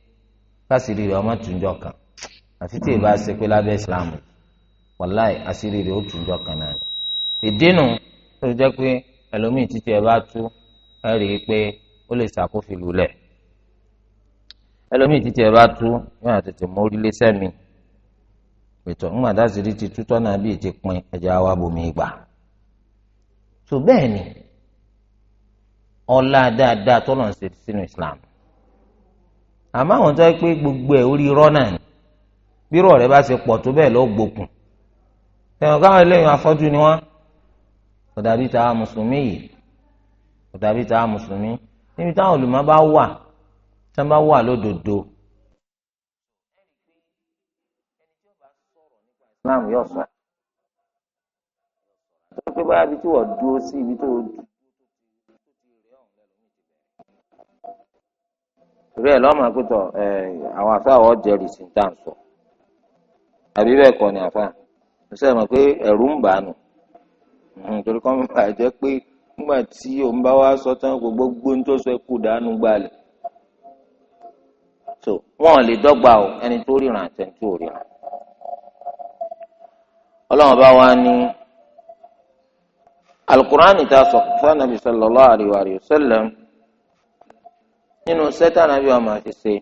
kásìrì rẹ̀ ọmọ tùjọ kan àfi tí ìbá ṣe pé lábẹ́ ìsìlámù wàláì àṣírí rẹ̀ ó tùjọ kan náà ìdínú tó jẹ́ pé ẹlòmíì títí ẹ bá tú ẹ rí i pé ó lè ṣàkófin lulẹ̀ ẹlòmíì títí ẹ bá tú yóò tètè mi pẹ̀tọ́ ńgbà dáṣírí ti tú tọ́nà bíi ti pin ẹja wa bomi gbà tó bẹ́ẹ̀ ni ọlá dáadáa ṣe àmọ́ àwọn tó yẹ pé gbogbo ẹ̀ orí irọ́ náà ni bí irọ́ rẹ bá ṣe pọ̀ tó bẹ́ẹ̀ lọ gbókùn ẹ̀wọ̀n káwọn eléyìí afọ́jú ni wọ́n kò dàbí tàwa mùsùlùmí yìí kò dàbí tàwa mùsùlùmí níbi táwọn olùmọ̀ bá wà tí wọ́n bá wà lódodo. Islam yóò sọ ẹ̀ tó pé báyà bí tí wọ́n dúró sí ibi tó dúró. torí ẹ lọ́mọ àkútọ̀ ẹ àwọn àfáà wọ́n jẹ́rìí sí tá à àbí bẹ́ẹ̀ kọ́ ni àfáà mo sọ ma pé ẹ̀rù ń bà nù torí kọ́ mi pé nígbà tí òun bá wá sọ tán gbogbo gbóhùn tó sọ ẹ so wọ́n lè dọ́gba o ẹni tó ríran tó ríran ọlọ́run bá wá ní alukur'an ta sọ fún anabi sallallahu alayhi wa sallam. nínú sẹ́tà nàbí wa máa fi ṣe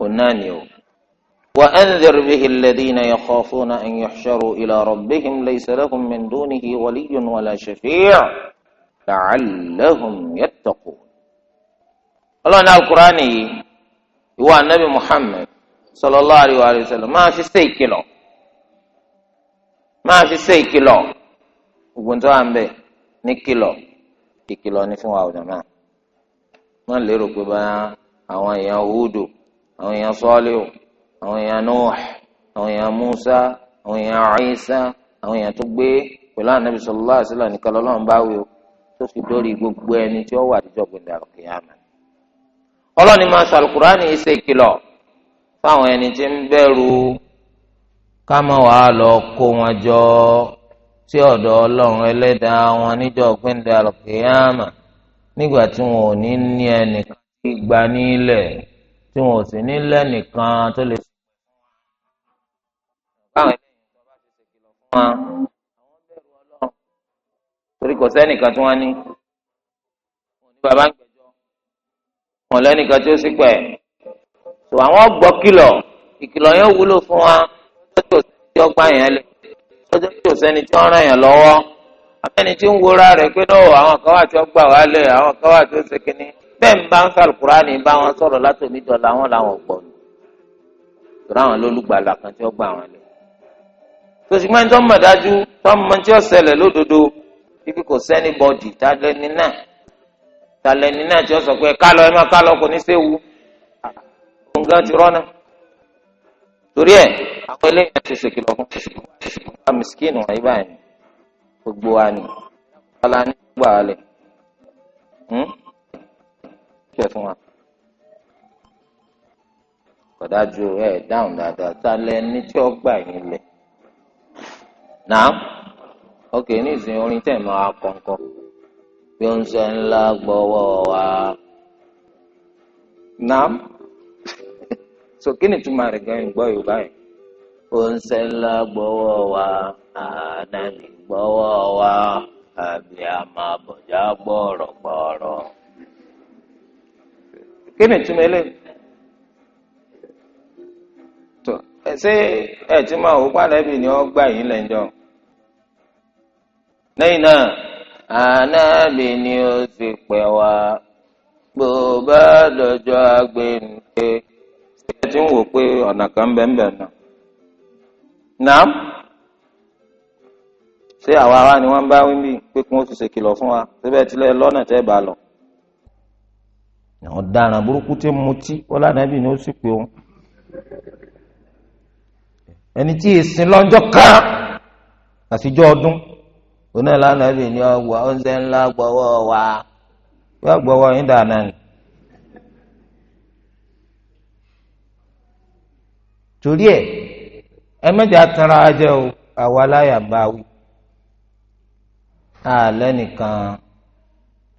òun náà ni o. وأنذر به الذين يخافون أن يحشروا إلى ربهم ليس لهم من دونه ولي ولا شفيع لعلهم يتقون الله نال القرآن هو النبي محمد صلى الله عليه وآله وسلم ما في سيكلو ما في سيكلو وقلت عن به نكلو كيكلو نفوا وجماعه má lérò pé àwọn èèyàn Húdù àwọn èèyàn Sọ́líù àwọn èèyàn Nuh àwọn èèyàn Musa àwọn èèyàn Isa àwọn èèyàn tó gbé pẹ̀lú Ànábì sallallahu alaihi wasallam nìkan lọ́lọ́run bá wí o tó fi dórí gbogbo ẹni tí ó wà níjọ́ gbẹ̀dẹ̀ ọlọ́ni máa sọ alukurani ìkìlọ̀ fáwọn ẹni tí ń bẹ̀rù ká lọ kó wọn jọ ọ̀dọ̀ ọlọ́run ẹlẹ́dàá wọn níjọ́ gbẹ̀dẹ̀ nígbà tí wọn ò ní ní ẹnìkan tí gba nílẹ̀ tí wọn ò sì ní lẹ́nìkan tó lè sọ fún wọn. torí kò sẹ́nìkan tí wọ́n ní bàbá ń gbẹ́jọ́ wọn lẹ́nìkan tí ó sì pẹ̀ tó àwọn gbọ́ kìlọ̀ ìkìlọ̀ yẹn wúlò fún wa lọ́jọ́ tí ò sẹ́ni tí ó gbà yẹn lé lọ́jọ́ tí ò sẹ́ni tí ó ràn yẹn lọ́wọ́ abẹ́ni tí ń wora rẹ̀ pé náà àwọn kan wà tí ó gbà wálẹ̀ àwọn kan wà tí ó ṣe kínní bẹ́ẹ̀ ń bá ń fa alukurani bá wọn sọ̀rọ̀ látòmí dọ̀la wọn làwọn gbọ́ ni tòrọ àwọn lólùgbàlà kan tí ó gbà wọn lẹ̀ tòṣìgbọ́n tó mọ̀ dájú tó mọ̀ tí ó ṣẹlẹ̀ lódodo bíbí kò sẹ́ni bọ́dì tálẹ́ni náà tálẹ́ni náà tí ó sọ pé kálọ̀ ẹ má kálọ̀ kò ní séwu nǹkan ti rọ́nà torí ẹ̀ àwọn eléyìí gbogbo wa ni ọlá ní gbà wá lẹ hmm? ṣe fún wa kọdájú ẹ dáhùn dáadáa sálẹ ní tí ó gbà yín lẹ náà ok ní ìsìn orin tẹ̀ máa kọ̀ǹkọ̀ bí ó ń sọ ńlá gbọ́wọ́ wa náà so kí ni túmọ̀ rẹ̀ gan-an gbọ́ Yorùbá yẹn ó ń sẹ́ ńlá gbọ́wọ́ wa. adánigbọ́wọ́ wa abiyamọ abọjá gbọrọgbọrọ. ẹ ti máa wò ni wọ́n gbà yín lẹ́jọ́? lẹ́yìn náà ni ó sì pẹ̀ wá bó bá dọjọ́ agbẹnusẹ ẹ ti ń wò pé ọ̀nà kan bẹ́ẹ̀ ṣé àwa wa ni wọ́n bá wí bí pé kí wọ́n fi ṣèkìlọ̀ fún wa síbẹ̀ tilẹ̀ lọ́nà tẹ́ bá lọ. àwọn ọ̀daràn burúkú tí mutí wọ́n lánàá bí ni ó sì pé òun. ẹni tí ìsìn lọ́jọ́ kan àtijọ́ ọdún òun náà lánàá bí ni ọgbà oúnjẹ ńlá gbọ́wọ́ wa yóò gbọ́wọ́ yín dáná ni. torí ẹ ẹ mẹ́jọ atara ajẹ́ o àwa láyà bá wí. a lẹ́nìkan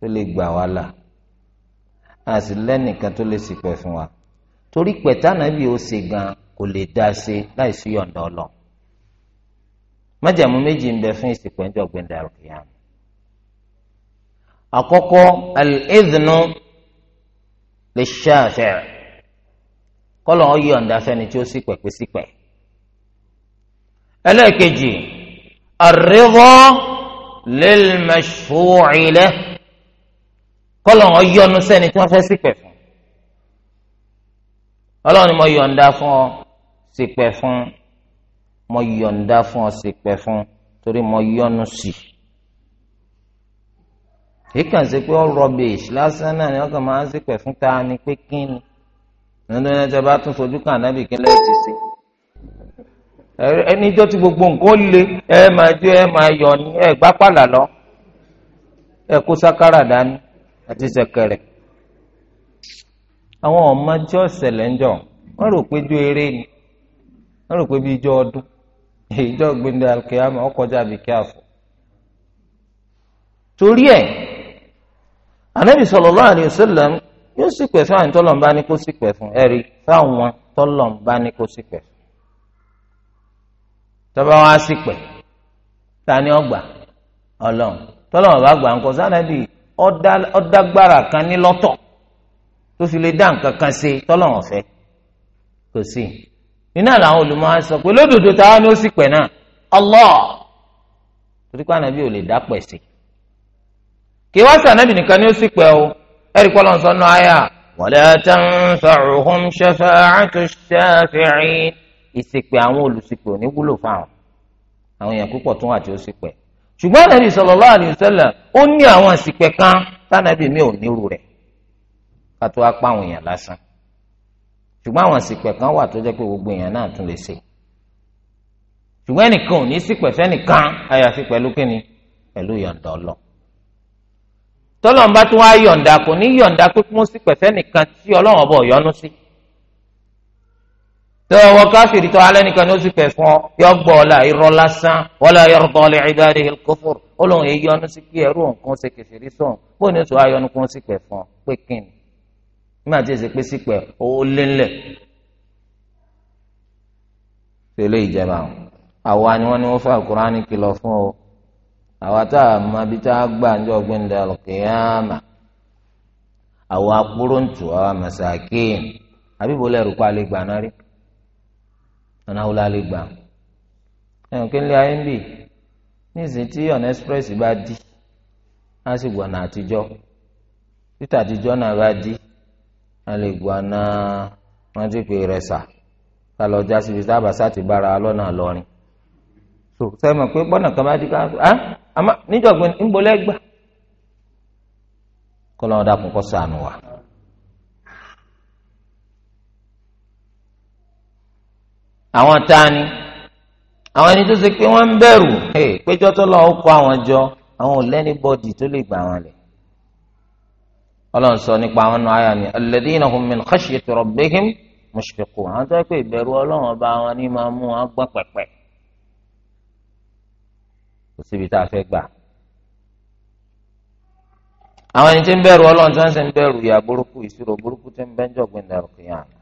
tó lè gbà wá là a sì lẹ́nìkan tó lè ṣìpẹ̀ fún wa torí pẹ̀tánà bí ó ṣe gan kò lè dá a ṣe láì sí yọ̀ǹda ọlọ májàmú méjì ń bẹ fún ìsìnkú ẹjọ gbẹndà rìkìyàm àkọ́kọ́ al-idhnu lish-shafi' kọlọ ọ yọ̀ǹda fẹ́ni tí ó ṣìpẹ̀ pé ṣìpẹ̀ ẹlẹ́ẹ̀kejì ar lilmashfu'i lahu kọ́lọ̀ wọn yọnu sẹ́ni tí wọ́n fẹ́ ṣìpẹ̀ fún ọlọ́run ni mo yọ̀ǹda fún ọ ṣìpẹ̀ fún mo yọ̀ǹda fún ọ ṣìpẹ̀ fún torí mo yọnu sí i kíkàn sí pé ó rọbìṣ lásán náà ni wọn kàn máa ń ṣìpẹ̀ fún ta ni pé kí ni ẹni tí bá tún fojú kàn nábì kí lẹ́yìn ti ṣe. ẹnijọ́ tí gbogbo nǹkan le ẹ máa jó ẹ máa ní ẹgbà pàlà lọ ẹ kó sákàrà dání àti ṣẹ̀kẹ̀rẹ̀. àwọn ọmọ tí ó ń jọ rò pé eré ni wọ́n rò pé bí ijó ọdún ìjọ gbẹndẹ alkiyama ọkọjá àbíkẹ́ àfọ. torí ẹ̀ anabi sallallahu alayhi yóò sì fún àwọn sì tọ́ba wá sí pẹ̀ ta ni ọgbà ọlọ́run tọ́lọ́run bá gbà ọ̀dàgbára kan ní lọ́tọ̀ tó fi lè dá nǹkan kan ṣe tọ́lọ́run ọ̀fẹ́ kò sí nínú làwọn olùmọ̀ á sọ pé ni ó sì pẹ̀ náà Allah torí pé ò lè dá pẹ̀ sí kí wá sànàbì nìkan ni ó sì pẹ̀ o ẹ̀rí kọ́lọ́n sọ náà àyà wala tanfa'uhum shafa'atu ìsìpẹ̀ àwọn olùsìpẹ̀ ò ní wúlò fáwọn àwọn èèyàn púpọ̀ tún wà tí ó sìpẹ̀ ṣùgbọ́n nàbì sallallahu alaihi wasallam ó ní àwọn ìsìpẹ̀ kan tánàbì mi ò nírú rẹ̀ ká tó apá àwọn èèyàn lásán ṣùgbọ́n àwọn ìsìpẹ̀ kan wà tó jẹ́ pé gbogbo èèyàn náà tún lè ṣe ṣùgbọ́n ẹnìkan ò ní sípẹ̀ fẹ́nìkan àyàfi pẹ̀lú kíni pẹ̀lú yọ̀ǹda ọlọ́ tọ́lọ́mbá tẹ́wọ́ wọ káfíìrì tó alẹ́ nìkan ní oṣù kẹfọ́n yọ gbọ́ ọ̀la irọ́ lásán wala yarda li ibadihi al-kufr ó lóun èyí ọdún sí pé ẹrú nǹkan ṣe kẹfìrí sọ̀n bóun ní oṣù ayọ́nu kan sí kẹfọ́n pé kíni nígbà tí èsì pé sípẹ́ ó lélẹ̀. tẹ́lẹ̀ ìjẹba àwa ni wọ́n ní wọ́n fà kìlọ̀ fún o àwa tá a máa bí tá a gbà ń masakin àbíbo lẹ́rù pa àlegbà ọ̀nà àwọn lálẹ́ gbà ẹ̀hún kí n lé ayé ń bì níìsín tí ọ̀nà express bá di á sì gbọ̀nà àtijọ́ títà àtijọ́ náà bá di á lè gbọ̀nà wọn ti pè rẹ̀ sà ká lọ já síbi tá a bá sáti bára lọ́nà lọ́rin so sẹ́mi pé gbọ́nà kan bá di ká á àmọ́ níjọ̀gbìn ń bolẹ́ gbà kọ́ lọ́wọ́ dàkún kọ́ sànù wa. àwọn tani àwọn ẹni tó ṣe pé wọ́n ń bẹ̀rù péjọ tó lọ ó kó àwọn jọ àwọn ò lẹ́ni bọ́dì tó lè gbà wọn lẹ̀ Ọlọ́run sọ nípa àwọn náà àyà ni alladhina hum min khashyati rabbihim mushfiqun àwọn tó yẹ pé ìbẹ̀rù Ọlọ́run ọba wọn ni máa mú wọn gbọ́n pẹ̀pẹ̀ kò síbi tá a fẹ́ gbà àwọn ẹni tí ń bẹ̀rù Ọlọ́run tí wọ́n sì ń bẹ̀rù ìyà burúkú ìṣirò burúkú tí ń bẹ́ńjọ́ gbẹ̀ndàrúkú yàrá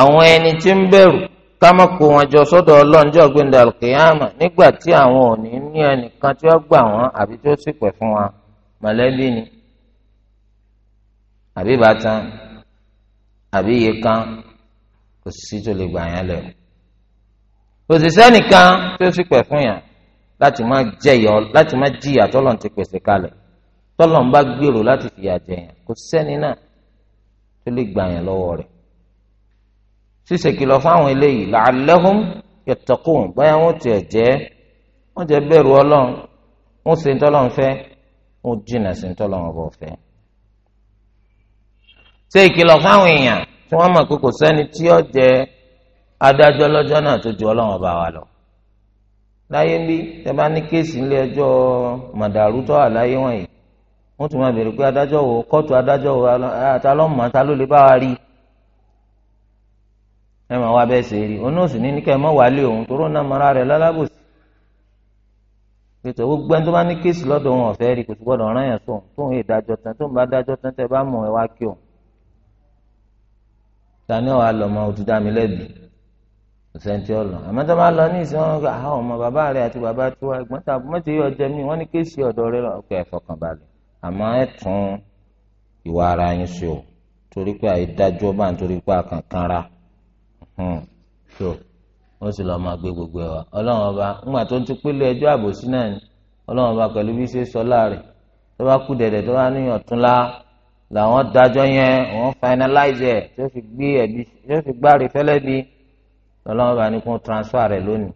àwọn ẹni tí ń bẹ̀rù ká má kó wọn jọ sọ́dọ̀ ọlọ́njọ́ gbẹ̀ndà alkiyama nígbà tí àwọn ò ní ní ẹnìkan tí wọ́n gbà wọ́n àbí tí sì pẹ̀ fún wa mọ̀lẹ́bí ni àbí ìbátan àbí iye kan kò sí tó lè gbà yẹn lẹ̀ kò sì sẹ́nìkan tí ó sì pẹ̀ fún yàn láti má jẹyọ láti má jìyà tọ́lọ̀ ti pèsè kalẹ̀ tọ́lọ̀ ń bá gbèrò láti fìyà jẹyàn kò sẹ́ni náà tó lè gbà yẹn lọ́wọ́ rẹ̀ ṣíṣe kìlọ̀ fáwọn eléyìí la'allahum yattaqun báyà wọ́n tiẹ̀ jẹ́ wọ́n jẹ́ bẹ̀rù ọlọ́run wọ́n ṣe ntọ́lọ́run fẹ́ wọ́n jìnnà sí ntọ́lọ́run ọ̀bọ̀ fẹ́. ṣe ìkìlọ̀ fáwọn èèyàn tí wọ́n mọ̀ pé kò sẹ́ni tí ó jẹ́ adájọ́ lọ́jọ́ náà tó ju ọlọ́run ọba wa lọ láyé bí ẹ bá ní kéèsì nílé ẹjọ́ màdàrú tó wà láyé wọ̀nyí wọ́n tún máa béèrè pé adájọ́ wo kóòtù adájọ́ wo àtàlọ́mọ àtàlólè ẹ máa wá bẹ́ẹ̀ ṣe rí òun náà sì ní níkẹ́ mọ́ wálé òun tóró náà mọ́ra rẹ̀ lálábòsí pẹ̀tọ́ gbogbo ẹni tó bá ní kéèsì lọ́dọ̀ wọn ọ̀fẹ́ rí kò sì gbọ́dọ̀ rán yẹn sóun tóun yìí dájọ́ tán tóun bá dájọ́ tán tẹ́ bá mọ̀ ẹ wá kí òun. tani ọ̀ àlọ́mọ òtú lẹ́bi sẹ́ńtì ọ̀lọ́ àmọ́ tó bá lọ ní ìsìn wọn gba àwọn ọmọ bàbá rẹ̀ àti tó hmm. wọ́n sì lọ́ọ́ máa gbé gbogbo ẹ̀ wá ọlọ́run ọba ńgbà tó ń ti pélé ẹjọ́ àbòsí náà ni ọlọ́run ọba pẹ̀lú bí ṣe sọ láàrin tó bá kú dẹ̀dẹ̀ tó bá níyàn tún la làwọn dájọ́ yẹn wọ́n finalize ẹ̀ tó fi gbé ẹ̀bi tó fi gbáre fẹ́lẹ́ bí ọlọ́run ọba ní kún transfer rẹ̀ lónìí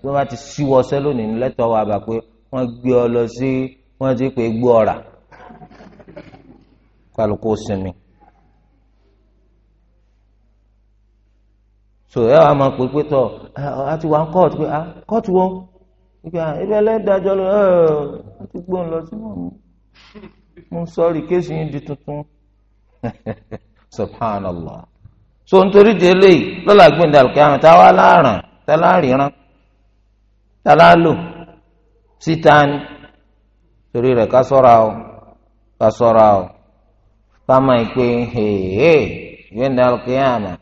tó bá ti síwọ́sẹ́ lónìí lẹ́tọ̀ọ́ wa bà pé wọ́n gbé ọ lọ sí wọ́n ti pè é gbó ọ̀rà kálukú sinmi so ẹ wàá máa pè pé tọ a ti kóòtù pé a kóòtù wo ìgbà ibẹ̀ lẹ́dàjọ́ lọ ẹ ẹ ti lọ sí wọn mo ń kéésì yín di tuntun subhanallah so nítorí délé lọ́la gbẹ̀ndẹ̀ àlùkìyàmù tá a wá láàrán tá a láàríran tá a láàlò síta ni torí rẹ̀ ká sọ́ra o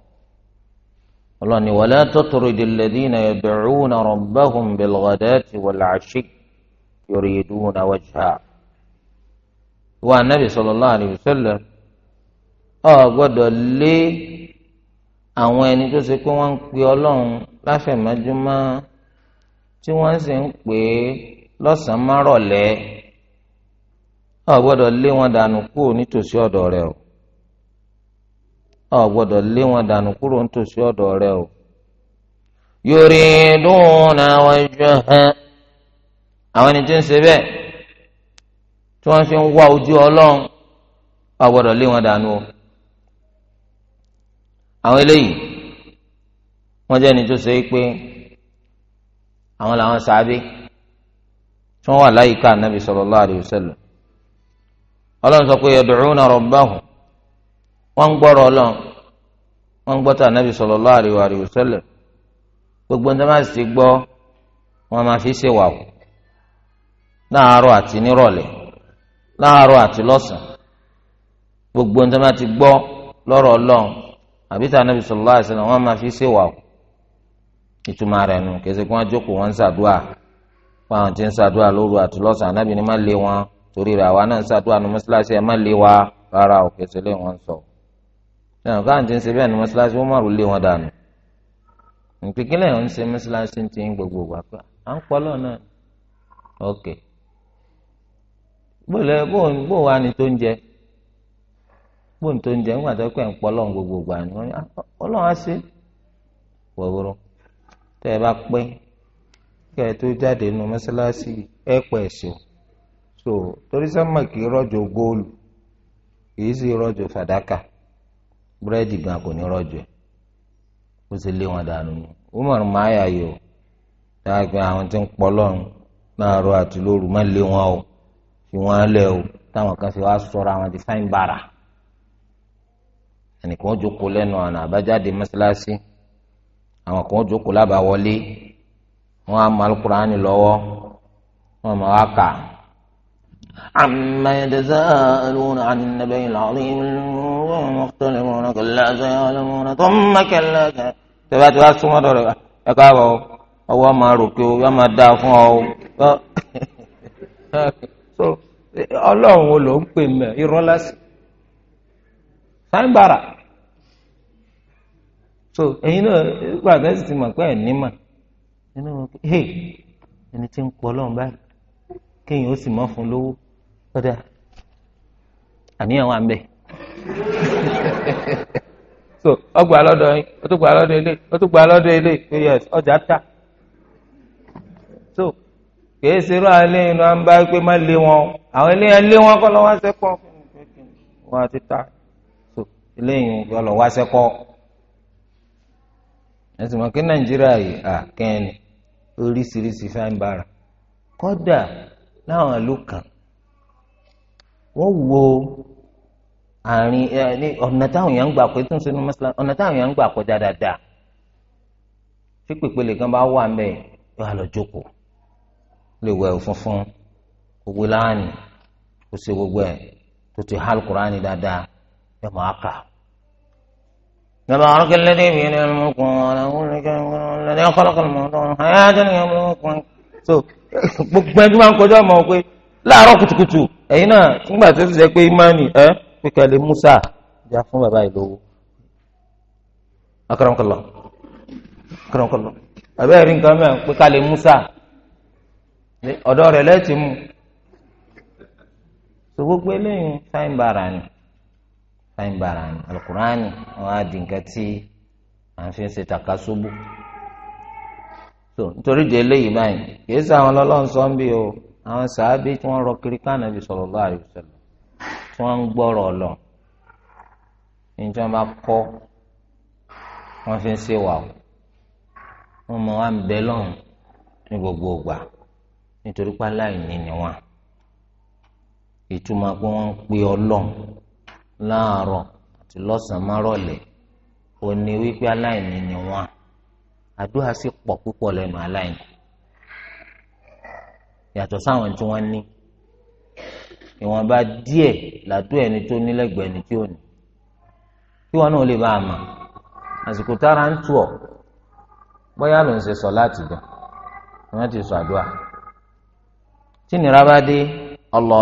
ọlọ́ni wala tatrudil ladina yad'una rabbahum bil ghadati wal 'ashi yuriduna wajha. ìwà anábì sallallahu alayhi wa sallam ọ gbọ́dọ̀ lé àwọn ẹni tó ṣe pé wọ́n ń pe ọlọ́run láfẹ̀mọ́júmọ́ tí wọ́n sì ń pè é lọ́sàn-án márọ̀lẹ́ ọ gbọ́dọ̀ lé wọn dànù kúrò nítòsí ọ̀dọ̀ rẹ̀ o ọ lé wọn dànù kúrò nítòsí ọdọ rẹ o. yuriduna wajha àwọn ẹni tí ń ṣe bẹ́ẹ̀ tí wọ́n fi ń wá ojú ọlọ́run wọn dànù o. àwọn eléyìí wọ́n jẹ́ ẹni tó ṣe é pé àwọn làwọn sáábé tí wọ́n wà láyìíká sallallahu alaihi wasallam ọlọ́run sọ pé wọ́n ń gbọ́rọ̀ ọlọ́run wọ́n ń gbọ́ tà nàbì sallallahu alaihi wa sallam gbogbo ní wọ́n sì gbọ́ wọ́n máa fi ṣe wà wò láàárọ̀ àti nírọ̀lẹ́ láàárọ̀ àti lọ́sàn-án gbogbo ní wọ́n ti gbọ́ lọ́rọ̀ ọlọ́run àbí tà nàbì sallallahu alaihi wa sallam máa fi ṣe wà wò ìtumọ̀ rẹ̀ nù kẹsẹ̀ kí wọ́n jókòó wọn ń ṣàdúà fún àwọn tí ń ṣàdúà lóru àti lọ́sàn-án anábìíní má lé wọn torí rẹ̀ àwa náà ń ṣàdúà nu mọ́ṣáláṣí ẹ̀ má lé wa rárá òkèṣe lé wọn sọ̀rọ̀. ẹnì kan ti ń ṣe bẹ́ẹ̀ ní mọ́ṣáláṣí ó márùn lé wọn dànù ìpìkínlẹ̀ ń ṣe mọ́ṣáláṣí ti ń gbogbo wà pé à ń náà ok gbọ́dọ̀ bó wa ni tó ń jẹ bó ń tó ń jẹ nígbà tó gbogbo ni wọ́n ah, á ṣe wọ̀wọ́rọ́ tẹ́ ẹ bá pẹ́ kẹ́ ẹ tó jáde so torí sẹ́mọ̀ kì í sì fàdákà. búrẹ́dì gan kò ní rọ́jò ó sì lé wọn dànù ni umar maya yìí o dáa pé àwọn tí ń pọ lọ́run láàárọ̀ àti lóru má lé wọn o fi wọn lẹ̀ o táwọn kan fi wá sọ̀rọ̀ àwọn ti fáìn bàrà ẹnìkan jókòó lẹ́nu ọ̀nà àbájáde mọ́ṣáláṣí àwọn kan jókòó lábàá wọlé wọn á mọ alukurani lọ́wọ́ wọn mọ wá kà á. عما يتساءلون عن النبي العظيم المختلفون كلا سيعلمون ثم كلا سيعلمون tẹ́bàtì wá súnmọ́ dọ̀rọ̀ wa ẹ káàbọ̀ ọwọ́ máa rògbò yọ máa da fún ọ so ọlọ́run wo ló ń pè mẹ́ irọ́ lásì sáńbàrà so ẹ̀yin náà gbà gẹ́sì ti mọ̀ pé ẹ̀ ní mà ẹni wọn kí ẹni tí ń pọ̀ ọlọ́run báyìí kéèyàn ó sì mọ́ fún lówó tọ́tẹ́ àníyàn wà ń bẹ̀. so ọgbà lọ́dọ̀ yín ó tún ilé yes ọjà tà. so kìí ṣerú inú ń bá pé má lé wọn àwọn eléyàn lé wọn wá wọn àti ta so eléyìí wá kí nàìjíríà yìí à kẹ́ni oríṣiríṣi kọ́dà láwọn ìlú kan wọ́n wo àárín ọ̀nà táwọn èèyàn ń gbà pé tó ń sinú mọ́sálásí ọ̀nà táwọn èèyàn ń gbà kọjá dáadáa tí pèpèlè kan bá wà ń bẹ̀ yóò á lọ jókòó lè wẹ̀ funfun gbogbo láàánì kó ṣe gbogbo ẹ̀ tó ti hàl kúránì dáadáa yóò máa kà. تبارك الذي بيده الملك وعلى كل الذي خلق الموت والحياة ليبلوكم. so gbogbo ẹni tó máa ń láàárọ̀ kùtùkùtù ẹ̀yin náà nígbà tó ti sẹ pé imani ẹ musa ìjà fún bàbá ìlówó akọrọ̀nkọlọ akọrọ̀nkọlọ àbẹ́rẹ́ nǹkan musa ọ̀dọ́ rẹ̀ lẹ́tì mu so gbogbo eléyìí sáyìn bàrà ni sáyìn bàrà ni alukurani àwọn àdìǹkan tí ṣe takasubu so nítorí di eléyìí báyìí kì í sọ àwọn o. àwọn sàábé tí wọ́n rọ kiri ká nàbì sallallahu alaihi wasallam tí wọ́n ń gbọ́rọ̀ lọ níjọ́ bá kọ́ wọ́n fi ń ṣe wà ó wọ́n mọ wá ń bẹ lọ́hùn ní gbogbo ìgbà nítorí pé aláìní ni wọ́n ìtumọ̀ pé wọ́n ń pe ọlọ́run láàárọ̀ àti lọ́sàn-án márọ̀lẹ́ òní wípé aláìní ni wọ́n àdúrà sì pọ̀ púpọ̀ lẹ́nu aláìní yàtọ̀ sáwọn tí wọ́n ní ìwọ̀nba díẹ̀ làtó ẹni tó nílẹ̀gbẹ̀ẹ́ ẹni tí ò ní kí wọn náà lè bá a mọ̀ àsìkò tára ń tù ọ́ bóyá ló ń ṣe sọ láti dùn wọ́n ti sọ àdúrà tí nira bá dé ọlọ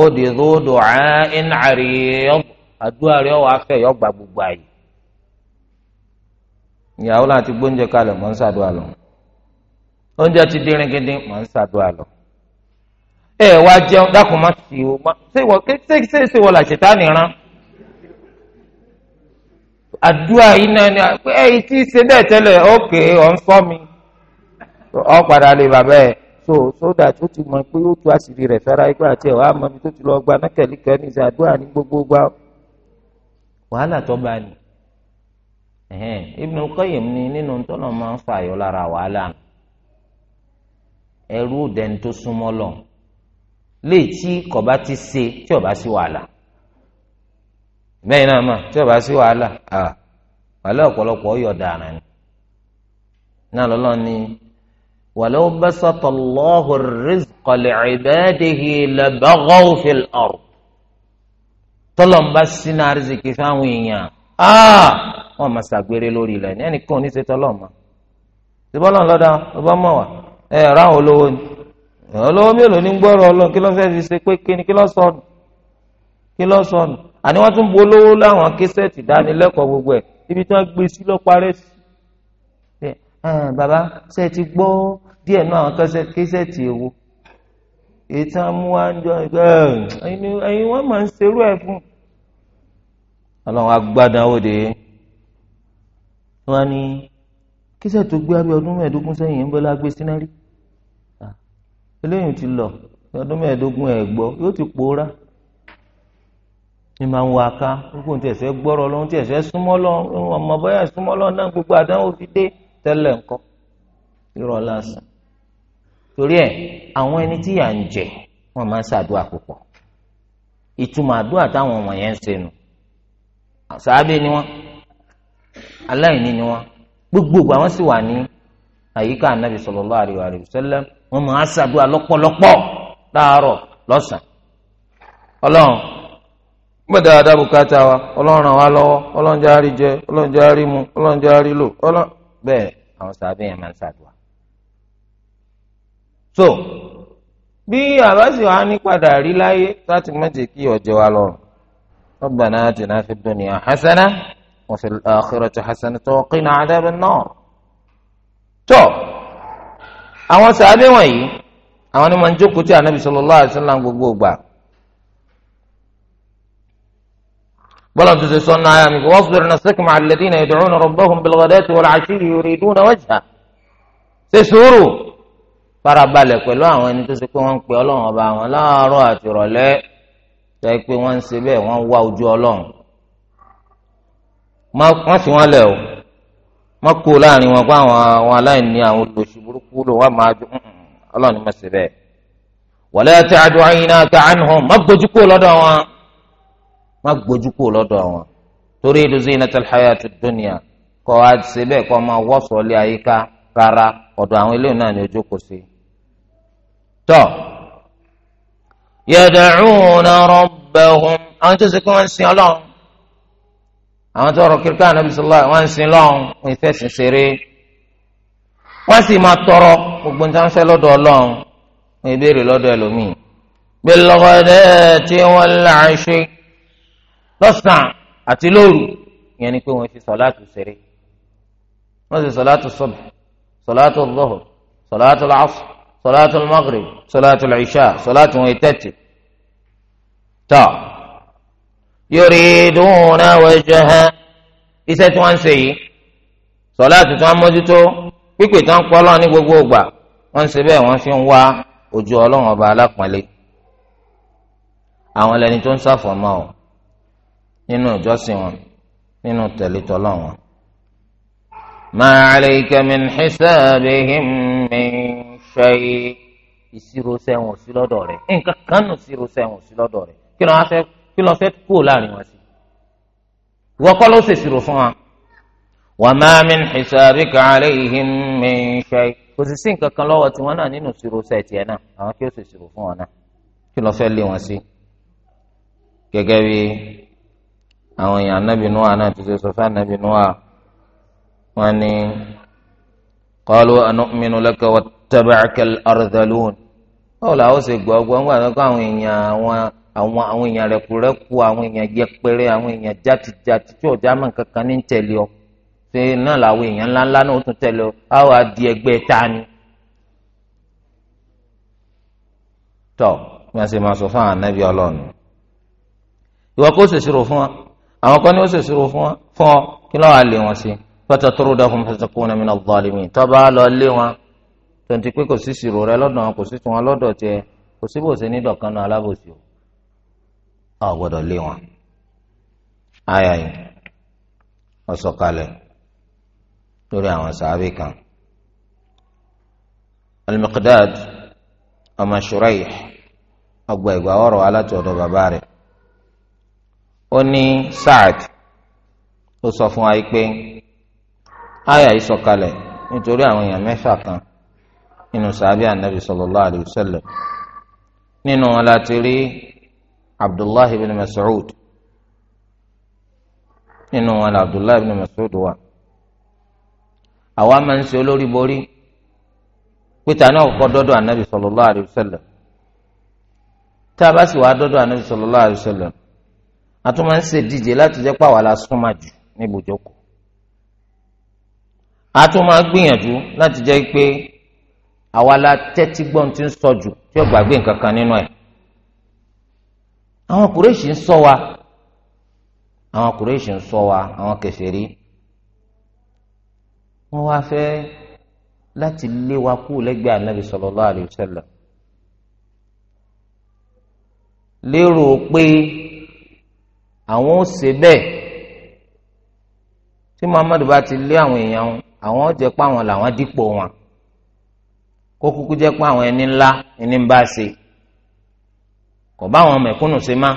ó di ròdò ẹn àrí àdúrà rẹ wàá fẹ́ yọgbà gbogbo àyè ìyàwó láti gbóúnjẹ kalẹ̀ mọ́ ń ṣàdúrà lọ́wọ́. oúnjẹ ti dín ringindin mọ̀ ń ṣàdúrà lọ. ẹ wá jẹun dákun má sì o má ṣé ìwọ ṣé ṣé ṣé ìwọ làṣetá àdúrà yìí náà ni ẹ ti ṣe bẹ́ẹ̀ tẹ́lẹ̀ ókè ọ̀ ń fọ́ mi ọ padà lè bàbá ẹ̀ so so that ti pé ó tu àṣírí rẹ̀ sára ẹgbẹ́ àti ẹ̀wà àmọ́ mi tó ti lọ gba nákẹ́líkẹ́ ní ní wàhálà tó bá ni nínú tọ́nà máa ń ẹrú dẹni tó súnmọ́ lọ léè tí kọba ti ṣe tí ọba sí wàhálà bẹ́ẹ̀ náà mà tí ọba sí wàhálà wàhálà ọ̀pọ̀lọpọ̀ ọ̀yọ̀ dára ni náà lọ́lọ́ ni wàlẹ́ basata Allahu rizqa li'ibadihi labaghaw fil ard tọ́lọ́mbà sínú àrísìkì fáwọn èèyàn wọ́n máa ṣàgbére lórí ilẹ̀ ẹnìkan ò ní ṣe tọ́lọ́mà ṣùgbọ́n lọ́dọ̀ ọba mọ̀ wá ẹ ẹ ráhùn olówó ni olówó mélòó ní gbọ́rọ̀ ọlọ́run kí ló fẹ́ fi ṣe pé kíni kí ló sọnù kí ló sọnù àní wọ́n tún bu olówó láwọn késẹ́ẹ̀tì dánilẹ́kọ̀ọ́ gbogbo ẹ̀ ibi tí wọ́n gbé sí ló parẹ́ sí bàbá ṣe ti gbọ́ díẹ̀ náà àwọn késẹ́ẹ̀tì èwo èyí tí wọ́n mú máa ń ṣerú ẹ̀ fún ọlọ́run agbádánwó de wọ́n ní késẹ́ẹ̀tì tó gbé abẹ́ ọdún mẹ́ẹ̀ẹ́dógún sẹ́yìn ń bọ́lá gbé sínárì eléyìí ti lọ ọdún mẹ́ẹ̀ẹ́dógún ẹ̀ gbọ́ yóò ti pòórá ní máa ń wá ká nígbà tí ẹ̀sẹ̀ gbọ́rọ̀ lọ́hún tí ẹ̀sẹ̀ súnmọ́ lọ́hún ọmọ bọ́yà súnmọ́ lọ́hún náà gbogbo àdánwò fi dé tẹ́lẹ̀ ńkọ́ irọ́ lásán torí ẹ̀ àwọn ẹni tí yà ń jẹ wọ́n máa ń ṣàdúrà púpọ̀ ìtumọ̀ àdúrà táwọn ọmọ yẹn ń senu sàábé ni wọ́n aláìní ni wọ́n gbogbo àwọn sì wà ní àyíká Ànábì sallallahu alaihi wa sallam wọn mọ àṣàdúrà lọ́pọ̀lọpọ̀ láàárọ̀ lọ́sàn Ọlọ́run gbọ́dọ̀ adábùkátà wa Ọlọ́run ràn wá lọ́wọ́ Ọlọ́run jẹ́ àárí jẹ Ọlọ́run jẹ́ àárí mu Ọlọ́run jẹ́ àárí lò Ọlọ́run bẹ́ẹ̀ àwọn sàbẹ yẹn máa ń ṣàdúrà. so bí àbáṣe wa ní padà rí láyé láti mọ̀jì kí ọjọ́ wa lọ́rùn Rabbana atina fid dunya hasana wa fil akhirati hasana wa qina adhaban nar. tó. So, àwọn sàábé wọ̀nyí àwọn ni wọ́n jókòó tí anabi sallallahu alaihi wasallam gbogbo gbà bọ́lá tó ṣe sọ́nà ayé mi wasbir nafsaka ma'a alladhina yad'una rabbahum bil-ghadati wal-'ashiyyi yuriduna wajha ṣe sùúrù farabalẹ̀ pẹ̀lú àwọn ẹni tó ṣe pé wọ́n ń pe ọlọ́run ọba àwọn láàárọ̀ àti ìrọ̀lẹ́ ṣe pé wọ́n ń ṣe bẹ́ẹ̀ wọ́n wá ojú ọlọ́run wọ́n sì wọ́n lẹ̀ o. wọn láàrin wọn kó àwọn àwọn aláìní àwọn olùsí burúkú ló wọn máa dùn ọlọ́run mọ̀ sí a ayin náà ká àánú hàn má gbójú kúrò lọ́dọ̀ wọn má gbójú kúrò lọ́dọ̀ wọn torí ìlú zinatul hayatu dunya kọ́ a ṣe bẹ́ẹ̀ kọ́ máa wọ́sọ̀ lé àyíká rárá ọ̀dọ̀ àwọn eléyìí náà ojú kò sí. tọ́ àwọn tó rọ kíríkà anabi sọlá wọn ń sin lọ́hùn wọn ń fẹsìn ṣeré wọn sì máa tọrọ gbogbo nǹkan fẹ́ lọ́dọ̀ Ọlọ́run wọn ń béèrè lọ́dọ̀ ẹlòmíì bilọgọdẹ tí wọn là ń ṣe lọ́sàn àti lóru ìyẹn ni pé wọn fi sọláàtù ṣeré wọn sì sọláàtù sọbì sọláàtù lọhùn sọláàtù làásù sọláàtù maghrib sọláàtù làìṣà sọláàtù wọn ìtẹtì tọ yuriduna wajha iṣẹ́ tí wọ́n ń ṣe yìí sọ̀láàtì tí wọ́n mójútó pípé tí wọ́n kọ́ lọ́wọ́ ní gbogbo ìgbà wọ́n ń ṣe bẹ́ẹ̀ wọ́n fi ń wá ojú ọlọ́run ọba alápọ̀nlé àwọn lẹni tó ń ṣàfọ̀mọ́ ọ nínú ìjọsìn wọn nínú tẹ̀lé tọ́lọ́ wọn. ma alayka min hisabihim min shay ìṣirò sẹ́wọ̀n sí lọ́dọ̀ rẹ̀ nǹkan kan nù ìṣirò sẹ́wọ̀n sí lọ́dọ̀ rẹ̀ kí ni wọ́n á fẹ́ kí lọ fẹ́ kúrò láàrin wọn sí ìwọ kọ́ ló ṣèṣirò fún wa. wa ma min hisabika alayhim min shay kò sì sí nǹkan kan lọ́wọ́ tiwọn náà nínú ìṣirò sẹ́ẹ̀tì ẹ̀ náà àwọn kí ó ṣèṣirò fún wọn náà kí lọ fẹ́ lé wọn sí. gẹ́gẹ́ bí àwọn èèyàn anábì náà ti ṣe sọ fún anábì wọn ni qalu anu'minu laka wattaba'aka al báwo làwọn ṣe gbọ́ gbọ́ ńgbà tó kọ́ àwọn èèyàn àwọn àwọn àwọn èèyàn rẹ̀kúrẹ́kù àwọn èèyàn yẹpẹrẹ àwọn èèyàn játijàti tí ọ̀já mọ̀ kankan ní tẹ̀lé ọ ṣé náà làwọn èèyàn ńláńlá náà ó tún tẹ̀lé ọ á wà di ẹgbẹ́ ta ni. tọ́ bí wọ́n ṣe máa sọ fún àwọn anábì ọlọ́run ìwọ kó ṣèṣirò fún wa àwọn kan ní ó ṣèṣirò fún wa fún ọ kí lọ́wọ́ àlè wọn sí pátá tó rúdà fún fatakuna min al-zalimin tó bá lọ lé wọn tonti pé kò sí ṣirò rẹ lọ́dọ̀ wọn kò sí tiwọn lọ́dọ̀ tiẹ̀ kò síbòsí nídọ̀kan náà alábòsí o. ọ gbọ́dọ̀ lé wọn aya yìí wọ́n sọ̀kalẹ̀ lórí àwọn sàábì kan al-Miqdad ọmọ Shuraih ọgbà ìgbà ọ̀rọ̀ alátọ̀dọ̀ bàbá rẹ ó ní Sa'd ó sọ fún wa yìí pé aya yìí sọ̀kalẹ̀ nítorí àwọn èèyàn mẹ́fà kan nínú sàábì ànábì sallallahu alaihi wasallam nínú wọn láti rí. abdullahi bin mas'ud nínú wọn la abdullahi bin mas'ud wà àwa máa ń ṣe olórí borí pété àná kọ́kọ́ dọ́dọ̀ anabi sallallahu alayhi wa sallam tá a bá sì wá dọ́dọ̀ anabi sallallahu alayhi wa sallam a tún máa ń ṣe díje láti jẹ́ pàwọ́ la súnmọ́ jù ní ibùjókò a tún máa gbìyànjú láti jẹ́ pé àwa la tẹ́tí gbọ́n ti ń sọ jù tí ó gbàgbé nǹkan kan nínú ẹ̀ àwọn kùrẹ́ṣì ń sọ wa àwọn kùrẹ́ṣì ń sọ wa àwọn kèfèrí wọ́n wá fẹ́ láti lé wa kú lẹ́gbẹ̀ẹ́ anabi sallallahu alayhi wa sallam lérò pé àwọn ò ṣe bẹ́ẹ̀ tí muhammadu bá ti lé àwọn èèyàn àwọn jẹ́ pé àwọn làwọn dípò wọn kó kúkú jẹ́ pé àwọn ẹni ńlá ẹni ń bá ṣe. ọba bá àwọn mẹ̀kúnnù ṣe má.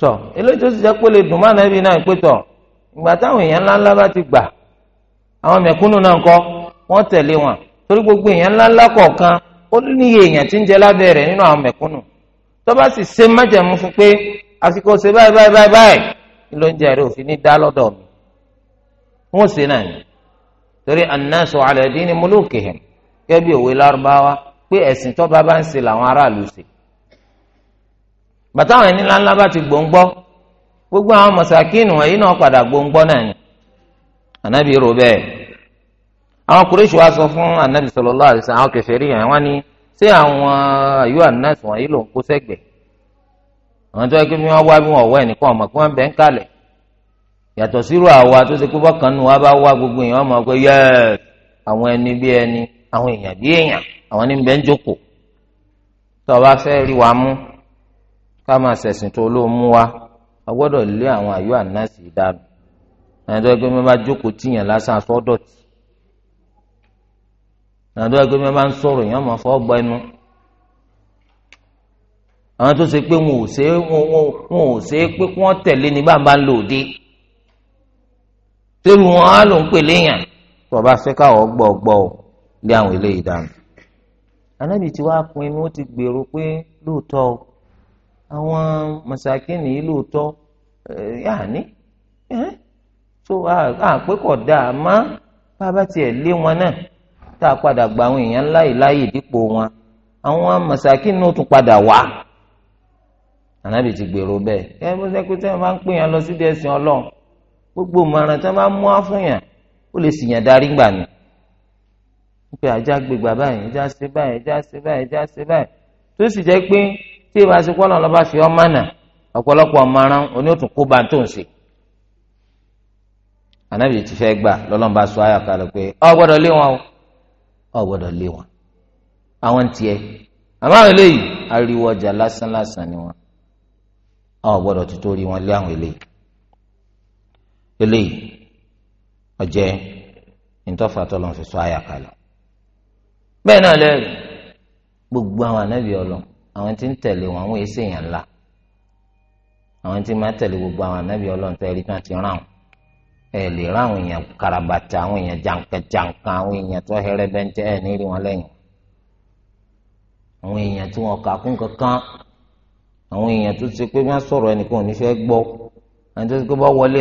tọ eléyìí tó pé náà pé tọ ìgbà táwọn ti gbà àwọn náà wọn torí gbogbo èèyàn ó èèyàn pé ẹ̀sìn tọ́ba bá ń se làwọn aráàlú ṣe bàtà àwọn ẹni ńláńlá bá ti gbogbo àwọn mọ̀sákìnì wọ̀nyí náà padà gbòǹgbọ́ náà ni ànábì rò bẹ́ẹ̀ àwọn kùrẹ́ṣù wa sọ fún ànábì sallallahu alaihi wasallam àwọn wọ́n ní ṣé àwọn àyù ànáàsì wọ̀nyí ló ń kó sẹ́gbẹ̀ẹ́ àwọn tó yẹ kí wọ́n wá bí wọ́n wọ́ ẹnìkan ọmọ kí wọ́n ń kalẹ̀ yàtọ̀ sírò àwa wa bá wá gbogbo àwọn èèyàn bí èèyàn àwọn ní ń bẹ ń jókòó tó o bá fẹ́ rí wa mú ká máa ṣẹ̀sìn tó ló mú wa a gbọ́dọ̀ lé àwọn àyọ ànásì dànù nàdó ẹgbẹ́ mi bá jókòó tìyàn lásán sọ́dọ̀tì nàdó ẹgbẹ́ mi bá ń sọ̀rọ̀ èèyàn máa fọ́ gbọ́ ẹnu àwọn tó ṣe pé wọn ò ṣe wọn ò ṣe pé kí tẹ̀lé nígbà bá ń lò dé tẹ́lu wọn á lò ń pè léèyàn tó o bá fẹ́ káwọ́ gbọ́ gbọ́ o lé àwọn eléyìí dànù anábì tí wàá pin ni ó ti gbèrò pé lóòótọ́ àwọn mọ̀sákìnì yìí lóòótọ́ yáà ní so àpé kò dáa má bàbá tiẹ̀ lé wọn náà tá a padà gba àwọn èèyàn láyè láyè dípò wọn àwọn mọ̀sákìnì ó tún padà wá anábì ti gbèrò bẹ́ẹ̀ ẹ bó ṣe pé tí wọ́n bá ń pè yàn lọ sí ẹ̀sìn ọlọ́run gbogbo ìmọ̀ràn tí wọ́n bá mú wá fún yàn ó lè sì yàn darí gbà ni pé ajá gbégbá báyìí ajá ṣe báyìí ajá ṣe báyìí ajá ṣe báyìí tó sì jẹ́ pé tí ìbá ṣe kọ́nà lọ́ba fi ọmọ nà ọ̀pọ̀lọpọ̀ ọmọràn oní òtún kó ba tó ń ṣe. ànábìyí ti fẹ́ gbà lọ́lọ́mọba sọ ayọ̀ kalẹ̀ pé ọ gbọ́dọ̀ lé wọn o ọ gbọ́dọ̀ lé wọn àwọn ń tiẹ̀ àmọ́ àwọn eléyìí ariwo ọjà lásán lásán ni wọn ọ gbọ́dọ̀ ti torí wọn lé àwọn eléyìí eléyìí ọjẹ́ ntọ́fà tọ́lọ́ fi sọ ayọ̀ kalẹ̀ bẹ́ẹ̀ náà lẹ́rìí gbogbo àwọn ànábì ọlọ àwọn tí ń tẹ̀lé wọn àwọn èsì èèyàn ńlá àwọn tí máa gbogbo àwọn ànábì ọlọ ń tẹ̀lé náà ti rán àwọn ẹ lè rán àwọn èèyàn karabata àwọn èèyàn wọn lẹ́yìn àwọn èèyàn tí wọn kà kún kankan àwọn èèyàn tó pé sọ̀rọ̀ ẹnìkan fẹ́ gbọ́ tó pé bọ́ wọlé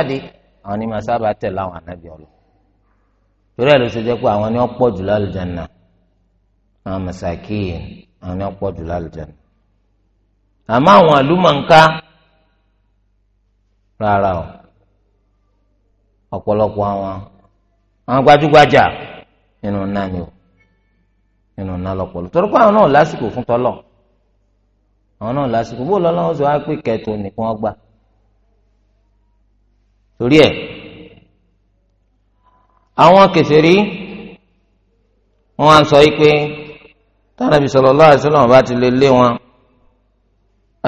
ẹnìkan torí ẹ̀ ló ṣe jẹ́ pé àwọn ni wọ́n pọ̀ jù lálùjáná àwọn masakin àwọn ni wọ́n pọ̀ jù lálùjáná àmọ́ àwọn àlùmọ̀ǹká rárá o ọ̀pọ̀lọpọ̀ àwọn àwọn gbajúgbajà nínú náà ni o nínú náà torí pé àwọn àwọn kèfèrí wọn á sọ pé tànàbí sallallahu alaihi wasallam bá ti lè lé wọn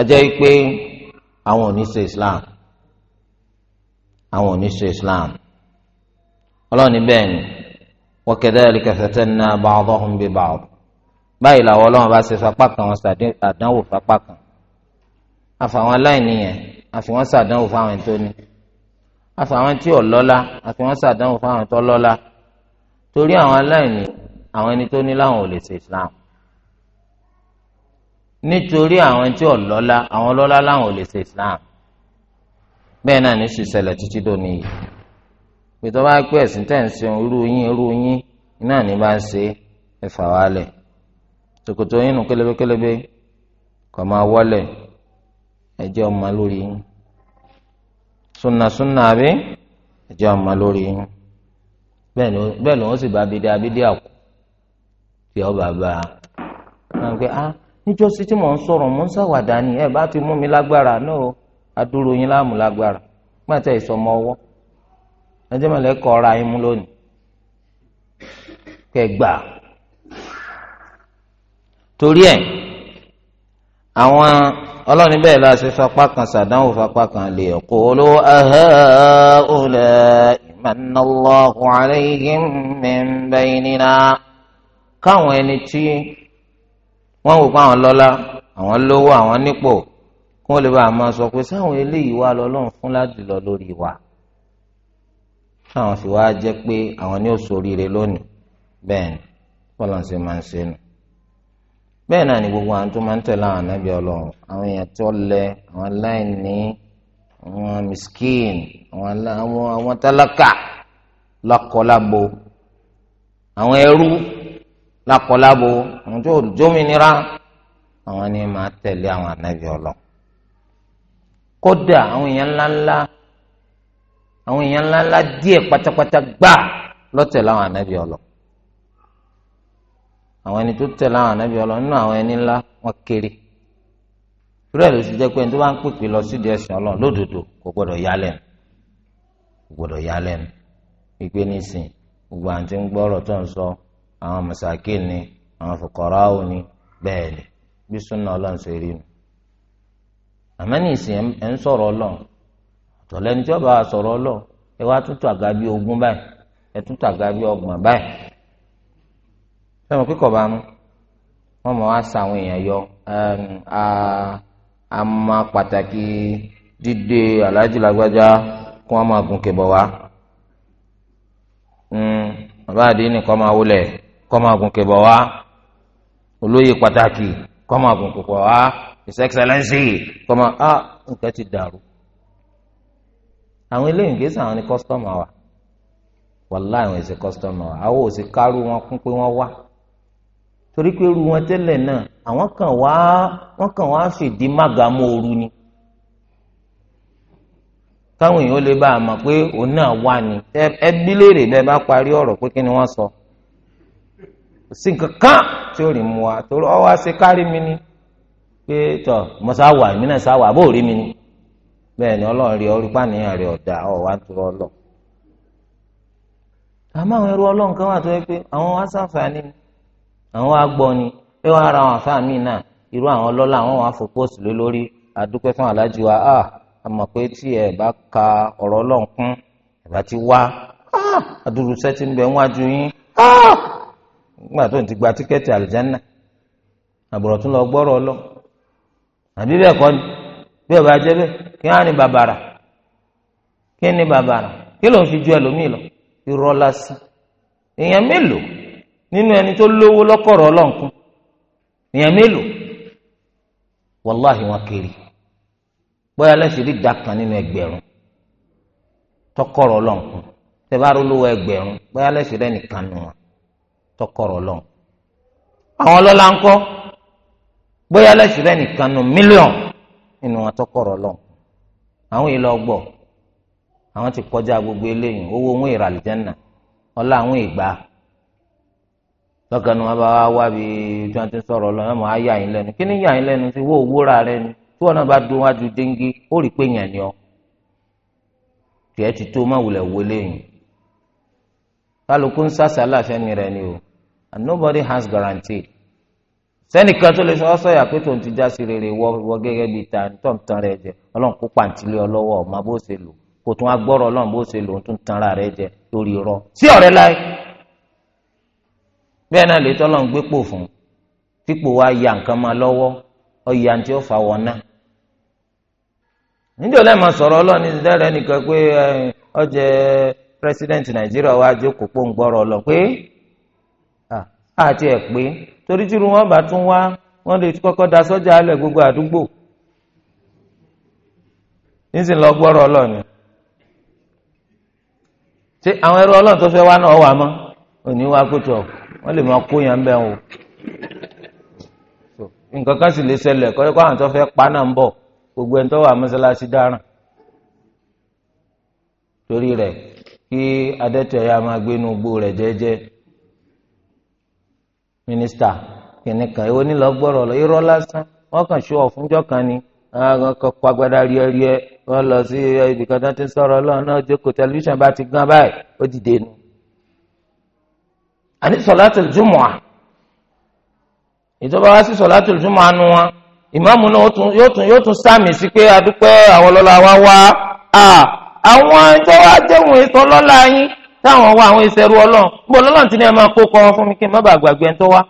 ajẹ́ pé àwọn ò ní ṣe islam àwọn ò ní ṣe islam ọlọ́ọ̀ni bẹ́ẹ̀ ni wa kadhalika fatanna ba'dahum bi ba'd báyìí làwọn ọlọ́run bá ṣe fapá kan wọn ṣàdánwò fapá kan àfàwọn aláìníyàn àfi wọn ṣàdánwò fáwọn ẹni tó ní àfàwọn tí ò lọ́lá àfi wọ́n ṣàdánwò fáwọn tó lọ́lá torí àwọn aláìní àwọn ẹni tó ní láwọn ò lè ṣe islam nítorí àwọn tí ò lọ́lá àwọn lọ́lá láwọn ò lè ṣe islam bẹ́ẹ̀ náà ní sùn ìṣẹ̀lẹ̀ títí dòní yìí pètò bá pẹ́ ẹ̀sìn tẹ̀ ń sìn irú yín irú yín iná ní bá ń ṣe ẹ̀fà wálẹ̀ ṣòkòtò yín nù kélébékélébé kò máa wọlé ẹ̀jẹ̀ ọmọ lórí yín sunnasunna àbí ẹ̀jẹ̀ ọmọ lórí yín bẹ́ẹ̀ ló ń sì bá bídé abídé àkú tí ọba bá a náà pé a ah, níjọ́sí tí mò ń sọ̀rọ̀ mò ń ṣàwàdà ni ẹ bá ti mú mi lágbára náà adúrò yín láàmú lágbára pàtẹ ìsọmọ ọwọ́ ẹjẹ́ mọ̀lẹ́kọ̀ ọ̀ra yín mú lónìí kẹgbà torí ẹ̀ àwọn ọlọ́ni bẹ́ẹ̀ la ṣe fapá kan ṣàdánwò fapá kan lè qulu aha'ula'i manallahu alayhim min baynina káwọn ẹni tí wọ́n wò pé àwọn lọ́lá àwọn lówó àwọn nípò kí wọ́n lè bá a máa sọ pé sáwọn eléyìí wà lọ́lọ́run fún ládùúlọ lórí wa sáwọn fi wá jẹ́ pé àwọn ní òṣòríire lónìí bẹ́ẹ̀ ni bọ́lá máa ń ṣe nù bẹ́ẹ̀ náà ni gbogbo àwọn tó máa ń tẹ̀lé àwọn ànábì ọlọ́run àwọn èèyàn tó lẹ àwọn aláìní àwọn miskin àwọn àwọn tálákà lákọlábo àwọn ẹrú lákọlábo àwọn tó jómìnira àwọn ni máa tẹ̀lé àwọn ànábì ọlọ́run kódà àwọn èèyàn ńláńlá àwọn èèyàn ńláńlá díẹ̀ pátápátá gbà lọ́tẹ̀lé àwọn ànábì ọlọ́run. àwọn ẹni tó tẹ̀lé àwọn ànábì ọlọ́run nínú àwọn ẹni ńlá wọn kéré rẹ̀ ló ti jẹ́ pé ẹni tó bá ń pèpè lọ sídìí ẹ̀sìn ọlọ́run lódodo kò gbọ́dọ̀ yá lẹ́nu kò yá lẹ́nu wípé nísìn gbogbo àǹtí ń tó ń sọ àwọn ni àwọn fòkọ̀rọ̀ àwọn ni bẹ́ẹ̀ ni bí súnà ọlọ́run ṣe rí nu àmọ́ nísìn sọmọ kíkọ bá mú wọn mọ wá sa àwọn èèyàn yọ a máa pàtàkì dídé aláàjì lágbájá kí wọn máa gun kébọ wá bàbá àdínì kọ́ máa wọlé kọ́ máa gun kébọ wá olóyè pàtàkì kọ́ máa gun kébọ wá his excellency kọ́ máa a nǹkan ti dàrú àwọn eléyìí gẹ́sà àwọn ni kọ́sítọ́mù wa wàláì àwọn èsì kọ́sítọ́mù wa àwọn òsì kárú wọn kún pé wọ́n wá. torí pé wọn tẹ́lẹ̀ náà àwọn kan wá wọ́n kan wá fìdí ooru ni káwọn èèyàn lè bá a mọ̀ pé òun náà wà ní parí ọ̀rọ̀ pé ni wọ́n sọ kò sí nǹkan kan tí ó rìn wa torí ọ wá kárí mi ni pé tọ mo sá wà èmi náà sá wà rí mi tó wá ni. àwọn wa gbọ́ ni ẹ wọ́n ara àwọn àfáà náà irú àwọn ọlọ́lá àwọn wàá fò lé lórí àdúpẹ́ fún aláàjì wa àmọ̀ ah, pé tí ẹ bá ka ọ̀rọ̀ ọlọ́ọ̀kún ẹ bá ti wá àdúrósẹ́ ah, ti ń wájú yín ah, nígbà tó ti gba tíkẹ́ẹ̀tì tún lọ gbọ́rọ̀ ọlọ́ àbí bẹ́ẹ̀ kọ́ ni bí bá jẹ́ bẹ́ẹ̀ kí á ní bàbàrà kí nínú ẹni tó lówó lọ́kọ̀rọ̀ ọlọ́nkún èèyàn mélòó wàláhì wọn kiri bóyá lẹ́sìn rí dàkan nínú ẹgbẹ̀rún tọkọ̀rọ̀ ọlọ́nkún tẹ́bárò lówó ẹgbẹ̀rún bóyá lẹ́sìn rẹ̀ nìkan nù wọn tọkọ̀rọ̀ ọlọ́nkún àwọn ọlọ́lá ńkọ́ bóyá lẹ́sìn rẹ̀ nìkan nù mílíọ̀n nínú wọn tọkọ̀rọ̀ ọlọ́nkún àwọn èèlò ọgbọ̀ àwọn ti kọjá gbogbo eléyìí owó wọn ìràlìjẹ́ náà ọlá àwọn ìgbà lọ́kàn ni wọ́n bá wá wá bí tí wọ́n ti sọ̀rọ̀ lọ́wọ́ mọ̀ á yà lẹ́nu kí ni yà yín lẹ́nu sí wọ́n òwúra rẹ ni tí wọ́n náà bá dún wájú dengue ó rí pé yàn ni ọ́ tiẹ̀ ti tó má wulẹ̀ wọlé yìí kálukú ń sásàlà fẹ́ni rẹ ni o and nobody has guarantee sẹ́nìkan tó lè sọ ọ́ pé tòun ti já sí rere wọ gẹ́gẹ́ bíi ta tó ń tan rẹ jẹ ọlọ́run kó pàǹtílé ọ lọ́wọ́ ọ̀ma bó ṣe lò kò tún agbọ́rọ̀ ọlọ́run bó ṣe lò ó tún tanra rẹ jẹ lórí irọ́ sí ọ̀rẹ́ láyé. bẹ́ẹ̀ náà lè tọ́lọ́ ń gbé pò fún fipò wa ya nǹkan máa lọ́wọ́ ọ̀yà tí ó fa wọ̀nà. níjọ́ lẹ́ẹ̀ máa sọ̀rọ̀ ọlọ́ọ̀ni dẹ́rẹ́ nìkan pé ọjẹ́ president nàìjíríà wá jókòó pò ń gbọ́rọ̀ lọ pé àti ẹ̀ pé torí tí wọn bá tún wá wọn lè kọ́kọ́ da sọ́jà gbogbo àdúgbò lọ gbọ́rọ̀ ọlọ́ọ̀ni ṣé àwọn ẹrú tó fẹ́ wá náà wà mọ́ òní wá wọ́n lè máa kó yẹn bẹ́ẹ̀ o nǹkan kan sì lè ṣẹlẹ̀ kọ́lé kó àwọn tó fẹ́ pa náà ń gbogbo ẹni tó wà mọ́sálásí dáràn torí rẹ̀ kí adẹ́tẹ̀ ya gbé gbénu gbó rẹ̀ jẹ́jẹ́ mínísítà kìnìkan èwo ní lọ gbọ́rọ̀ lọ irọ́ lásán wọ́n kàn ọ̀fúnjọ́ kan ni kọ́ agbada rí ẹ wọ́n lọ sí ibìkan tó ti sọ̀rọ̀ àní sọ̀látù jùmọ̀à ìjọba wá sí sọ̀látù jùmọ̀à nu wọn ìmáàmù náà yóò tún sàmì sí pé adúpẹ́ àwọn ọlọ́lá wa wá à àwọn ẹjọ́ wa jẹ́wọ̀n ètò ọlọ́lá yín táwọn wá àwọn ìṣẹ̀rù ọlọ́run gbọ́ lọ́lọ́run ti ní ẹ máa kó kọ́ wọn fún mi kí n má bàa gbàgbé ẹni tó wá.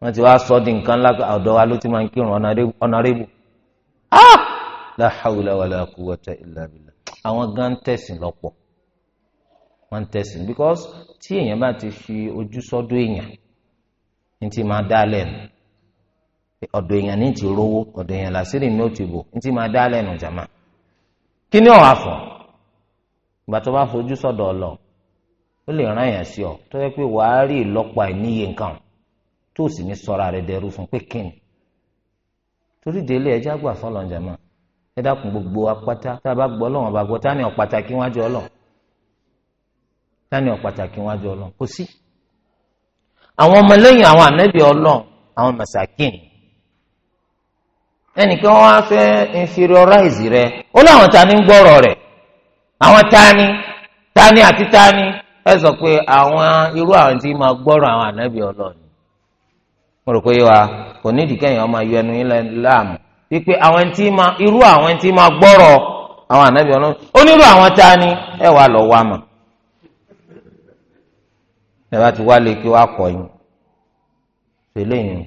wọ́n ti wá sọ di nǹkan ńlá ọ̀dọ̀ wa ló ti máa ń kírun ọ̀nàrẹ́bù. la hawla wala quwwata àwọn gan tẹ̀sìn lọ́pọ̀. one ń tẹ̀sìn because tí èèyàn bá ti fi ojú sọ́dọ̀ èèyàn ní ti máa dá lẹ́nu ọ̀dọ̀ èèyàn ní ti rówó ọ̀dọ̀ èèyàn làṣírí ní ó ti bò ní ti máa dá lẹ́nu jàmá kí ni ọ̀hà fọ̀ ìgbà tó bá fojú lè rán èèyàn sí ọ tó yẹ pé wàá rí àìníye nǹkan tó sì ní sọ́ra rẹ̀ a bá gbọ́ gbọ́ tani ó pàtàkì wájú Ọlọ́run kò sí àwọn ọmọlẹ́yìn àwọn ànábì Ọlọ́run àwọn masakin ẹnìkan wá fẹ́ inferiorize rẹ ó láwọn tani ń gbọ́rọ̀ rẹ̀ àwọn tani tani àti tani ẹ sọ pé àwọn irú àwọn tí máa gbọ́rọ̀ àwọn ànábì Ọlọ́run mo rò pé wa kò nídìí kẹ́yìn ọmọ ayọ ẹnu yín láàmú wípé àwọn tí máa irú àwọn tí máa gbọ́rọ̀ àwọn ànábì Ọlọ́run onírú àwọn tani ẹ wà lọ wá mọ̀. tẹ́lá ti wá lè kí wá kọ́ yín tẹ́lẹ̀ yín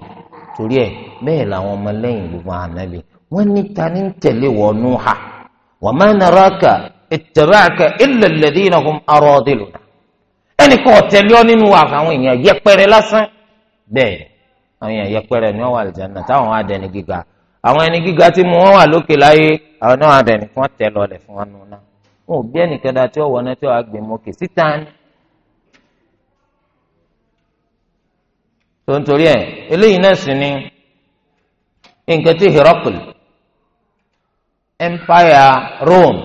torí ẹ̀ bẹ́ẹ̀ làwọn ọmọlẹ́yìn gbogbo ànábì wọ́n ní ta ní tẹ̀lé wọ́n nù ha wa ma naraka ittaba'aka illa alladhina hum aradiluna ẹnìkan ọ̀tẹ̀lẹ́ ọ nínú àwọn èèyàn yẹpẹrẹ lásán bẹ́ẹ̀ àwọn èèyàn yẹpẹrẹ ni wọ́n wà àlùjánnà táwọn adẹni gíga àwọn ẹni gíga tí mo wọ́n wà lókè láyé àwọn náà adẹni fún ọ̀tẹ̀ fún wọn náà wọn ò ẹnìkan dá tí náà tí tó ń torí ẹ̀ eléyìí náà sì ni nǹkan tí Herakl empire Rome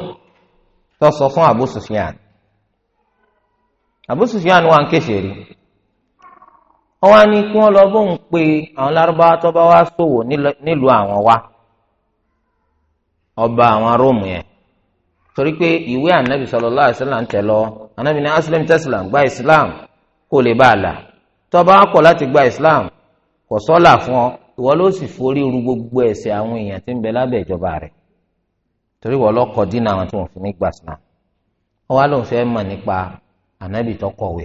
tó sọ fún Abu Sufyan Abu Sufyan wà ń kèfèrí wọ́n wá ní kí wọ́n lọ bóun pé àwọn lárúbáwá tó bá wá ṣòwò nílùú àwọn wa ọba àwọn róòmù yẹn torí pé ìwé ànábì sallallahu alaihi ń tẹ̀ lọ ànábì ní aslam taslam gba islam kó lè bá a là tọ́ba kọ̀ láti gba islam kò sọ́là fún ọ ìwọ ló sì forí ru gbogbo ẹ̀ṣẹ̀ àwọn èèyàn tí ń bẹ lábẹ́ ìjọba rẹ̀ torí wọ́n lọ́kọ̀ dínà àwọn tí wọ́n fi ní gba islam wọ́n wá lóun fẹ́ mọ̀ nípa ànábì tó kọ̀wé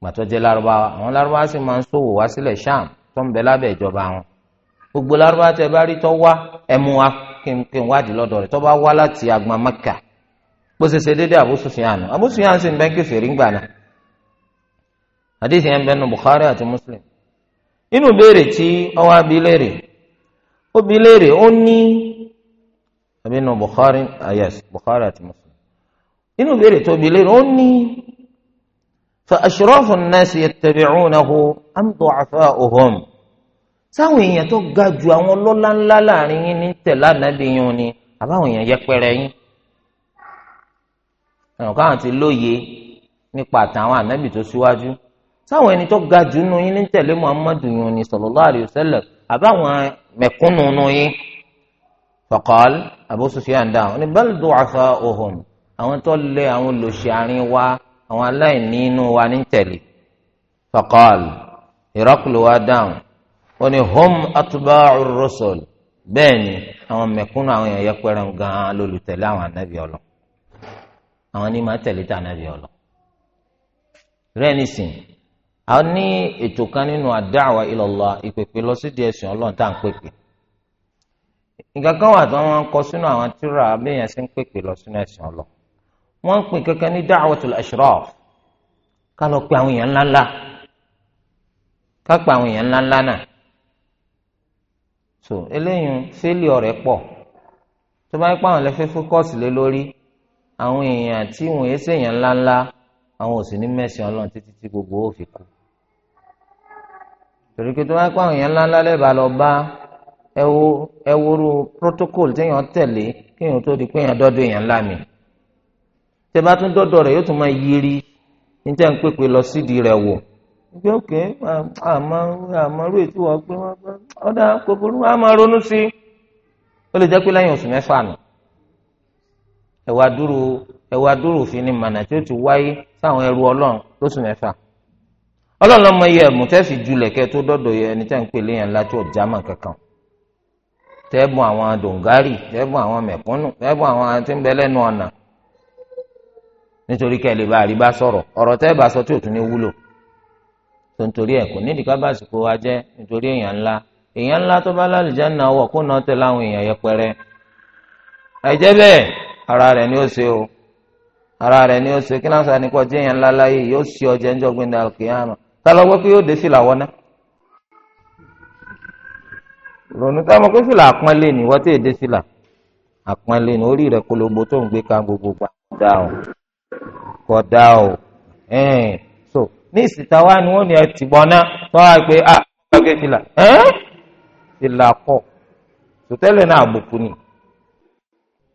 gbàtọ́ jẹ́ lárúbáwá àwọn lárúbáwá sì máa ń ṣòwò wá sílẹ̀ sham tó ń bẹ lábẹ́ ìjọba wọn gbogbo lárúbáwá tẹ bá rí tó wá ẹmu wa kí n wádìí lọ́dọ̀ rẹ̀ tó bá wá láti agbọn mẹ́kà bó ṣe ṣe déédéé Abu Sufyan Abu Sufyan sì ń bẹ́ kẹfẹ́ rí ń gbà náà àdìsí yẹn bẹnu Bukhari àti Muslim inú béèrè tí ọwọ́ abiléèrè ó biléèrè ó ní àbínú Bukhari ayas ah, Bukhari àti Muslim inú béèrè tó biléèrè ó ní fa ashrafu an-nasi yattabi'unahu am du'afa'uhum sáwọn èèyàn tó ga ju àwọn ọlọ́lá ńlá láàrin yín ní tẹ̀lá nàbí yín ni àbáwọn èèyàn yẹpẹrẹ yín ẹ̀rọ káwọn lóye nípa àtàwọn ànábì tó síwájú sáwọn ẹni tó ga jù nù yín ní tẹ̀lé muhammadu yìí ni sallallahu alayhi wa sallam àbáwọn mẹ̀kúnnù nù yín. faqal Abu Sufyan dáhùn ní bal du'afa'uhum àwọn tó lé àwọn olùṣe àárín wa àwọn aláìní inú wa ní tẹ̀lé. faqal Hiraqlu wa dáhùn ó ní hum atba'ur rusul bẹ́ẹ̀ ni àwọn mẹ̀kúnnù àwọn èèyàn yẹpẹrẹ gan-an lólùtẹ̀lé àwọn anábì ọlọ àwọn ni máa tẹ̀lé tà a ní ètò kan nínú àdáwà ilallah ìpèpè lọ sí díẹ̀ sùn ọlọ́run tá à ń pèpè nǹkan kan wà tí wọ́n kọ sínú àwọn tírà abéèyàn sí ń pèpè lọ sínú ẹ̀sìn ọlọ́ wọ́n ń pè kankan ní da'watul ashraf ká lọ pe àwọn èèyàn ńláńlá ká pe àwọn èèyàn ńláńlá náà so eléyìí fẹ́lì ọ̀rẹ́ pọ̀ tó bá yẹ pé àwọn lẹ́fẹ́ fókọ́sì lé lórí àwọn èèyàn tí wọ́n yé sèèyàn ńláńlá àwọn ò sì ní mẹ́sìn ọlọ́run títí tí gbogbo ó fi kú torí pé tó wáá pé àwọn èèyàn ńláńlá lẹ́bàá lọ bá ẹ protocol téèyàn tẹ̀lé kéèyàn tó di pé èèyàn dọ́dọ̀ èèyàn ńlá mi tẹ bá tún dọ́dọ̀ rẹ̀ yóò tún máa yiri ní tẹ́ ń pèpè lọ sídìí rẹ̀ wò gbé òkè àmọ́ àmọ́rú ètò ọgbẹ wọn bá ọdà kòkòrò wọn á máa ronú sí i ó lè jẹ́ pé lẹ́yìn oṣù mẹ́fà nù ẹwà dúró ẹwà dúró òfin ni mànà tí ó ti wáyé sáwọn ẹrú Ọlọ́run lóṣù mẹ́fà ọlọ́run lọ́mọ yẹ ẹ̀bùn tẹ́ fi julẹ̀ kẹ́ tó dọ́dọ̀ yẹ ẹni tẹ́ ń pè léyàn ńlá jámà kankan tẹ́ bùn àwọn dòǹgárì tẹ́ bùn àwọn mẹ̀kúnnù ati bùn àwọn tí ń bẹ lẹ́nu ọ̀nà nítorí kẹ́ lè bá àríbá sọ̀rọ̀ ọ̀rọ̀ sọ tí ò tún ní wúlò tó ń torí ẹ̀ kò bá wa jẹ́ nítorí èèyàn ńlá èèyàn ara rẹ̀ ni ó o ara rẹ̀ ni ó ṣe kí náà tálọ́gbọ́ pé yóò dé fìlà wọ́n ná ronú táwọn pé fìlà àpọ́nlé ni wọ́n tẹ̀ dé fìlà àpọ́nlé ni orí rẹ̀ kólógbó tó ń gbé ká gbogbo gbà kódà o kódà o so ní ìsìta wa ni wọ́n ní ẹtì gbọ́ná tó wá pé a ah, wọ́n gbé fìlà ẹ̀ẹ́n fìlà kọ̀ sòtẹ́lẹ̀ náà àbùkù ni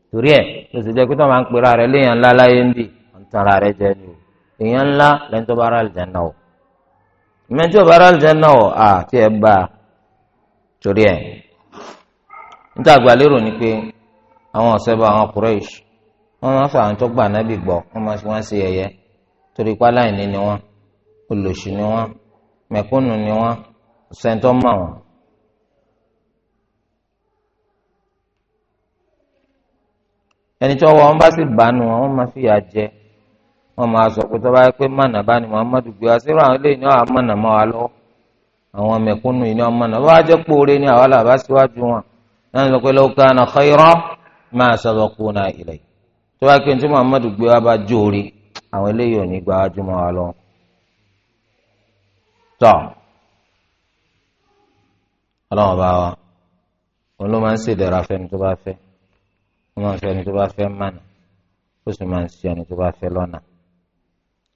torí ẹ̀ ló sì jẹ́ pé tó máa ń pera rẹ̀ léèyàn ńlá láyé ń bì ń tan ara rẹ̀ jẹ ni o èèyàn ńlá lẹ́ńtọ́ bá ara lè jẹ́ náà o ìmẹ̀tí ọba ara lè náà à tí ẹ bá a torí ẹ̀ níta àgbàlérò ni pé àwọn ọ̀sẹ̀bọ̀ àwọn Quraysh wọ́n máa ń fa àwọn tó gbà nábì gbọ́ wọ́n máa wọ́n ṣe yẹ̀yẹ́ torí páláìní ni wọ́n olòṣì ni wọ́n mẹ̀kúnnù ni wọ́n sẹ́ńtọ́ mọ̀ wọ́n. ẹni tí wọ́n wọ́n bá sì bá nu wọn wọ́n máa fi yà jẹ́ wọn máa sọ pé tọ́ba pé mànà bá ní muhammadu gbé wa sírò àwọn eléyìí ní àwọn mànà mọ́ wa lọ́wọ́ àwọn mẹ̀kúnnù yìí ní àwọn mànà wọ́n á jẹ́ pòore ní àwọn làbá síwájú wọn náà sọ pé law kana khayra ma sabaquna ilayhi tọ́ba pé tí muhammadu gbé wa bá jóore àwọn eléyìí ò ní gba wájú mọ́ wa lọ́wọ́. tọ́ ọlọ́wọ́n bá wa òun ló máa ń ṣèdẹ̀ra fẹ́ni tó bá fẹ́ wọ́n máa ń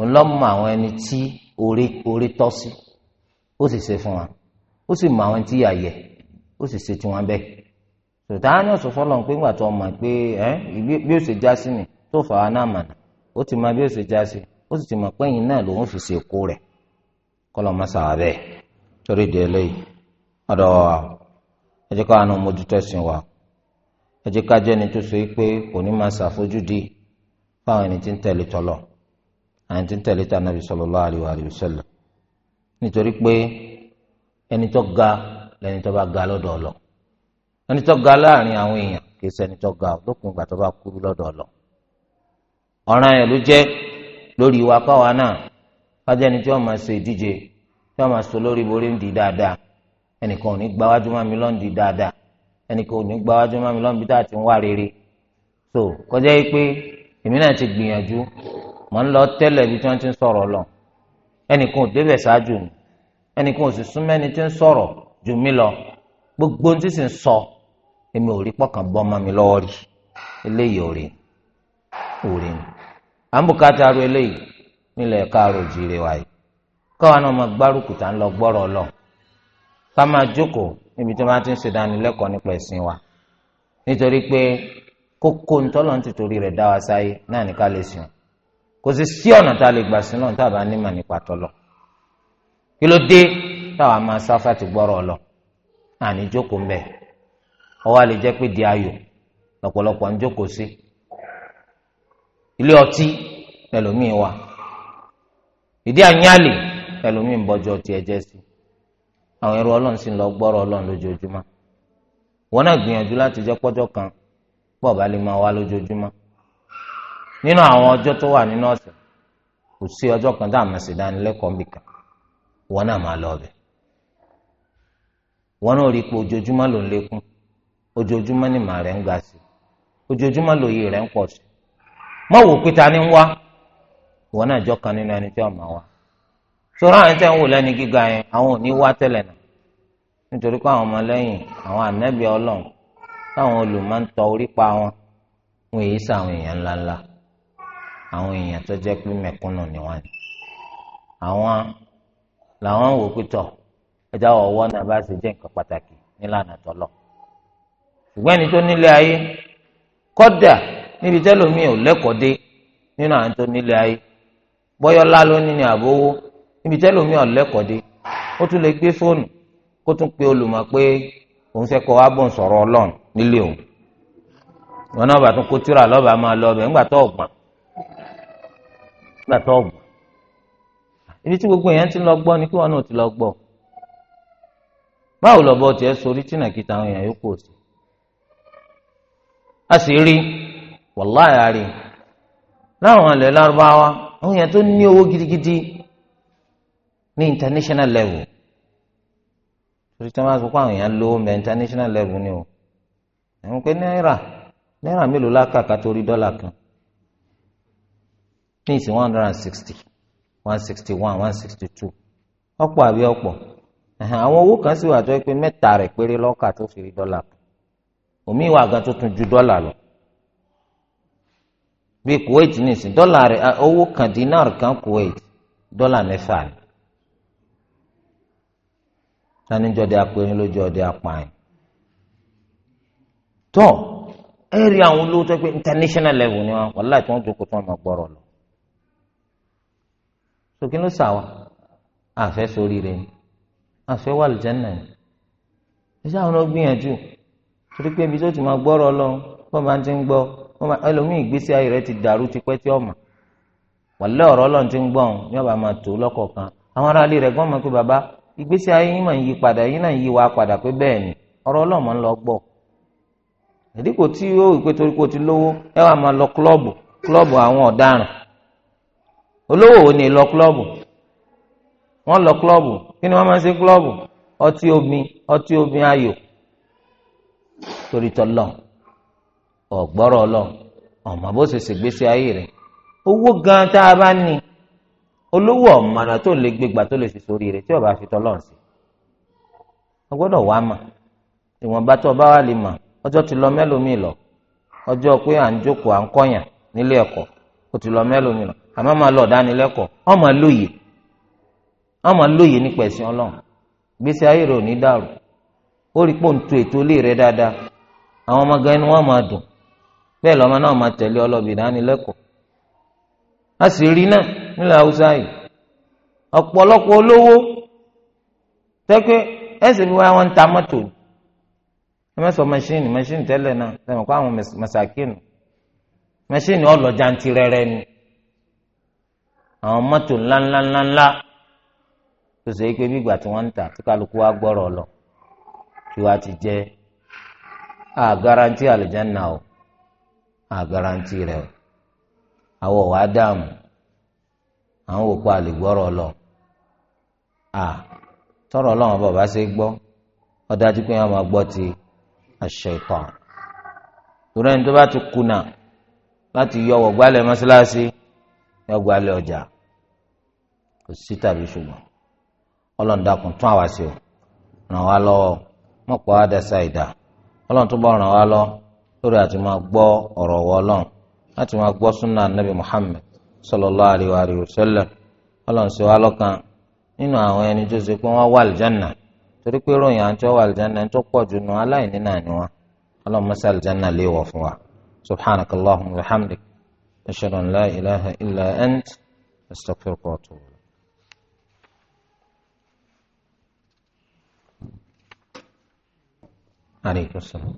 òun lọ mọ àwọn ẹni tí orí orí tọ́ sí ó sì ṣe fún wa ó sì mọ àwọn tí yàyẹ ó sì ṣe tí wọn bẹ sòtáà ní fọlọ́n pé ńgbà tó mọ̀ pé bí ó ṣe já ni tó fà náà ti mọ bí ó ṣe já sí ó sì ti mọ̀ pẹ́yìn náà lòun fi ṣe kó rẹ̀ kọ́lọ́ mọ́sà bẹ́ẹ̀ torí ọ̀dọ̀ wa ẹ jẹ́ ká mójútó ẹ̀sìn wa ẹ jẹ́ ká jẹ́ni tó ṣe pé kò ní máa ṣàfojúdi fáwọn àti ń tẹ̀lé ta nàbì sallallahu alaihi wa sallam nítorí pé ẹni tó ga lẹni tó bá ga lọ́dọ̀ ọlọ ẹni tó ga láàrin àwọn èèyàn kì í ṣẹni tó ga lókun ìgbà tó bá kúrú lọ́dọ̀ ọlọ ọ̀ràn yẹn ló jẹ́ lórí ìwà káwa náà fájẹni tí wọ́n máa ṣe ìdíje tí wọ́n máa sọ lórí borí ń di dáadáa ẹnìkan ò ní gbáwájú má mi lọ́n di dáadáa ẹnìkan ò ní gbáwájú má mi lọ́n bí tá a ti ń wá rere so kọjá yìí pé èmi náà ti gbìyànjú mọ̀ ń lọ tẹ́lẹ̀ ibi tí wọ́n ti ń sọ̀rọ̀ lọ ẹnìkan ò débẹ̀ ṣáájú mi ẹnìkan ò sì súnmọ́ ẹni tí ń sọ̀rọ̀ jù mí lọ gbogbo ohun tí sì ń sọ èmi ò rí pọ̀kàn bọ́ ọmọ mi lọ́wọ́ rí eléyìí ò rí ò rí ni à ń bùkátà ru eléyìí nílẹ̀ káàró jìrè wáyé káwọn náà máa gbárùkù tá ń lọ gbọ́rọ̀ lọ ká máa jókòó níbi tí wọ́n bá ti ń ṣèdánilẹ́kọ̀ọ́ nípa ẹ̀sìn wa nítorí pé kókó ntọ́lọ́ ti torí rẹ̀ dá wa sáyé náà ní ká lè sùn kò si sí ọ̀nà tá a lè gbà náà tá a bá nímọ̀ nípa tọ́lọ̀ kí ló dé táwa máa sáfà ti gbọ́rọ̀ lọ àní jókòó mbẹ ọwọ́ àlè di ayò lọ́pọ̀lọpọ̀ ń jókòó sí ilé ọtí ẹlòmíín wà ìdí àyànlè ẹlòmíín bọ́jọ́ ọtí ẹ̀jẹ̀ sí àwọn ẹrú ọlọ́run sì ń lọ gbọ́rọ̀ ọlọ́run lójoojúmọ́ wọn náà gbìyànjú láti jẹ́ pọ́jọ́ kan pọ̀ bá lè máa wá nínú àwọn ọjọ́ tó wà nínú ọ̀sẹ̀ kò sí ọjọ́ kan tá a máa ṣèdánilẹ́kọ̀ọ́ nìkan wọn náà máa lọ ọbẹ̀ wọn náà rí i pé ojoojúmọ́ ló ń lékún ojoojúmọ́ ni màá rẹ̀ ń ga sí ojoojúmọ́ lòye rẹ̀ ń pọ̀ sí mọ́ wò pé ta ni ẹni tí wá sọ̀rọ̀ àwọn ń wò lẹ́ni gíga yẹn àwọn ò ní wá tẹ́lẹ̀ náà nítorí pé àwọn ọmọlẹ́yìn àwọn tọ orí pa wọn wọn èyí sàwọn èèyàn àwọn èèyàn tó jẹ́ pé mẹkúnnù ni wọ́n ní àwọn làwọn wò pé tọ̀ ẹja ọ̀wọ́ náà bá ṣe jẹ́ nǹkan pàtàkì nílànà tọlọ ṣùgbọ́n ẹni tó nílé ayé kọ́dà níbi tẹ́lómìn ò dé nínú àwọn tó nílé ayé àbówó níbi ò dé ó tún lè gbé fóònù kó nígbà tó ọgbọ ibi tí gbogbo èèyàn ti lọ gbọ́ ni kí wọn náà ti lọ gbọ́ báwo lọbọ tiẹ̀ sórí tí nàkìtà àwọn èèyàn yókù sí a sì rí wàláyà rí láwọn ilẹ̀ lárúbáwá àwọn èèyàn tó ní owó gidigidi ní international level torí tí wọn bá sọ pé àwọn èèyàn international level ni o ẹ̀ ń pẹ́ náírà náírà mélòó dọ́là kan ní one hundred and sixty one sixty one one sixty two àwọn owó kan sì wà tó pé mẹ́ta rẹ̀ péré lọ́kà tó fi rí dọ́là omi ìwà gan tó ju dọ́là lọ bí Kuwait ní dọ́là rẹ̀ owó kan dinar kan Kuwait dọ́là mẹ́fà ni sani apẹ̀yìn sókè ló sàwà àfẹ́ sórí rẹ̀ àfẹ́ wà lùjẹ́nà ni ẹ̀ṣẹ́ àwọn ọgbìyànjú torí pé ibi tó ti máa gbọ́rọ̀ lọ bọ́ọ̀ máa ti ń gbọ́ ẹlòmíì ìgbésí ayé rẹ̀ ti dàrú tipẹ́ tí ọ̀mà wàlẹ́ ọ̀rọ̀ ọlọ́run ti ń gbọ́n ní ọba máa tó lọ́kọ̀ọ̀kan àwọn ará ilé rẹ̀ gbọ́n mọ̀ pé bàbá ìgbésí ayé yín máa ń yí padà yín náà ń yí wa padà pé bẹ́ẹ̀ ni ọ̀rọ̀ ọlọ́run ń lọ gbọ́ ẹ̀dínkù tí ó ìpè torí kò ti lówó ẹ wà máa lọ kílọ̀bù kílọ̀bù àwọn ọ̀daràn olówó ò ní lọ kílọ̀bù wọ́n lọ kílọ̀bù kí ni wọ́n máa ń ṣe kílọ̀bù ọtí omi ọtí omi ayò torí tọ́lọ̀ ọ̀gbọ́rọ̀ lọ ọ̀mọ bó ṣe ṣègbésí ayé rẹ̀ owó gan tá a bá ní olówó ọ̀mọ̀nà tó lè gbégbà tó lè ṣe sórí rẹ̀ tí ọba fi tọ́lọ̀ sí ọ gbọ́dọ̀ wá mà ìwọ̀nba tó ọba wa lè mà ọjọ́ ti lọ mẹ́lòmíì lọ ọjọ́ pé à ń jókòó à ń kọ́yàn nílé ẹ̀kọ́ ó ti lọ mẹ́lòmíì lọ àmọ́ máa lọ ọ̀dánilẹ́kọ̀ọ́ ọmọ lóye ọmọ lóye nípa ẹ̀sìn ọlọ́run gbèsè ayé ọla ò ní dàrú ó rí pò ń tu ètò ilé rẹ̀ dáadáa àwọn ọmọ gan ni wọ́n máa dùn bẹ́ẹ̀ lọ́mọ náà máa tẹ̀lé ọlọ́bì ìdánilẹ́kọ̀ọ́ a sì rí náà nílẹ̀ haúsá yìí ọ̀pọ̀lọpọ̀ olówó wọn ta mọ́tò àwọn mẹ́sàkínù mẹ́ṣíìnì ọlọ́jà ń ti rẹ́rẹ́ àwọn mọ́tò ńláńláńláńlá tó ṣe é pé bí ìgbà tí wọ́n ń tà kí kálukú wa gbọ́rọ̀ lọ tí wàá ti jẹ́ a garanti àlùjáná o a garanti rẹ o àwọn ò wá dààmú àwọn òkú àlùgbọ́rọ̀ lọ a tọrọ Ọlọ́run bàbá ṣe gbọ́ ó dájú pé wọ́n máa gbọ́ ti àṣẹ̀tàn torí ẹni tó bá ti kùnà láti yọ ọ̀wọ̀ mọ́ṣáláṣí yọ gbálẹ̀ ọjà. sita bi tàbí ṣùgbọ́n ọlọ́run tún àwa sí o ràn wá lọ́wọ́ mọ̀pọ̀ àdàsá ìdá ọlọ́run tó bá ràn wá lọ lórí àti máa gbọ́ ọ̀rọ̀ wọ ọlọ́run láti máa gbọ́ súnà nàbì wa ọlọ́run sì wá lọ́kàn nínú àwọn ẹni tó ṣe pé wọ́n wà torí pé ròyìn àti tó pọ̀ jù nù aláìní ni wọn ọlọ́run mọ́sá lè wọ̀ fún wa wa عليكم السلام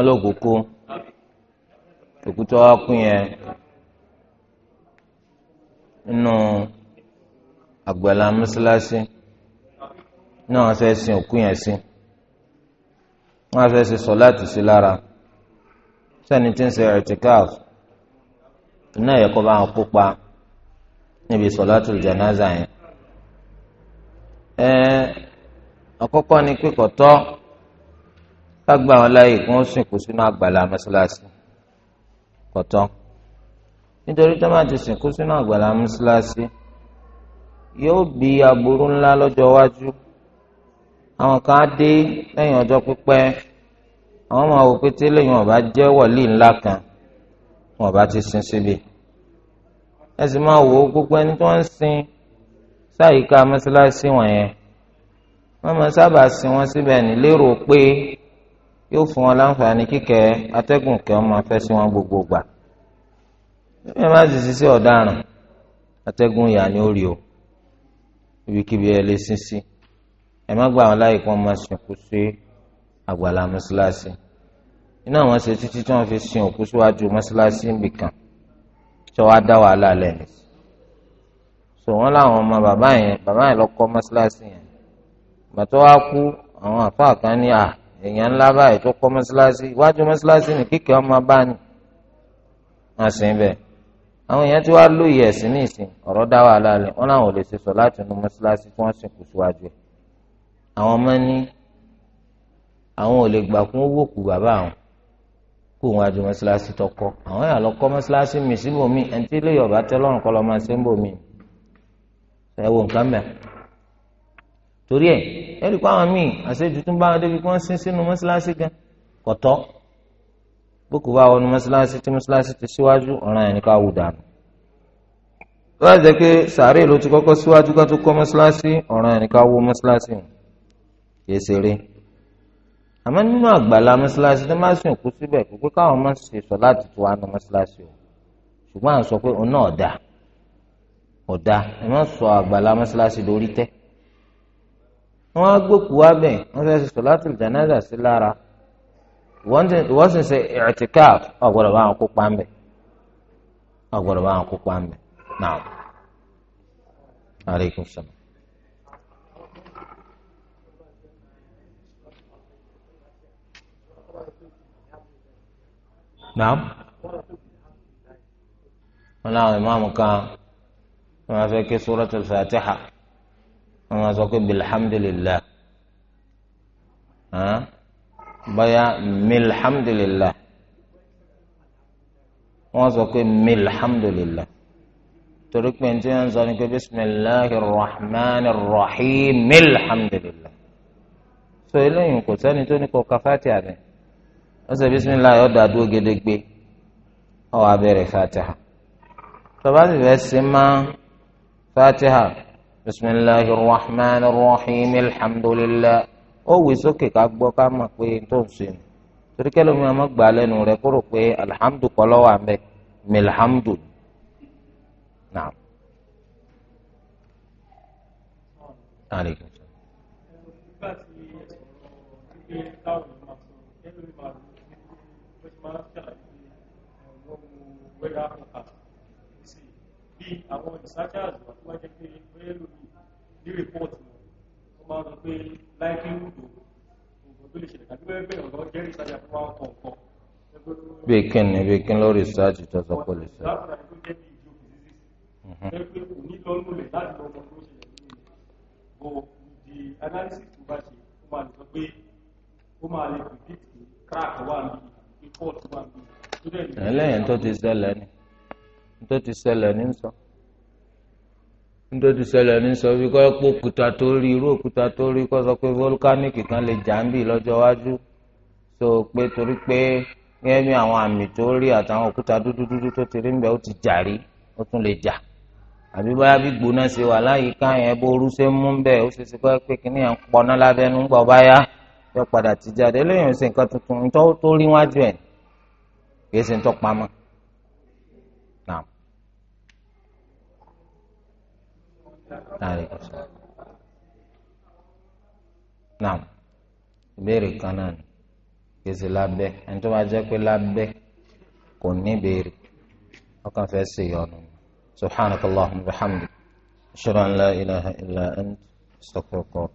ológun kú òkúta wa kú yẹn nínú àgbàlá mọ́sálásí náà wọ́n fẹ́ sin òkú yẹn sí wọ́n fẹ́ ṣe sọ̀láàtì sí lára sẹ́ni tí ń ṣe ẹ̀tìkáàf náà yẹ kó bá wọn kópa níbi sọ̀láàtì jẹ̀náza yẹn. ẹ àkọ́kọ́ ni pípọ̀ tọ́ ká gbà wọn láàyè kí wọ́n sìnkú sínú àgbàlá mọ́sálásí kọ̀tọ́ nítorí tó máa ti sìnkú sínú àgbàlá mọ́sálásí yóò bi aburú ńlá lọ́jọ́ iwájú àwọn kan á dé lẹ́yìn ọjọ́ pípẹ́ àwọn máa wò pé tẹ́lẹ̀ yìí wọ́n bá jẹ́ wọ̀lí ńlá kan wọ́n bá ti sin síbi ẹ sì máa wò ó gbogbo ẹni tó ń sin sáyìíká mọ́ṣáláṣí wọ̀nyẹn wọ́n máa sábà sin wọ́n síbẹ̀ ní lérò pé yóò fún wọn láǹfààní kíkẹ́ atẹ́gùn kẹ́ ọmọ afẹ́ sí wọn gbogbo gbà ẹ má sì sí sí ọ̀daràn atẹ́gùn ìyá ni ó rí o ibikíbi ẹ lè sin sí ẹ má gbà wọn láyè kí wọn máa sin òkú sí àgbàlá mọ́ṣáláṣí iná wọn ṣe títí tí wọn fi sin òkú síwájú mọ́ṣáláṣí nìkan tí wọn á dá wàhálà lẹ́nu sọ wọn láwọn ọmọ bàbá yẹn bàbá yẹn lọ kọ́ yẹn bàtọ́ wa kú àwọn àfáà kan ní à èèyàn ńlá báyìí tó kọ́ mọ́ṣáláṣí iwájú mọ́ṣáláṣí ní kíkẹ́ ọmọ bá ní wọn sì bẹ́ẹ̀ àwọn èèyàn tí wàá lóye ẹ̀sìn ní ìsìn ọ̀rọ̀ dá wàhálà lẹ̀ wọ́n làwọn ò lè ṣe sọ láti inú mọ́ṣáláṣí tí wọ́n sìnkú síwájú ẹ̀ àwọn ọmọ ní àwọn ò lè gbà kún owó kù bàbá àwọn kó wọn adu mọ́ṣáláṣí tọkọ àwọn yà lọ kọ́ mọ́ṣáláṣí mi síbòmí ẹni tí ilé yọ̀bá tẹ́ lọ́rùn kọ́ lọ́ máa ṣe ń bòmí ẹ wo nǹkan mẹ́ torí ẹ̀ ẹ̀rí kó àwọn míì àṣejù tún bá wọn débi kí wọ́n sin sínú mọ́ṣáláṣí gan kọ̀tọ́ bókù bá wọnú mọ́ṣáláṣí tí mọ́ṣáláṣí ti síwájú ọ̀ràn yẹn ni ká wù dànù. wọ́n jẹ́ pé sàárè ló ti kọ́kọ́ síwájú ká tó kọ́ mọ́ṣáláṣí ọ̀ràn yẹn ni ká wó mọ́ṣáláṣí kì í ṣeré. àmọ́ nínú àgbàlá mọ́ṣáláṣí tó máa sìn kú síbẹ̀ kò pé káwọn máa ṣe sọ láti tó wá nu mọ́ṣáláṣí o ṣùgbọ́n à ń sọ pé òun náà ọ̀dà ọ̀dà ẹ má sọ àgbàlá mọ́ṣáláṣí dorí tẹ́. wọ́n á gbókùú wá bẹ̀ wọ́n fẹ́ sọ láti jánásà sí lára wọ́n sì ṣe ìrìtìkáf ọ̀gbọ́dọ̀ bá wọn kópa ń bẹ̀ ọ̀gbọ́dọ̀ bá wọn kópa ń bẹ̀ náà aleykum salaam. naam wọn làwọn ìmáàmù kan wọn máa fẹ́ wọn bilhamdulilah. bóyá milhamdulilah wọ́n sọ pé milhamdulilah torí pé tí wọ́n sọ ni pé bisimilahi rahman rahim milhamdulilah so eléyìí kò sẹ́ni tó ní kó ka fatiha rẹ̀ wọ́n sọ bisimilahi ọ̀dà dúró gédégbé ọ̀ wá fatiha tọ́ba sì fẹ́ sí máa fatiha bisimilahi rahman rahim milhamdulilah ó wè sókè ká gbọ́ ká mọ̀ pé tó ń sè ní torí kẹ́lẹ́ mi máa gbà lẹ́nu rẹ̀ kó rò pé alihamdu kọ́ lọ́wọ́ àmẹ́ milhamdu naam. Aleykum. weather láìpé wùdò nǹkan tó lè ṣẹlẹ̀ tàbí wẹ́ẹ́ pé ọ̀gá jẹ́ ìsájà tó sọ pé lè ṣe. Mhm. ẹlẹ́yìn tó ti ṣẹlẹ̀ ni tó ti ṣẹlẹ̀ ní sọ nítorí ṣẹlẹ̀ ní sọ fi kọ́ pé òkúta tó rí irú òkúta tó rí kọ́ sọ pé volcanic kan lè jà ń bì lọ́jọ́ iwájú so pé torí pé gẹ́gẹ́ bí àwọn àmì tó rí àtàwọn òkúta dúdú dúdú tó ti rí ń bẹ ó ti jà rí ó tún lè jà àbí bóyá bí gbóná ṣe wà láyìíká yẹn bó orú ṣe ń mú bẹ́ẹ̀ ó ṣe ṣe kọ́ pé kíní yẹn ń pọná lábẹ́nu gbọ́ báyá yọ padà ti jáde eléyìí ń ṣe nǹkan tuntun tó rí wájú ẹ̀ kì í ṣe ń tọ́ pamọ́ عليكم السلام نعم ìbéèrè kan náà ni gbèsè lábẹ́ ẹni tó bá jẹ́ pé lábẹ́ kò ní ìbéèrè ọkàn fẹ́ ṣe ìyọnu subhanakallahumma wa bihamdik ashhadu an la ilaha illa ant astaghfiruka wa